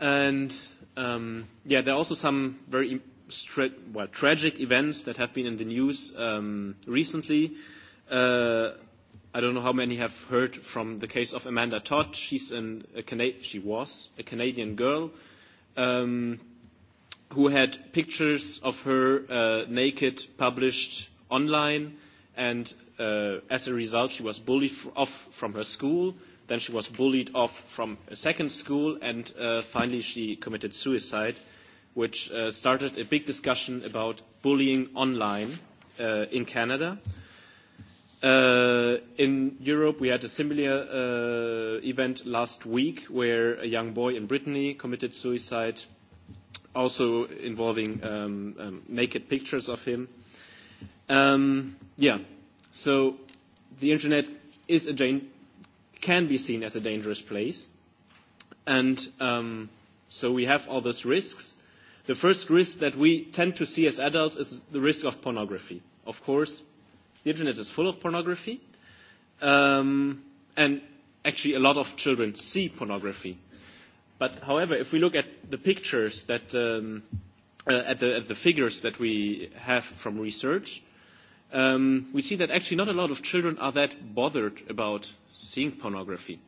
And um, yeah, there are also some very stra- well, tragic events that have been in the news um, recently. Uh, I don't know how many have heard from the case of Amanda Todd. She's an, a Cana- she was a Canadian girl um, who had pictures of her uh, naked published online, and uh, as a result, she was bullied off from her school. Then she was bullied off from a second school, and uh, finally she committed suicide, which uh, started a big discussion about bullying online uh, in Canada in Europe, we had a similar event last week where a young boy in Brittany committed suicide, also involving naked pictures of him. yeah, so the internet is a can be seen as a dangerous place, and um so we have all those risks. The first risk that we tend to see as adults is the risk of pornography. Of course, The internet is full of pornography. Um, and actually, a lot of children see pornography. But however, if we look at the pictures that, um, uh, at, the, at the figures that we have from research, um, we see that actually not a lot of children are that bothered about seeing pornography.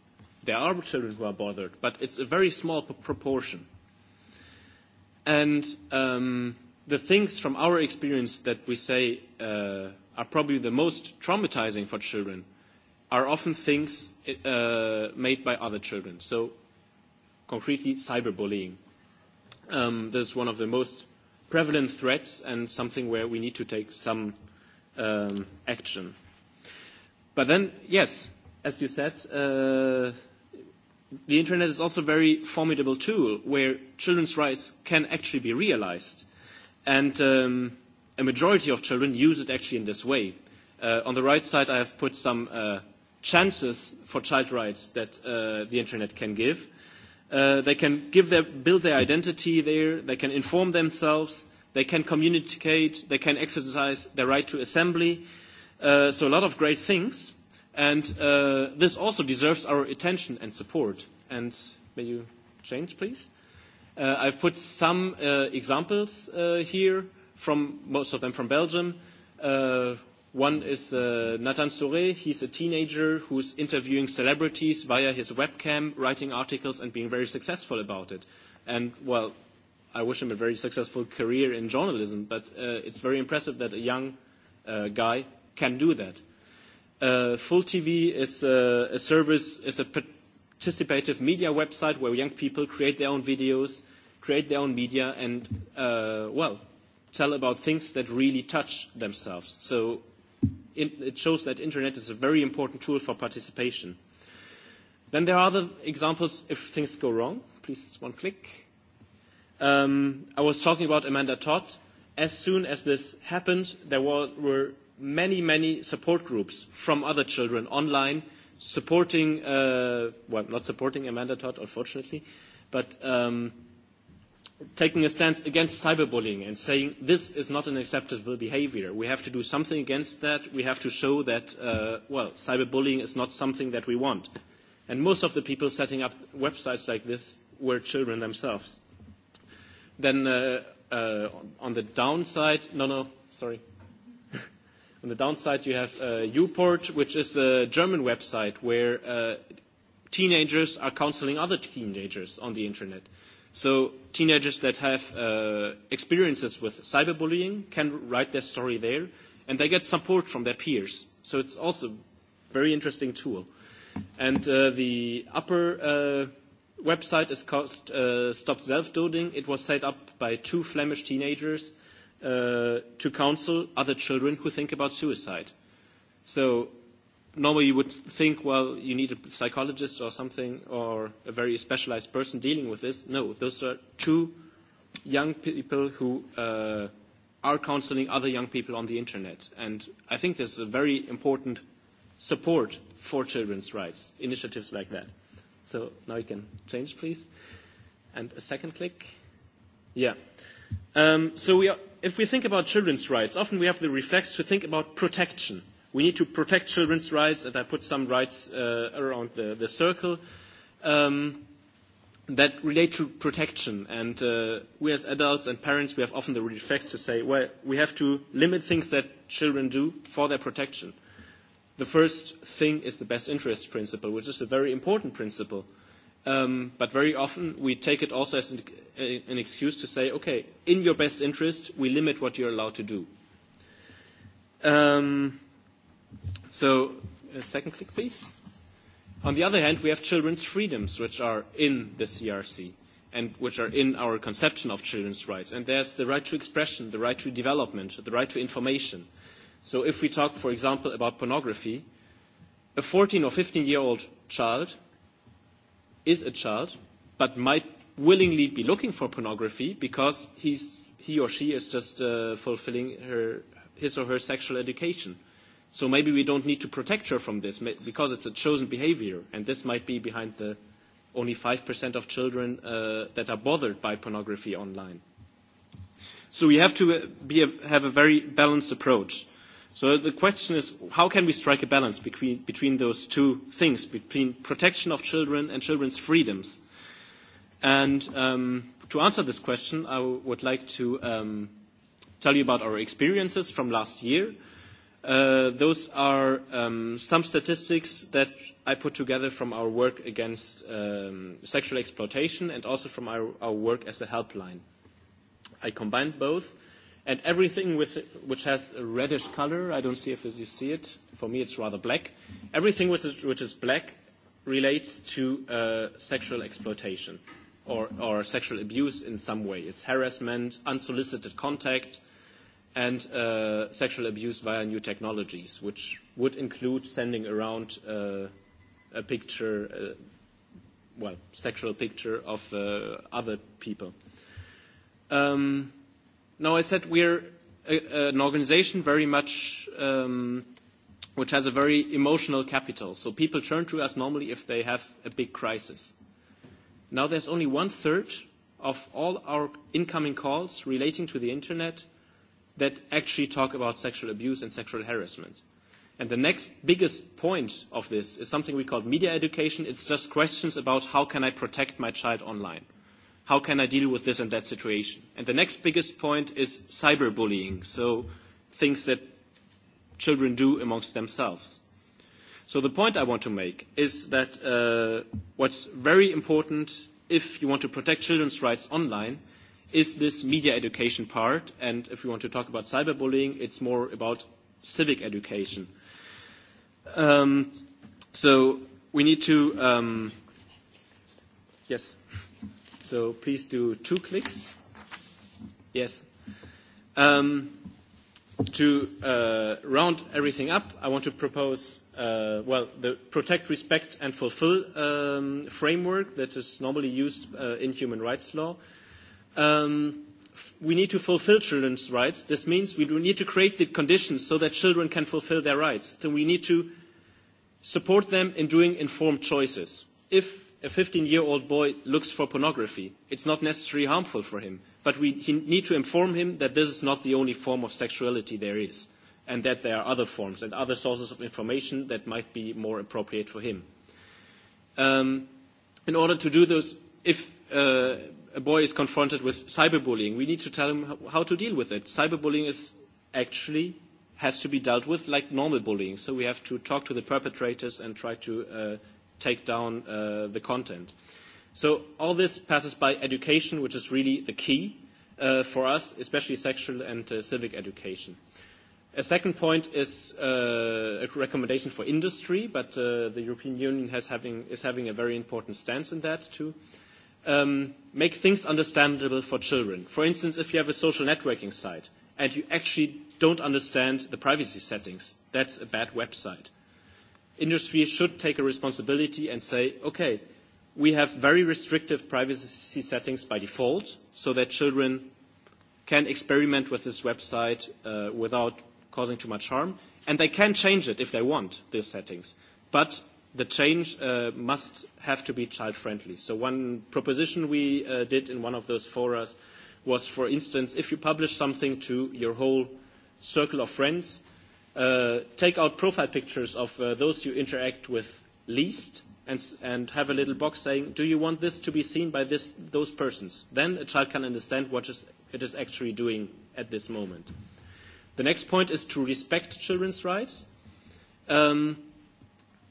There are children who are bothered, but it's a very small proportion. And um, the things from our experience that we say uh, are probably the most traumatizing for children are often things uh, made by other children. So, concretely, cyberbullying. Um, this is one of the most prevalent threats and something where we need to take some um, action. But then, yes, as you said, uh, the internet is also a very formidable tool where children's rights can actually be realized. And um, a majority of children use it actually in this way. Uh, on the right side, I have put some uh, chances for child rights that uh, the internet can give. Uh, they can give their, build their identity there. They can inform themselves. They can communicate. They can exercise their right to assembly. Uh, so a lot of great things. And uh, this also deserves our attention and support. And may you change, please? Uh, I've put some uh, examples uh, here from most of them from Belgium. Uh, one is uh, Nathan Sore. He's a teenager who's interviewing celebrities via his webcam, writing articles, and being very successful about it. And, well, I wish him a very successful career in journalism, but uh, it's very impressive that a young uh, guy can do that. Uh, Full TV is a, a service, is a participative media website where young people create their own videos, create their own media, and, uh, well, tell about things that really touch themselves. So it shows that internet is a very important tool for participation. Then there are other examples if things go wrong. Please, one click. Um, I was talking about Amanda Todd. As soon as this happened, there were many, many support groups from other children online supporting, uh, well, not supporting Amanda Todd, unfortunately, but um, taking a stance against cyberbullying and saying this is not an acceptable behavior. We have to do something against that. We have to show that, uh, well, cyberbullying is not something that we want. And most of the people setting up websites like this were children themselves. Then uh, uh, on the downside, no, no, sorry. on the downside, you have uh, Uport, which is a German website where uh, teenagers are counseling other teenagers on the internet So teenagers that have uh, experiences with cyberbullying can write their story there, and they get support from their peers. So it's also a very interesting tool. And uh, the upper uh, website is called uh, Stop Self-Doding. It was set up by two Flemish teenagers uh, to counsel other children who think about suicide. So normally you would think, well, you need a psychologist or something, or a very specialized person dealing with this. No, those are two young people who uh, are counseling other young people on the internet. And I think this is a very important support for children's rights, initiatives like that. So now you can change, please. And a second click. Yeah. Um, so we are, if we think about children's rights, often we have the reflex to think about protection – We need to protect children's rights, and I put some rights uh, around the, the circle um, that relate to protection. And uh, we as adults and parents, we have often the reflex to say, well, we have to limit things that children do for their protection. The first thing is the best interest principle, which is a very important principle. Um, but very often we take it also as an, an excuse to say, okay, in your best interest, we limit what you're allowed to do. Um, So, a second click, please. On the other hand, we have children's freedoms, which are in the CRC and which are in our conception of children's rights. And there's the right to expression, the right to development, the right to information. So if we talk, for example, about pornography, a 14 or 15 year old child is a child, but might willingly be looking for pornography because he's, he or she is just uh, fulfilling her, his or her sexual education So maybe we don't need to protect her from this because it's a chosen behavior, and this might be behind the only 5% of children uh, that are bothered by pornography online. So we have to be a, have a very balanced approach. So the question is, how can we strike a balance between, between those two things, between protection of children and children's freedoms? And um, to answer this question, I would like to um, tell you about our experiences from last year – those are some statistics that I put together from our work against sexual exploitation and also from our, our work as a helpline. I combined both, and everything with, which has a reddish color, I don't see if you see it, for me it's rather black, everything which is, which is black relates to uh, sexual exploitation or, or sexual abuse in some way. It's harassment, unsolicited contact, and uh, sexual abuse via new technologies, which would include sending around uh, a picture, uh, well, sexual picture of uh, other people. Um, now, I said we're a, an organization very much um, which has a very emotional capital. So people turn to us normally if they have a big crisis. Now, there's only one third of all our incoming calls relating to the internet – that actually talk about sexual abuse and sexual harassment. And the next biggest point of this is something we call media education. It's just questions about how can I protect my child online? How can I deal with this and that situation? And the next biggest point is cyberbullying, so things that children do amongst themselves. So the point I want to make is that uh, what's very important if you want to protect children's rights online – is this media education part. And if we want to talk about cyberbullying, it's more about civic education. Um, so we need to, um, yes. So please do two clicks. Yes. Um, to uh, round everything up, I want to propose uh, well the protect, respect, and fulfill um, framework that is normally used uh, in human rights law um, we need to fulfill children's rights. This means we need to create the conditions so that children can fulfill their rights. So we need to support them in doing informed choices. If a 15-year-old boy looks for pornography, it's not necessarily harmful for him, but we need to inform him that this is not the only form of sexuality there is, and that there are other forms and other sources of information that might be more appropriate for him. in order to do this, if a boy is confronted with cyberbullying, we need to tell him how to deal with it. Cyberbullying is actually has to be dealt with like normal bullying. So we have to talk to the perpetrators and try to uh, take down uh, the content. So all this passes by education, which is really the key uh, for us, especially sexual and uh, civic education. A second point is uh, a recommendation for industry, but uh, the European Union has having, is having a very important stance in that too um, make things understandable for children. For instance, if you have a social networking site and you actually don't understand the privacy settings, that's a bad website. Industry should take a responsibility and say, okay, we have very restrictive privacy settings by default so that children can experiment with this website uh, without causing too much harm. And they can change it if they want, those settings. But the change uh, must have to be child-friendly. So one proposition we uh, did in one of those forums was, for instance, if you publish something to your whole circle of friends, uh, take out profile pictures of uh, those you interact with least and, and have a little box saying, do you want this to be seen by this, those persons? Then a child can understand what is, it is actually doing at this moment. The next point is to respect children's rights. Um,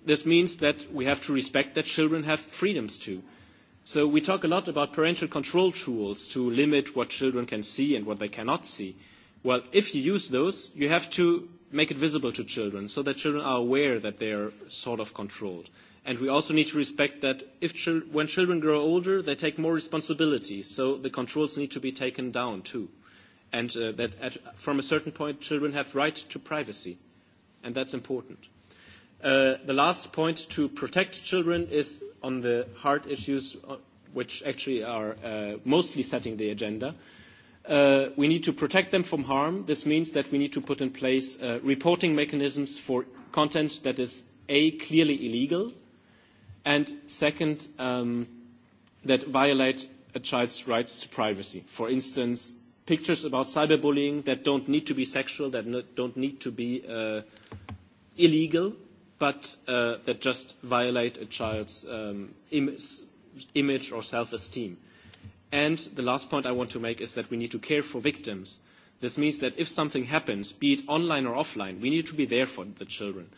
This means that we have to respect that children have freedoms too. So we talk a lot about parental control tools to limit what children can see and what they cannot see. Well, if you use those, you have to make it visible to children so that children are aware that they are sort of controlled. And we also need to respect that if chil- when children grow older, they take more responsibility, so the controls need to be taken down too. And uh, that at, from a certain point, children have right to privacy, and that's important the last point to protect children is on the hard issues, which actually are mostly setting the agenda. we need to protect them from harm. This means that we need to put in place reporting mechanisms for content that is A, clearly illegal, and second, that violate a child's rights to privacy. For instance, pictures about cyberbullying that don't need to be sexual, that don't need to be illegal, but that just violate a child's image or self-esteem. And the last point I want to make is that we need to care for victims. This means that if something happens, be it online or offline, we need to be there for the children.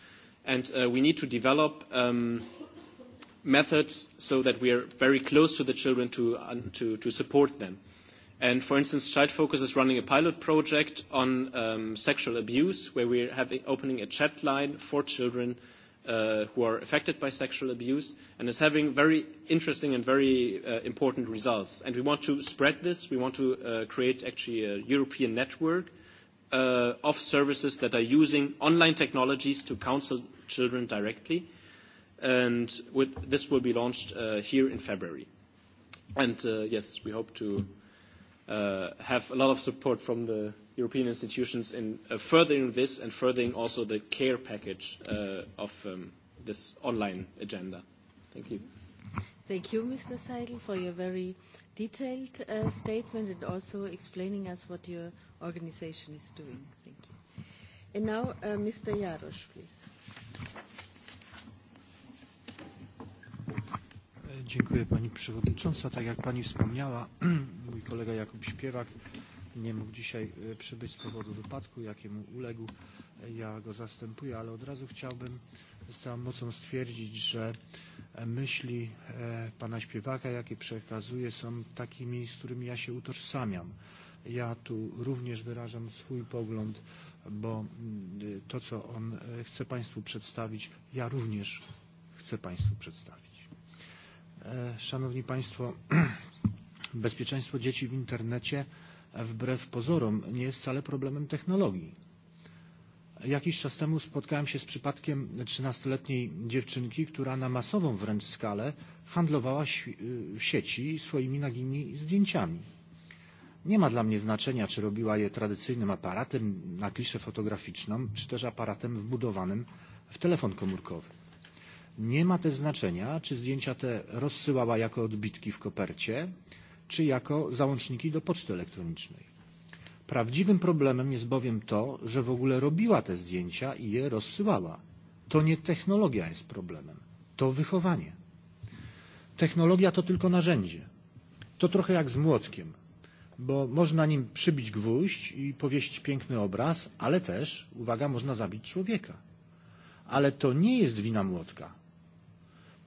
And we need to develop um methods so that we are very close to the children to, to, to support them And for instance, Child Focus is running a pilot project on um, sexual abuse, where we're having, opening a chat line for children uh, who are affected by sexual abuse, and is having very interesting and very uh, important results. And we want to spread this. We want to uh, create actually a European network uh, of services that are using online technologies to counsel children directly. And with, this will be launched uh, here in February. And uh, yes, we hope to uh, have a lot of support from the European institutions in uh, furthering this and furthering also the care package uh, of um, this online agenda. Thank you. Thank you, Mr. Seidel, for your very detailed uh, statement and also explaining us what your organization is doing. Thank you. And now, uh, Mr. Jarosz, please. Dziękuję Pani Przewodnicząca. Tak jak Pani wspomniała, mój kolega Jakub Śpiewak nie mógł dzisiaj przybyć z powodu wypadku, jakiemu uległ. Ja go zastępuję, ale od razu chciałbym z całą mocą stwierdzić, że myśli Pana Śpiewaka, jakie przekazuje, są takimi, z którymi ja się utożsamiam. Ja tu również wyrażam swój pogląd, bo to, co on chce Państwu przedstawić, ja również chcę Państwu przedstawić. Szanowni Państwo, bezpieczeństwo dzieci w internecie wbrew pozorom nie jest wcale problemem technologii. Jakiś czas temu spotkałem się z przypadkiem 13-letniej dziewczynki, która na masową wręcz skalę handlowała w sieci swoimi nagimi zdjęciami. Nie ma dla mnie znaczenia, czy robiła je tradycyjnym aparatem na kliszę fotograficzną, czy też aparatem wbudowanym w telefon komórkowy. Nie ma też znaczenia, czy zdjęcia te rozsyłała jako odbitki w kopercie, czy jako załączniki do poczty elektronicznej. Prawdziwym problemem jest bowiem to, że w ogóle robiła te zdjęcia i je rozsyłała. To nie technologia jest problemem, to wychowanie. Technologia to tylko narzędzie. To trochę jak z młotkiem, bo można nim przybić gwóźdź i powiesić piękny obraz, ale też, uwaga, można zabić człowieka. Ale to nie jest wina młotka,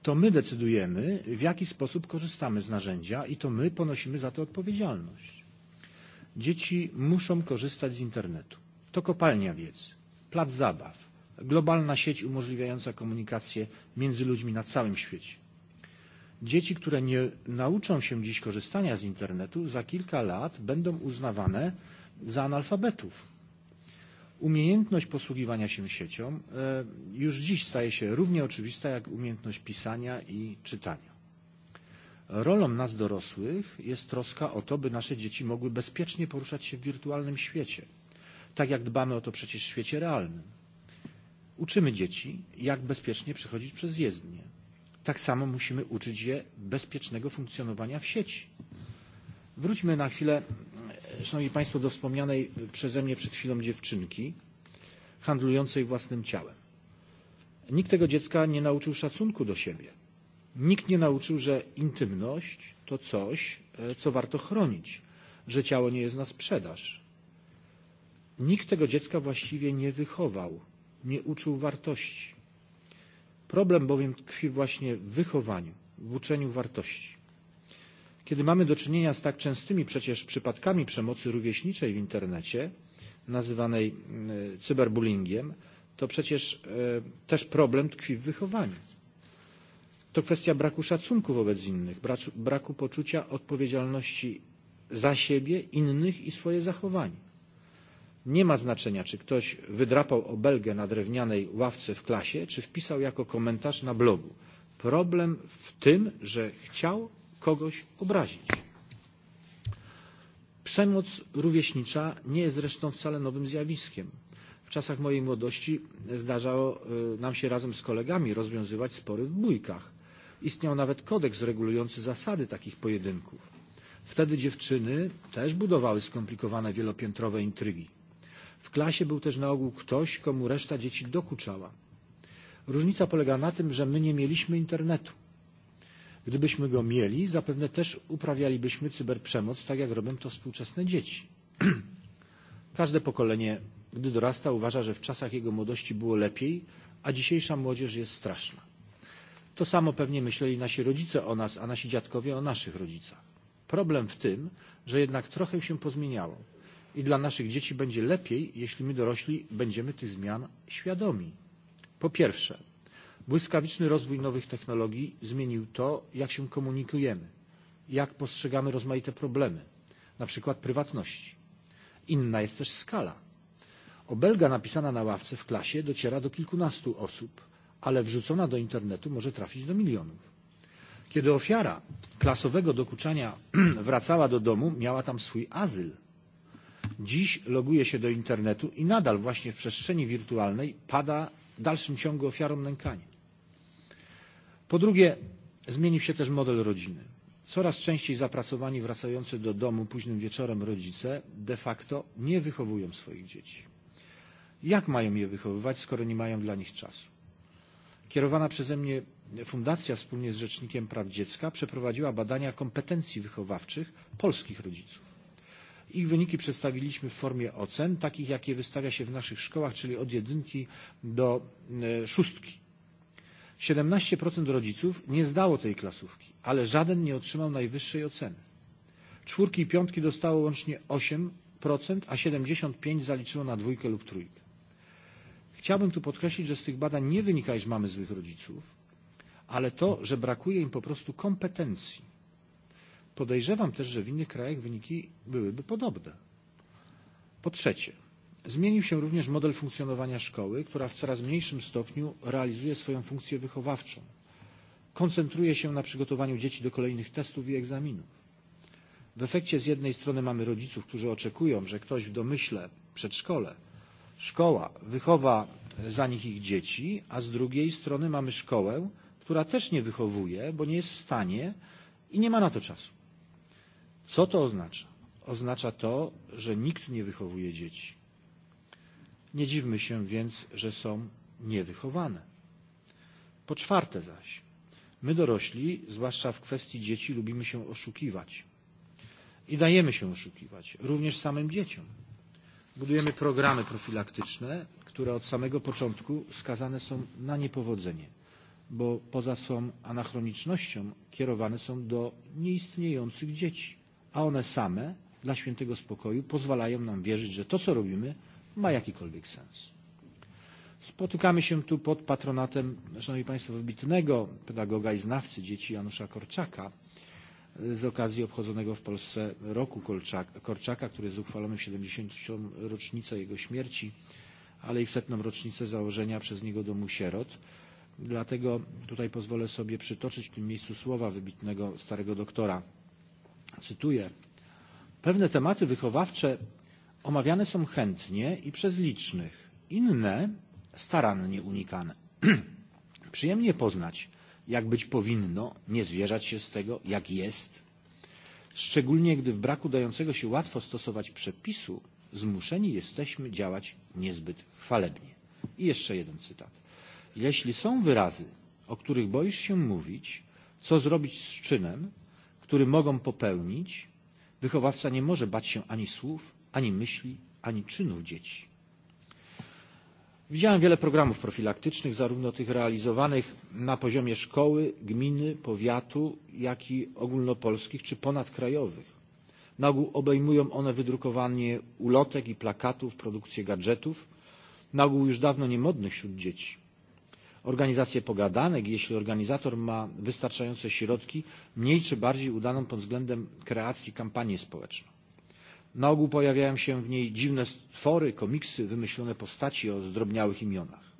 to my decydujemy, w jaki sposób korzystamy z narzędzia i to my ponosimy za to odpowiedzialność. Dzieci muszą korzystać z internetu. To kopalnia wiedzy, plac zabaw, globalna sieć umożliwiająca komunikację między ludźmi na całym świecie. Dzieci, które nie nauczą się dziś korzystania z internetu, za kilka lat będą uznawane za analfabetów, umiejętność posługiwania się siecią już dziś staje się równie oczywista jak umiejętność pisania i czytania. Rolą nas dorosłych jest troska o to, by nasze dzieci mogły bezpiecznie poruszać się w wirtualnym świecie, tak jak dbamy o to przecież w świecie realnym. Uczymy dzieci, jak bezpiecznie przechodzić przez jezdnię. Tak samo musimy uczyć je bezpiecznego funkcjonowania w sieci. Wróćmy na chwilę Szanowni Państwo, do wspomnianej przeze mnie przed chwilą dziewczynki handlującej własnym ciałem. Nikt tego dziecka nie nauczył szacunku do siebie. Nikt nie nauczył, że intymność to coś, co warto chronić, że ciało nie jest na sprzedaż. Nikt tego dziecka właściwie nie wychował, nie uczył wartości. Problem bowiem tkwi właśnie w wychowaniu, w uczeniu wartości. Kiedy mamy do czynienia z tak częstymi przecież przypadkami przemocy rówieśniczej w internecie, nazywanej cyberbullyingiem, to przecież też problem tkwi w wychowaniu. To kwestia braku szacunku wobec innych, braku poczucia odpowiedzialności za siebie, innych i swoje zachowanie. Nie ma znaczenia, czy ktoś wydrapał obelgę na drewnianej ławce w klasie, czy wpisał jako komentarz na blogu. Problem w tym, że chciał kogoś obrazić. Przemoc rówieśnicza nie jest zresztą wcale nowym zjawiskiem. W czasach mojej młodości zdarzało nam się razem z kolegami rozwiązywać spory w bójkach. Istniał nawet kodeks regulujący zasady takich pojedynków. Wtedy dziewczyny też budowały skomplikowane wielopiętrowe intrygi. W klasie był też na ogół ktoś, komu reszta dzieci dokuczała. Różnica polega na tym, że my nie mieliśmy internetu. Gdybyśmy go mieli, zapewne też uprawialibyśmy cyberprzemoc, tak jak robią to współczesne dzieci. Każde pokolenie, gdy dorasta, uważa, że w czasach jego młodości było lepiej, a dzisiejsza młodzież jest straszna. To samo pewnie myśleli nasi rodzice o nas, a nasi dziadkowie o naszych rodzicach. Problem w tym, że jednak trochę się pozmieniało i dla naszych dzieci będzie lepiej, jeśli my dorośli będziemy tych zmian świadomi. Po pierwsze, Błyskawiczny rozwój nowych technologii zmienił to, jak się komunikujemy, jak postrzegamy rozmaite problemy, na przykład prywatności. Inna jest też skala. Obelga napisana na ławce w klasie dociera do kilkunastu osób, ale wrzucona do internetu może trafić do milionów. Kiedy ofiara klasowego dokuczania wracała do domu, miała tam swój azyl. Dziś loguje się do internetu i nadal właśnie w przestrzeni wirtualnej pada w dalszym ciągu ofiarom nękanie. Po drugie, zmienił się też model rodziny. Coraz częściej zapracowani wracający do domu późnym wieczorem rodzice de facto nie wychowują swoich dzieci. Jak mają je wychowywać, skoro nie mają dla nich czasu? Kierowana przeze mnie fundacja wspólnie z Rzecznikiem Praw Dziecka przeprowadziła badania kompetencji wychowawczych polskich rodziców. Ich wyniki przedstawiliśmy w formie ocen, takich jakie wystawia się w naszych szkołach, czyli od jedynki do szóstki. 17% rodziców nie zdało tej klasówki, ale żaden nie otrzymał najwyższej oceny. Czwórki i piątki dostało łącznie 8%, a 75% zaliczyło na dwójkę lub trójkę. Chciałbym tu podkreślić, że z tych badań nie wynika, iż mamy złych rodziców, ale to, że brakuje im po prostu kompetencji. Podejrzewam też, że w innych krajach wyniki byłyby podobne. Po trzecie, Zmienił się również model funkcjonowania szkoły, która w coraz mniejszym stopniu realizuje swoją funkcję wychowawczą. Koncentruje się na przygotowaniu dzieci do kolejnych testów i egzaminów. W efekcie z jednej strony mamy rodziców, którzy oczekują, że ktoś w domyśle, przedszkole, szkoła wychowa za nich ich dzieci, a z drugiej strony mamy szkołę, która też nie wychowuje, bo nie jest w stanie i nie ma na to czasu. Co to oznacza? Oznacza to, że nikt nie wychowuje dzieci Nie dziwmy się więc, że są niewychowane. Po czwarte zaś, my dorośli, zwłaszcza w kwestii dzieci, lubimy się oszukiwać. I dajemy się oszukiwać, również samym dzieciom. Budujemy programy profilaktyczne, które od samego początku skazane są na niepowodzenie, bo poza swą anachronicznością kierowane są do nieistniejących dzieci, a one same dla świętego spokoju pozwalają nam wierzyć, że to, co robimy, ma jakikolwiek sens. Spotykamy się tu pod patronatem, szanowni państwo, wybitnego pedagoga i znawcy dzieci Janusza Korczaka z okazji obchodzonego w Polsce roku Korczaka, który jest uchwalony w 70. rocznicę jego śmierci, ale i w setną rocznicę założenia przez niego domu sierot. Dlatego tutaj pozwolę sobie przytoczyć w tym miejscu słowa wybitnego starego doktora. Cytuję. Pewne tematy wychowawcze omawiane są chętnie i przez licznych, inne starannie unikane. Przyjemnie poznać, jak być powinno, nie zwierzać się z tego, jak jest. Szczególnie gdy w braku dającego się łatwo stosować przepisu, zmuszeni jesteśmy działać niezbyt chwalebnie. I jeszcze jeden cytat. Jeśli są wyrazy, o których boisz się mówić, co zrobić z czynem, który mogą popełnić, wychowawca nie może bać się ani słów, ani myśli, ani czynów dzieci. Widziałem wiele programów profilaktycznych, zarówno tych realizowanych na poziomie szkoły, gminy, powiatu, jak i ogólnopolskich czy ponadkrajowych. Na ogół obejmują one wydrukowanie ulotek i plakatów, produkcję gadżetów, na ogół już dawno niemodnych wśród dzieci. Organizacje pogadanek, jeśli organizator ma wystarczające środki, mniej czy bardziej udaną pod względem kreacji kampanię społeczną. Na ogół pojawiają się w niej dziwne stwory, komiksy, wymyślone postaci o zdrobniałych imionach.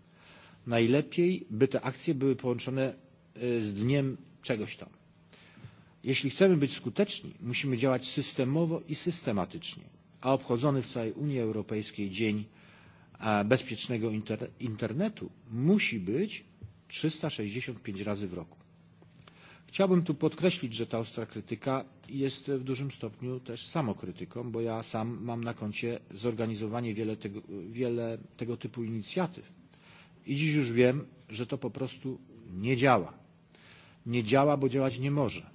Najlepiej, by te akcje były połączone z dniem czegoś tam. Jeśli chcemy być skuteczni, musimy działać systemowo i systematycznie, a obchodzony w całej Unii Europejskiej Dzień Bezpiecznego Internetu musi być 365 razy w roku. Chciałbym tu podkreślić, że ta ostra krytyka jest w dużym stopniu też samokrytyką, bo ja sam mam na koncie zorganizowanie wiele tego, wiele tego typu inicjatyw. I dziś już wiem, że to po prostu nie działa. Nie działa, bo działać nie może.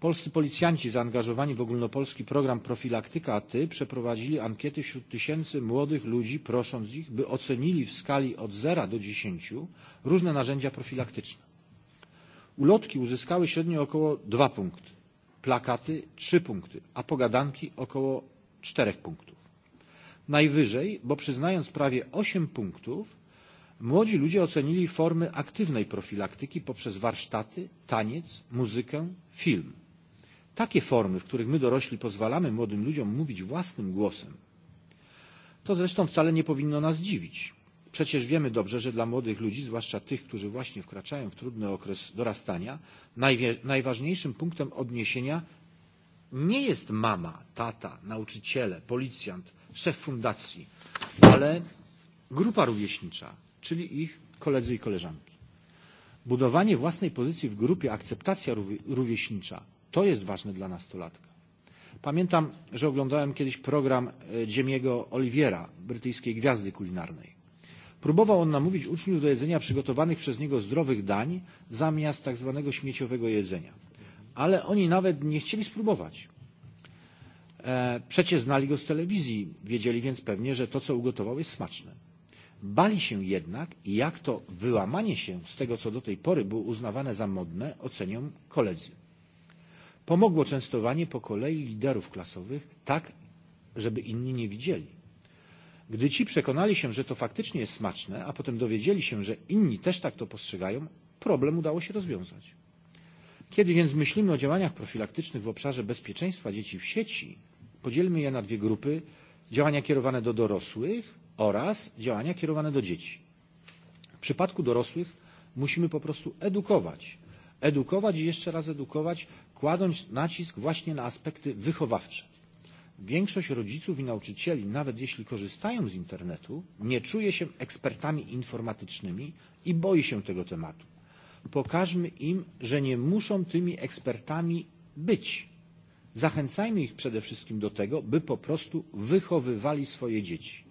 Polscy policjanci zaangażowani w ogólnopolski program Profilaktyka ATY przeprowadzili ankiety wśród tysięcy młodych ludzi, prosząc ich, by ocenili w skali od 0 do 10 różne narzędzia profilaktyczne. Ulotki uzyskały średnio około 2 punkty, plakaty 3 punkty, a pogadanki około 4 punktów. Najwyżej, bo przyznając prawie 8 punktów, młodzi ludzie ocenili formy aktywnej profilaktyki poprzez warsztaty, taniec, muzykę, film. Takie formy, w których my dorośli pozwalamy młodym ludziom mówić własnym głosem, to zresztą wcale nie powinno nas dziwić Przecież wiemy dobrze, że dla młodych ludzi, zwłaszcza tych, którzy właśnie wkraczają w trudny okres dorastania, najważniejszym punktem odniesienia nie jest mama, tata, nauczyciele, policjant, szef fundacji, ale grupa rówieśnicza, czyli ich koledzy i koleżanki. Budowanie własnej pozycji w grupie, akceptacja rówieśnicza to jest ważne dla nastolatka. Pamiętam, że oglądałem kiedyś program Dziemiego Oliwiera, brytyjskiej gwiazdy kulinarnej. Próbował on namówić uczniów do jedzenia przygotowanych przez niego zdrowych dań zamiast tak zwanego śmieciowego jedzenia. Ale oni nawet nie chcieli spróbować. Przecież znali go z telewizji, wiedzieli więc pewnie, że to, co ugotował, jest smaczne. Bali się jednak, jak to wyłamanie się z tego, co do tej pory było uznawane za modne, ocenią koledzy. Pomogło częstowanie po kolei liderów klasowych tak, żeby inni nie widzieli. Gdy ci przekonali się, że to faktycznie jest smaczne, a potem dowiedzieli się, że inni też tak to postrzegają, problem udało się rozwiązać. Kiedy więc myślimy o działaniach profilaktycznych w obszarze bezpieczeństwa dzieci w sieci, podzielmy je na dwie grupy działania kierowane do dorosłych oraz działania kierowane do dzieci. W przypadku dorosłych musimy po prostu edukować. Edukować i jeszcze raz edukować, kładąc nacisk właśnie na aspekty wychowawcze większość rodziców i nauczycieli, nawet jeśli korzystają z internetu, nie czuje się ekspertami informatycznymi i boi się tego tematu. Pokażmy im, że nie muszą tymi ekspertami być. Zachęcajmy ich przede wszystkim do tego, by po prostu wychowywali swoje dzieci.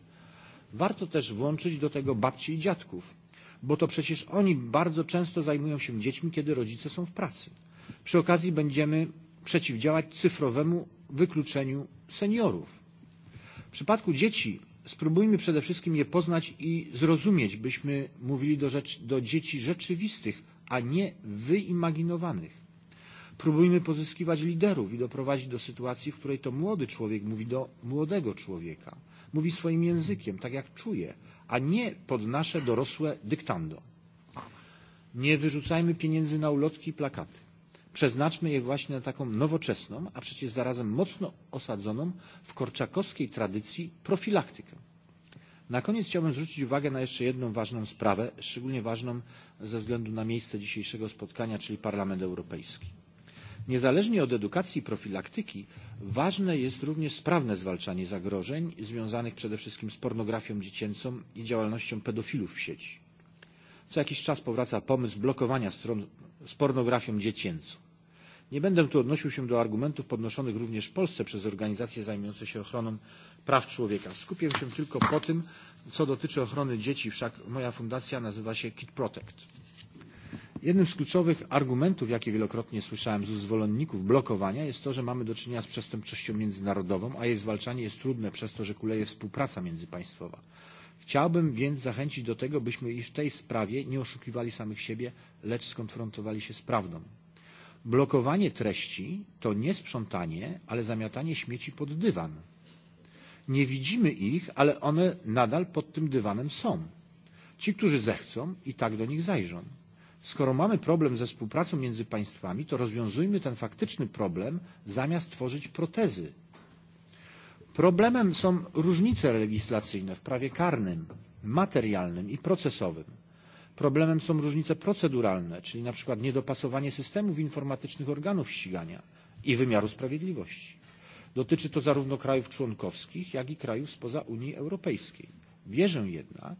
Warto też włączyć do tego babci i dziadków, bo to przecież oni bardzo często zajmują się dziećmi, kiedy rodzice są w pracy. Przy okazji będziemy przeciwdziałać cyfrowemu wykluczeniu seniorów. W przypadku dzieci spróbujmy przede wszystkim je poznać i zrozumieć, byśmy mówili do, rzecz, do dzieci rzeczywistych, a nie wyimaginowanych. Próbujmy pozyskiwać liderów i doprowadzić do sytuacji, w której to młody człowiek mówi do młodego człowieka, mówi swoim językiem, tak jak czuje, a nie pod nasze dorosłe dyktando. Nie wyrzucajmy pieniędzy na ulotki i plakaty przeznaczmy je właśnie na taką nowoczesną, a przecież zarazem mocno osadzoną w korczakowskiej tradycji profilaktykę. Na koniec chciałbym zwrócić uwagę na jeszcze jedną ważną sprawę, szczególnie ważną ze względu na miejsce dzisiejszego spotkania, czyli Parlament Europejski. Niezależnie od edukacji i profilaktyki, ważne jest również sprawne zwalczanie zagrożeń związanych przede wszystkim z pornografią dziecięcą i działalnością pedofilów w sieci. Co jakiś czas powraca pomysł blokowania stron z pornografią dziecięcą. Nie będę tu odnosił się do argumentów podnoszonych również w Polsce przez organizacje zajmujące się ochroną praw człowieka. Skupię się tylko po tym, co dotyczy ochrony dzieci, wszak moja fundacja nazywa się Kid Protect. Jednym z kluczowych argumentów, jakie wielokrotnie słyszałem z zwolenników blokowania, jest to, że mamy do czynienia z przestępczością międzynarodową, a jej zwalczanie jest trudne przez to, że kuleje współpraca międzypaństwowa. Chciałbym więc zachęcić do tego, byśmy i w tej sprawie nie oszukiwali samych siebie, lecz skonfrontowali się z prawdą. Blokowanie treści to nie sprzątanie, ale zamiatanie śmieci pod dywan. Nie widzimy ich, ale one nadal pod tym dywanem są. Ci, którzy zechcą, i tak do nich zajrzą. Skoro mamy problem ze współpracą między państwami, to rozwiązujmy ten faktyczny problem, zamiast tworzyć protezy. Problemem są różnice legislacyjne w prawie karnym, materialnym i procesowym Problemem są różnice proceduralne, czyli na przykład niedopasowanie systemów informatycznych organów ścigania i wymiaru sprawiedliwości. Dotyczy to zarówno krajów członkowskich, jak i krajów spoza Unii Europejskiej. Wierzę jednak,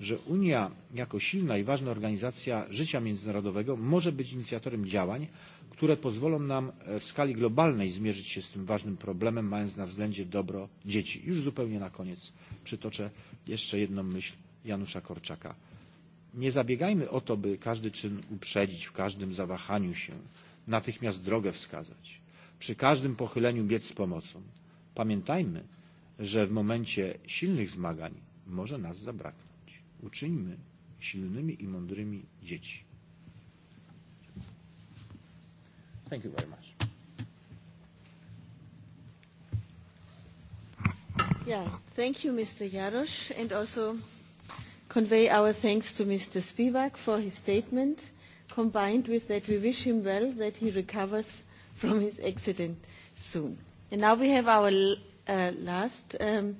że Unia jako silna i ważna organizacja życia międzynarodowego może być inicjatorem działań, które pozwolą nam w skali globalnej zmierzyć się z tym ważnym problemem, mając na względzie dobro dzieci. Już zupełnie na koniec przytoczę jeszcze jedną myśl Janusza Korczaka nie zabiegajmy o to, by każdy czyn uprzedzić, w każdym zawahaniu się, natychmiast drogę wskazać, przy każdym pochyleniu biec z pomocą. Pamiętajmy, że w momencie silnych zmagań może nas zabraknąć. Uczyńmy silnymi i mądrymi dzieci. Thank you very much. Yeah, thank you, Mr. Jarosz, and also convey our thanks to Mr. Spivak for his statement, combined with that we wish him well, that he recovers from his accident soon. And now we have our uh, last um,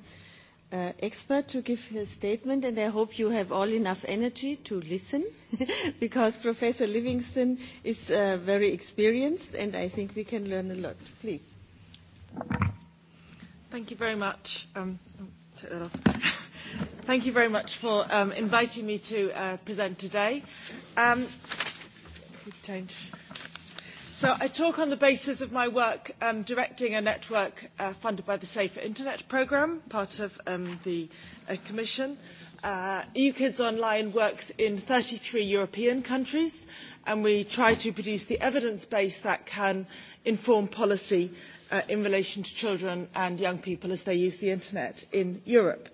uh, expert to give his statement, and I hope you have all enough energy to listen, because Professor Livingston is uh, very experienced, and I think we can learn a lot. Please. Thank you very much. Um, take that off. Thank you very much for um, inviting me to uh, present today. Um, change. So I talk on the basis of my work um, directing a network uh, funded by the Safer Internet Programme, part of um, the uh, Commission. Uh, Kids Online works in 33 European countries, and we try to produce the evidence base that can inform policy uh, in relation to children and young people as they use the internet in Europe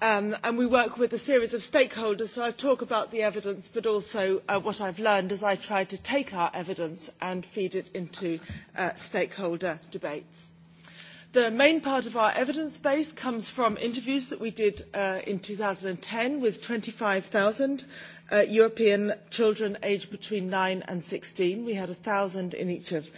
and we work with a series of stakeholders, so I talk about the evidence, but also what I have learned as I try to take our evidence and feed it into stakeholder debates. The main part of our evidence base comes from interviews that we did in ten with twenty five zero European children aged between nine and sixteen. We had a zero in each of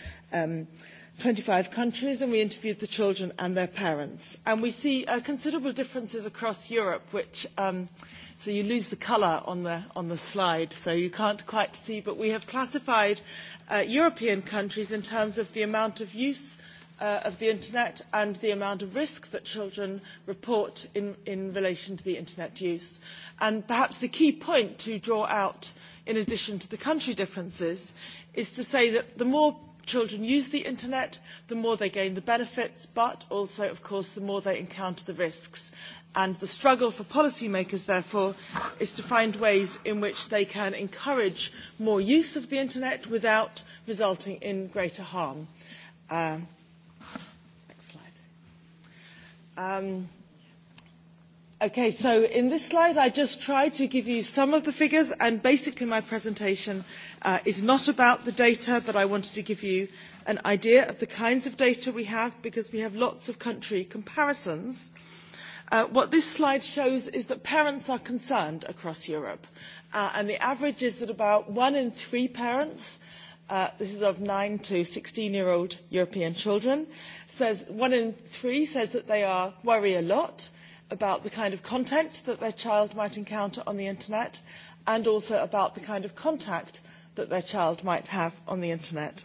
twenty five countries and we interviewed the children and their parents. And we see uh, considerable differences across Europe, which, um, so you lose the colour on the, on the slide, so you can't quite see, but we have classified uh, European countries in terms of the amount of use uh, of the internet and the amount of risk that children report in, in relation to the internet use. And perhaps the key point to draw out in addition to the country differences is to say that the more children use the internet, the more they gain the benefits, but also, of course, the more they encounter the risks. And the struggle for policymakers, therefore, is to find ways in which they can encourage more use of the internet without resulting in greater harm. Um, next slide. Um, Okay, so in this slide, I just tried to give you some of the figures, and basically my presentation is not about the data, but I wanted to give you an idea of the kinds of data we have because we have lots of country comparisons. what this slide shows is that parents are concerned across Europe, and the average is that about one in three parents this is of nine to sixteen year old European children, says one in three says that they are worry a lot about the kind of content that their child might encounter on the internet and also about the kind of contact that their child might have on the internet.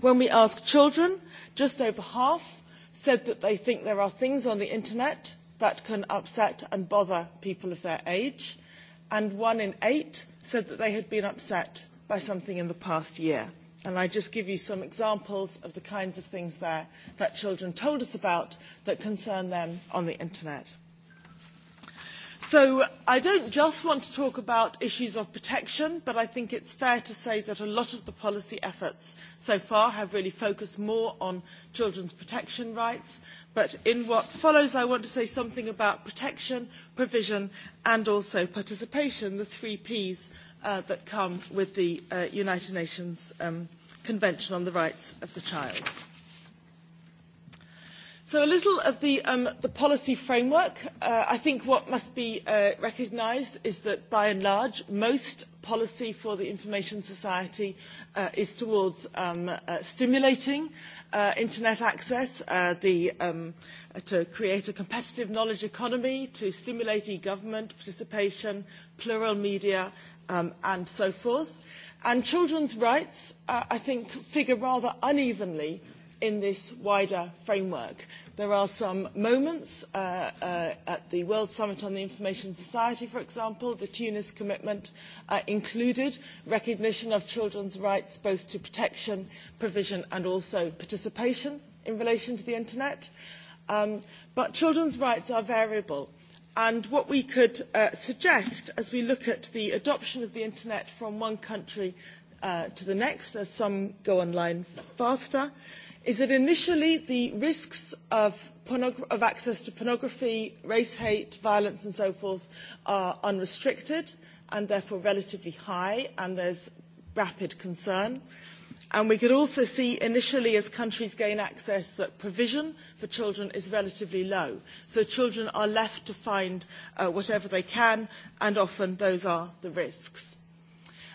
When we asked children, just over half said that they think there are things on the internet that can upset and bother people of their age, and one in eight said that they had been upset by something in the past year. And I just give you some examples of the kinds of things there that children told us about that concern them on the internet. So I do not just want to talk about issues of protection, but I think it is fair to say that a lot of the policy efforts so far have really focused more on children's protection rights. But in what follows, I want to say something about protection, provision, and also participation, the three Ps that come with the United Nations Convention on the Rights of the Child. So a little of the, um, the policy framework. Uh, I think what must be uh, recognised is that by and large, most policy for the information society uh, is towards um, uh, stimulating uh, internet access, uh, the, um, to create a competitive knowledge economy, to stimulate e-government participation, plural media, um, and so forth. And children's rights, uh, I think, figure rather unevenly in this wider framework. There are some moments at the World Summit on the Information Society, for example, the Tunis commitment included recognition of children's rights both to protection, provision and also participation in relation to the internet. but children's rights are variable. And what we could suggest as we look at the adoption of the internet from one country to the next, as some go online faster, is that initially the risks of, of access to pornography, race hate, violence and so forth are unrestricted and therefore relatively high and there's rapid concern. And we could also see initially as countries gain access that provision for children is relatively low. So children are left to find uh, whatever they can and often those are the risks.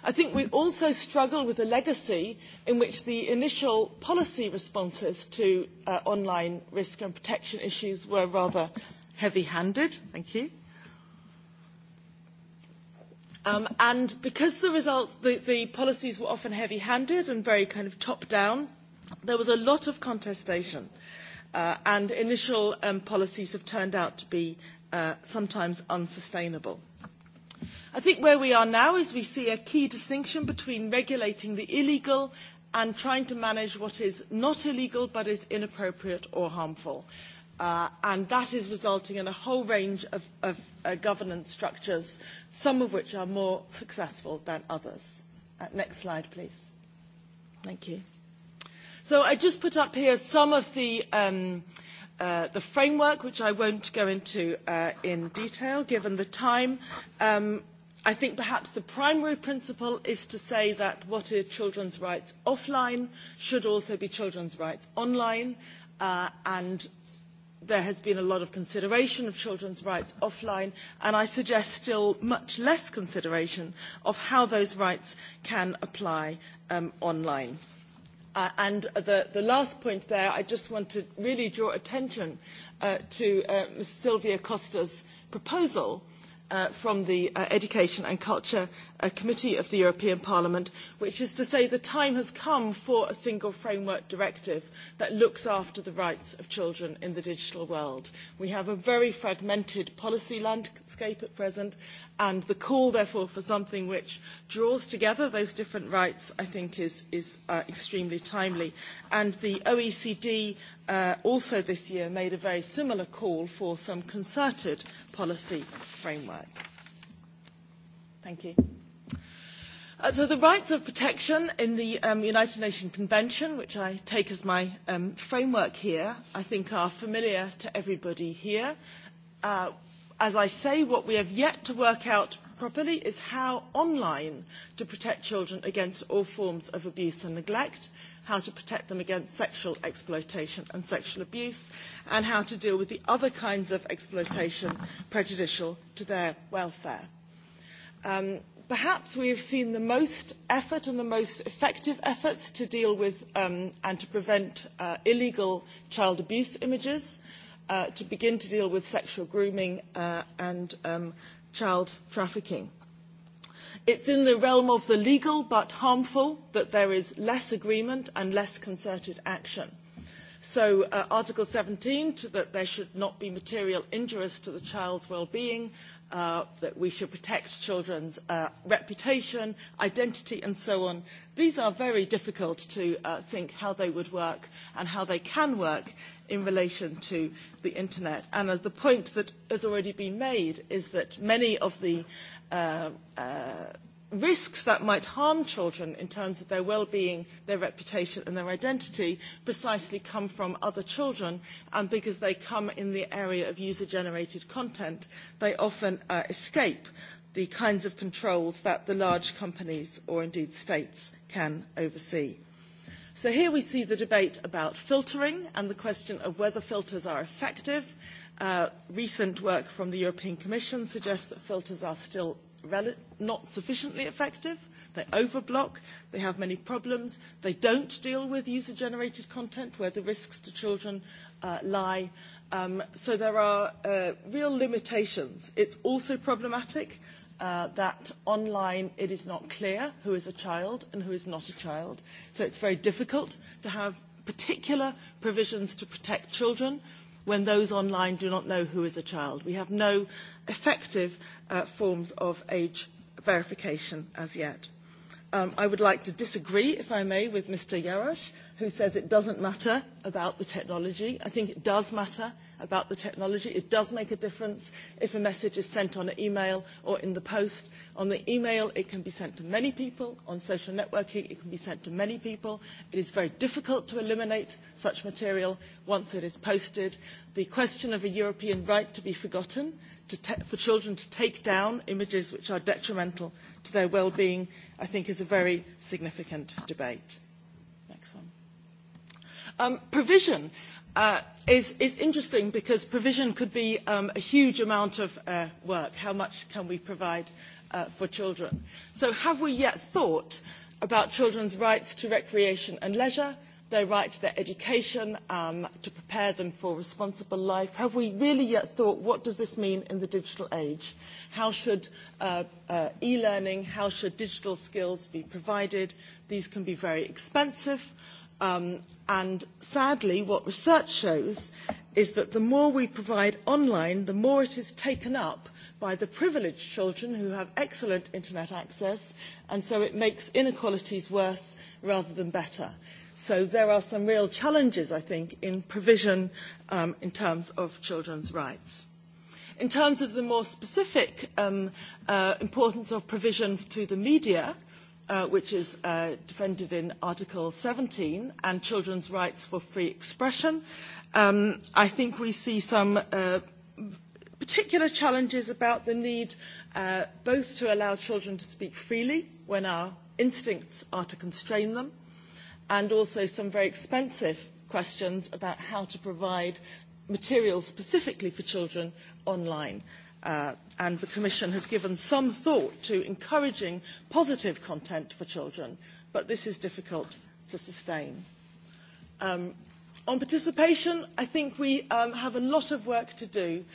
I think we also struggle with a legacy in which the initial policy responses to online risk and protection issues were rather heavy-handed. Thank you. and because the results, the, the policies were often heavy-handed and very kind of top-down, there was a lot of contestation, and initial policies have turned out to be sometimes unsustainable. I think where we are now is we see a key distinction between regulating the illegal and trying to manage what is not illegal but is inappropriate or harmful. and that is resulting in a whole range of, governance structures, some of which are more successful than others. next slide, please. Thank you. So I just put up here some of the the framework, which I won't go into in detail given the time. I think perhaps the primary principle is to say that what are children's rights offline should also be children's rights online. and there has been a lot of consideration of children's rights offline, and I suggest still much less consideration of how those rights can apply online and the, the last point there, I just want to really draw attention to Ms. Silvia Costa's proposal from the Education and Culture Committee of the European Parliament, which is to say the time has come for a single framework directive that looks after the rights of children in the digital world. We have a very fragmented policy landscape at present, and the call, therefore, for something which draws together those different rights, I think, is, extremely timely. And the OECD also this year made a very similar call for some concerted policy framework. Thank you. Uh, so the rights of protection in the um, United Nations Convention, which I take as my um, framework here, I think are familiar to everybody here. Uh, as I say, what we have yet to work out properly is how online to protect children against all forms of abuse and neglect how to protect them against sexual exploitation and sexual abuse, and how to deal with the other kinds of exploitation prejudicial to their welfare. Um, perhaps we have seen the most effort and the most effective efforts to deal with um, and to prevent uh, illegal child abuse images, uh, to begin to deal with sexual grooming uh, and um, child trafficking It is in the realm of the legal but harmful that there is less agreement and less concerted action So uh, Article 17, to that there should not be material injuries to the child's well-being, uh, that we should protect children's uh, reputation, identity and so on. These are very difficult to uh, think how they would work and how they can work in relation to the internet. And the point that has already been made is that many of the uh, uh, risks that might harm children in terms of their well-being, their reputation and their identity precisely come from other children and because they come in the area of user-generated content, they often uh, escape the kinds of controls that the large companies or indeed states can oversee. So here we see the debate about filtering and the question of whether filters are effective. Uh, recent work from the European Commission suggests that filters are still not sufficiently effective. They overblock. They have many problems. They don't deal with user-generated content where the risks to children uh, lie. Um, so there are uh, real limitations. It's also problematic uh, that online it is not clear who is a child and who is not a child. So it's very difficult to have particular provisions to protect children when those online do not know who is a child. We have no effective uh, forms of age verification as yet. Um, I would like to disagree, if I may, with Mr. Yarosh, who says it doesn't matter about the technology. I think it does matter about the technology. It does make a difference if a message is sent on an email or in the post On the email, it can be sent to many people. On social networking, it can be sent to many people. It is very difficult to eliminate such material once it is posted. The question of a European right to be forgotten, for children to take down images which are detrimental to their well-being, I think is a very significant debate. Next one. Um, provision is, is interesting because provision could be um, a huge amount of uh, work. How much can we provide for children. So have we yet thought about children's rights to recreation and leisure, their right to their education, to prepare them for a responsible life? Have we really yet thought what does this mean in the digital age? How should e-learning, how should digital skills be provided? These can be very expensive. and sadly, what research shows is that the more we provide online, the more it is taken up by the privileged children who have excellent internet access, and so it makes inequalities worse rather than better. So there are some real challenges, I think, in provision in terms of children's rights. In terms of the more specific importance of provision through the media, which is defended in Article seventeen, and children's rights for free expression, I think we see some particular challenges about the need uh, both to allow children to speak freely when our instincts are to constrain them, and also some very expensive questions about how to provide materials specifically for children online. Uh, and the Commission has given some thought to encouraging positive content for children, but this is difficult to sustain. Um, on participation, I think we um, have a lot of work to do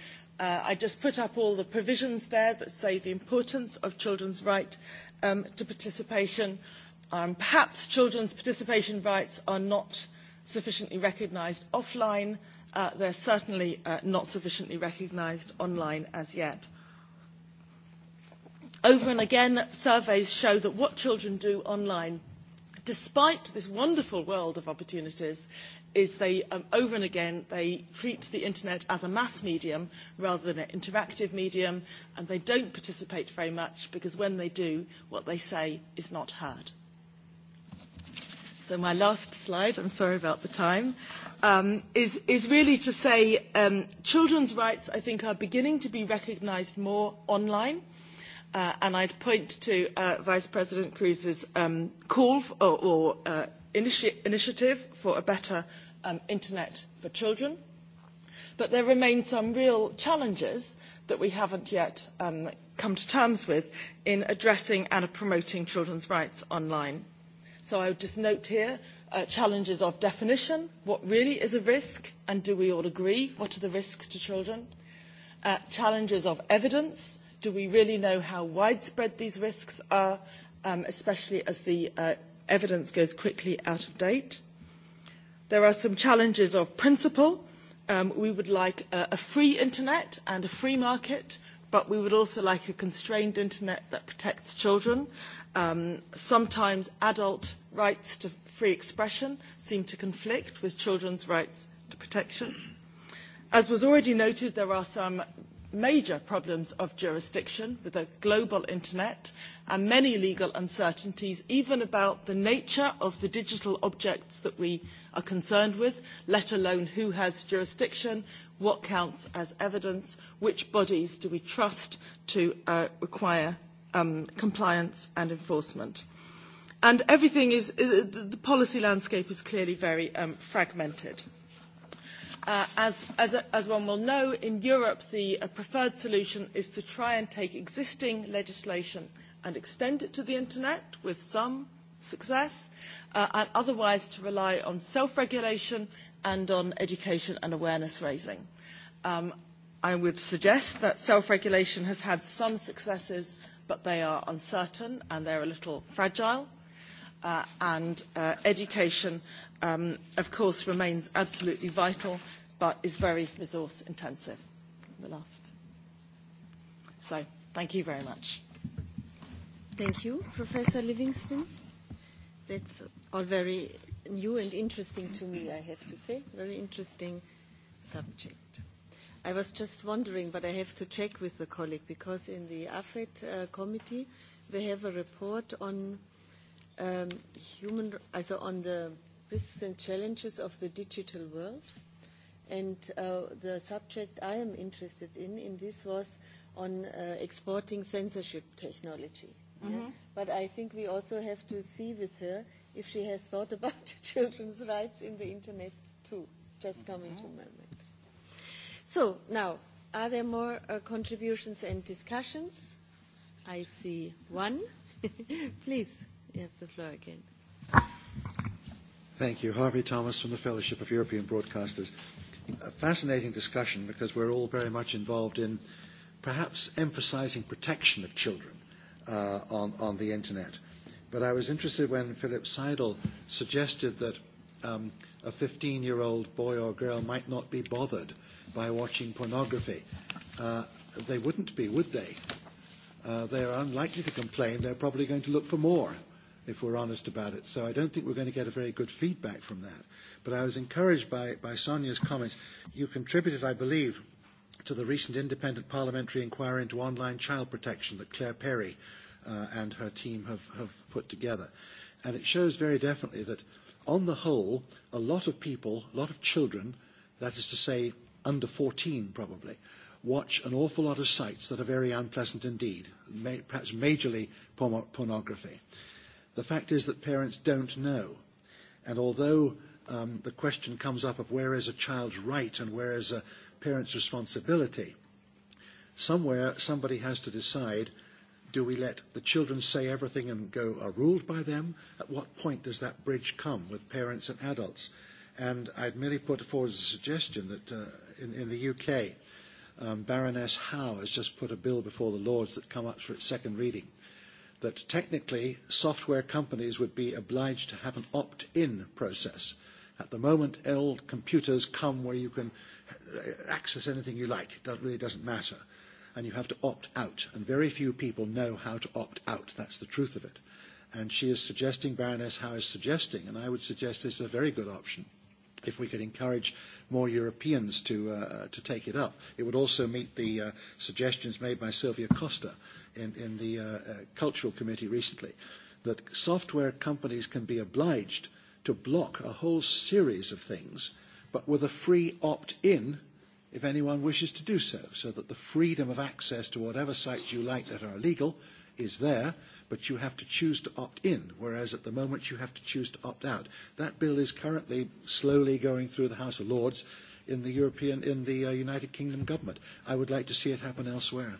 I just put up all the provisions there that say the importance of children's right to participation. perhaps children's participation rights are not sufficiently recognised offline. They are certainly not sufficiently recognised online as yet. Over and again, surveys show that what children do online despite this wonderful world of opportunities, is they, um, over and again, they treat the internet as a mass medium rather than an interactive medium, and they don't participate very much because when they do, what they say is not heard. So my last slide, I'm sorry about the time, um, is, is really to say um, children's rights, I think, are beginning to be recognised more online uh, and I'd point to uh, Vice President Cruz's um, call for, or, or uh, initiative for a better um, internet for children. But there remain some real challenges that we haven't yet um, come to terms with in addressing and promoting children's rights online. So I would just note here uh, challenges of definition, what really is a risk, and do we all agree what are the risks to children? Uh, challenges of evidence, do we really know how widespread these risks are, um, especially as the uh, evidence goes quickly out of date? There are some challenges of principle. we would like a, free internet and a free market, but we would also like a constrained internet that protects children. sometimes adult rights to free expression seem to conflict with children's rights to protection. As was already noted, there are some major problems of jurisdiction with a global internet and many legal uncertainties, even about the nature of the digital objects that we are concerned with, let alone who has jurisdiction, what counts as evidence, which bodies do we trust to require compliance and enforcement. And everything is, the policy landscape is clearly very fragmented as, one will know, in Europe, the preferred solution is to try and take existing legislation and extend it to the internet with some success, and otherwise to rely on self-regulation and on education and awareness raising. I would suggest that self-regulation has had some successes, but they are uncertain and they are a little fragile. and education of course remains absolutely vital but is very resource intensive. The last. So thank you very much. Thank you, Professor Livingston. That's all very new and interesting to me, I have to say. Very interesting subject. I was just wondering, but I have to check with the colleague because in the AFET uh, committee they have a report on um, human, also on the risks and challenges of the digital world. And uh, the subject I am interested in, in this was on uh, exporting censorship technology. Yeah? But I think we also have to see with her if she has thought about children's rights in the internet too, just coming to my mind. So now, are there more uh, contributions and discussions? I see one. Please, you have the floor again. Thank you. Harvey Thomas from the Fellowship of European Broadcasters. A fascinating discussion because we're all very much involved in perhaps emphasizing protection of children uh, on, on the internet. But I was interested when Philip Seidel suggested that um, a 15 year old boy or girl might not be bothered by watching pornography. Uh, they wouldn't be, would they? Uh, they are unlikely to complain. They're probably going to look for more if we're honest about it. So I don't think we're going to get a very good feedback from that. But I was encouraged by, by Sonia's comments. You contributed, I believe, to the recent independent parliamentary inquiry into online child protection that Claire Perry uh, and her team have, have put together. And it shows very definitely that, on the whole, a lot of people, a lot of children, that is to say, under 14 probably, watch an awful lot of sites that are very unpleasant indeed, may, perhaps majorly pornography. The fact is that parents don't know. And although um, the question comes up of where is a child's right and where is a parent's responsibility, somewhere somebody has to decide do we let the children say everything and go are ruled by them? At what point does that bridge come with parents and adults? And I'd merely put forward a suggestion that uh, in, in the UK, um, Baroness Howe has just put a bill before the Lords that come up for its second reading that technically software companies would be obliged to have an opt-in process. At the moment, L computers come where you can access anything you like. It really doesn't matter. And you have to opt out. And very few people know how to opt out. That's the truth of it. And she is suggesting, Baroness Howe is suggesting, and I would suggest this is a very good option – if we could encourage more Europeans to, uh, to take it up. It would also meet the uh, suggestions made by Sylvia Costa in, in the uh, uh, Cultural Committee recently, that software companies can be obliged to block a whole series of things, but with a free opt-in if anyone wishes to do so, so that the freedom of access to whatever sites you like that are illegal is there, but you have to choose to opt in, whereas at the moment you have to choose to opt out. That bill is currently slowly going through the House of Lords in the European, in the uh, United Kingdom government. I would like to see it happen elsewhere.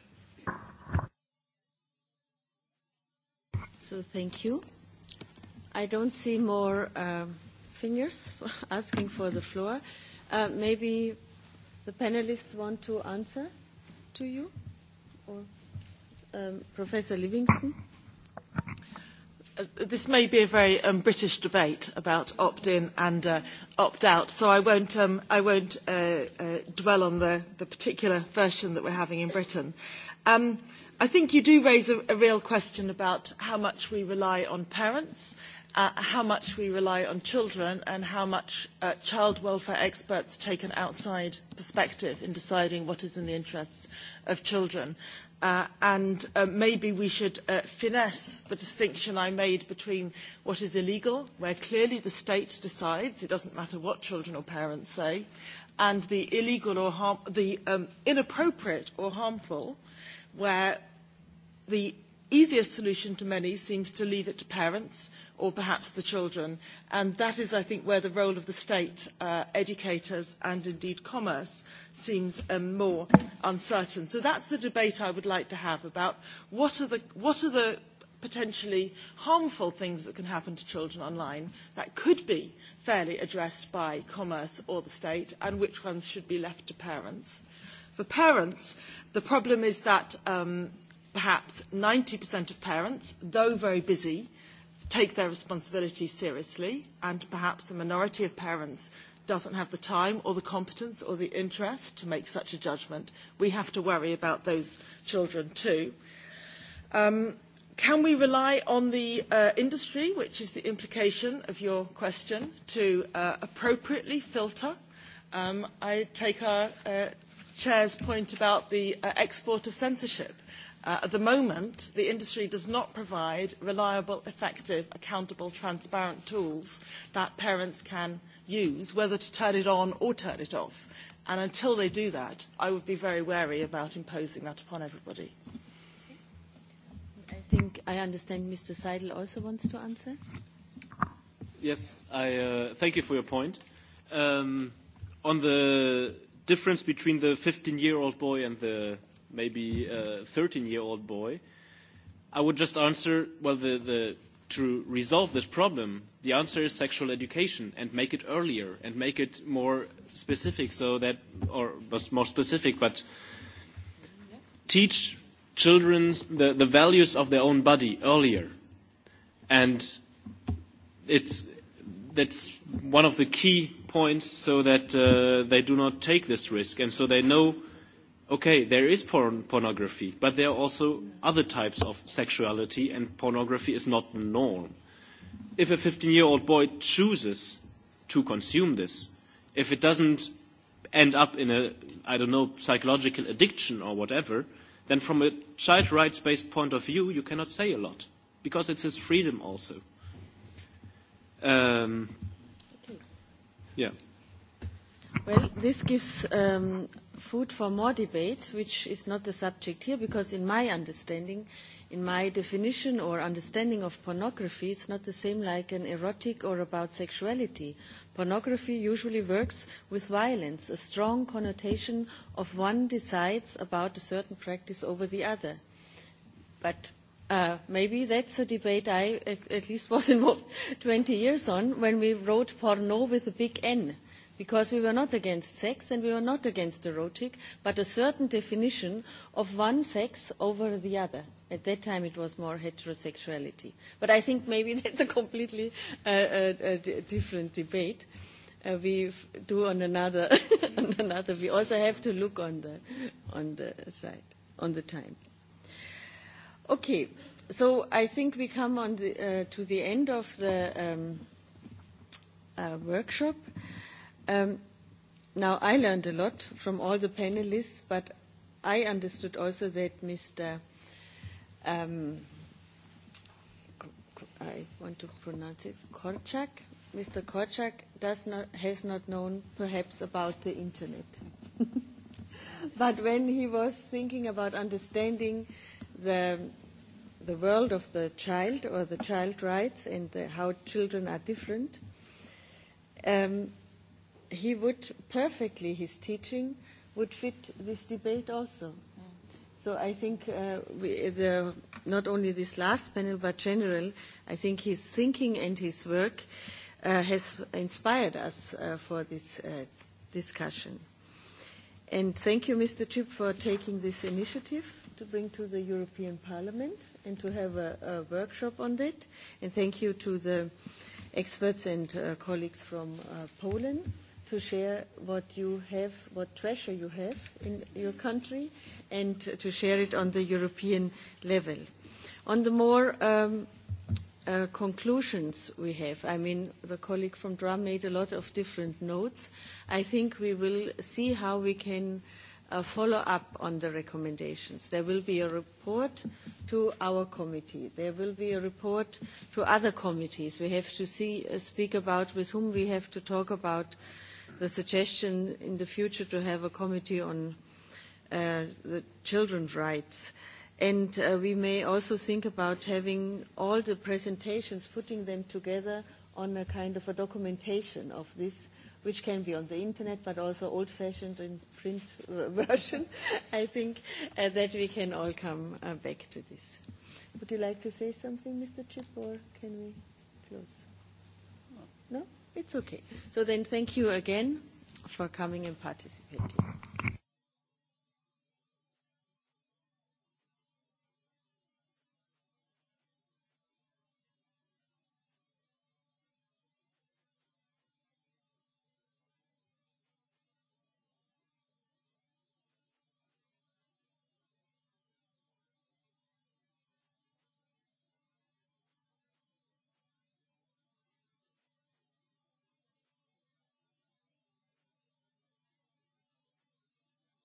So thank you. I don't see more um, fingers asking for the floor. Uh, maybe the panelists want to answer to you, or um, Professor Livingston. This may be a very um, British debate about opt-in and uh, opt-out, so I won't, um, I won't uh, uh, dwell on the, the particular version that we're having in Britain. Um, I think you do raise a, a real question about how much we rely on parents, uh, how much we rely on children, and how much uh, child welfare experts take an outside perspective in deciding what is in the interests of children and maybe we should finesse the distinction I made between what is illegal, where clearly the state decides, it doesn't matter what children or parents say, and the illegal or harm, the um, inappropriate or harmful, where the easiest solution to many seems to leave it to parents or perhaps the children. And that is, I think, where the role of the state, uh, educators, and indeed commerce seems um, more uncertain. So that's the debate I would like to have about what are the, what are the potentially harmful things that can happen to children online that could be fairly addressed by commerce or the state, and which ones should be left to parents. For parents, the problem is that um, perhaps 90% of parents, though very busy, take their responsibility seriously, and perhaps a minority of parents doesn't have the time or the competence or the interest to make such a judgment. We have to worry about those children too. Um, can we rely on the uh, industry, which is the implication of your question, to uh, appropriately filter? Um, I take our uh, chair's point about the uh, export of censorship at the moment, the industry does not provide reliable, effective, accountable, transparent tools that parents can use, whether to turn it on or turn it off. And until they do that, I would be very wary about imposing that upon everybody. I think I understand Mr. Seidel also wants to answer. Yes, I uh, thank you for your point. Um, on the difference between the 15-year-old boy and the maybe a 13-year-old boy, I would just answer, well, the, the, to resolve this problem, the answer is sexual education and make it earlier and make it more specific so that, or more specific, but teach children the, the values of their own body earlier. And it's, that's one of the key points so that uh, they do not take this risk and so they know – okay, there is porn pornography, but there are also other types of sexuality, and pornography is not the norm. If a 15-year-old boy chooses to consume this, if it doesn't end up in a, I don't know, psychological addiction or whatever, then from a child rights-based point of view, you cannot say a lot, because it's his freedom also. Um, yeah. Well, this gives um, food for more debate, which is not the subject here, because in my understanding, in my definition or understanding of pornography, it's not the same like an erotic or about sexuality. Pornography usually works with violence. A strong connotation of one decides about a certain practice over the other. But uh, maybe that's a debate I at, least was involved 20 years on when we wrote porno with a big N because we were not against sex and we were not against erotic, but a certain definition of one sex over the other. At that time, it was more heterosexuality. But I think maybe that's a completely uh, uh, uh, different debate. Uh, we do on another, on another. We also have to look on the, on the side, on the time. Okay, so I think we come on the, uh, to the end of the um, uh, workshop. Um, now, I learned a lot from all the panelists, but I understood also that Mr. Um, I want to pronounce it Korchak. Mr. Korchak does not, has not known perhaps about the internet. but when he was thinking about understanding the the world of the child or the child rights and the, how children are different, um, he would perfectly, his teaching would fit this debate also. So I think uh, we, the, not only this last panel, but general, I think his thinking and his work uh, has inspired us uh, for this uh, discussion. And thank you, Mr. Chip, for taking this initiative to bring to the European Parliament and to have a, a workshop on that. And thank you to the experts and uh, colleagues from uh, Poland to share what you have, what treasure you have in your country, and to share it on the European level. On the more um, uh, conclusions we have, I mean, the colleague from DRUM made a lot of different notes. I think we will see how we can uh, follow up on the recommendations. There will be a report to our committee. There will be a report to other committees. We have to see, uh, speak about with whom we have to talk about uh, the suggestion in the future to have a committee on uh, the children's rights. And uh, we may also think about having all the presentations, putting them together on a kind of a documentation of this, which can be on the internet, but also old-fashioned in print version. I think uh, that we can all come uh, back to this. Would you like to say something, Mr. Chip, or can we close? No? It's okay. So then thank you again for coming and participating.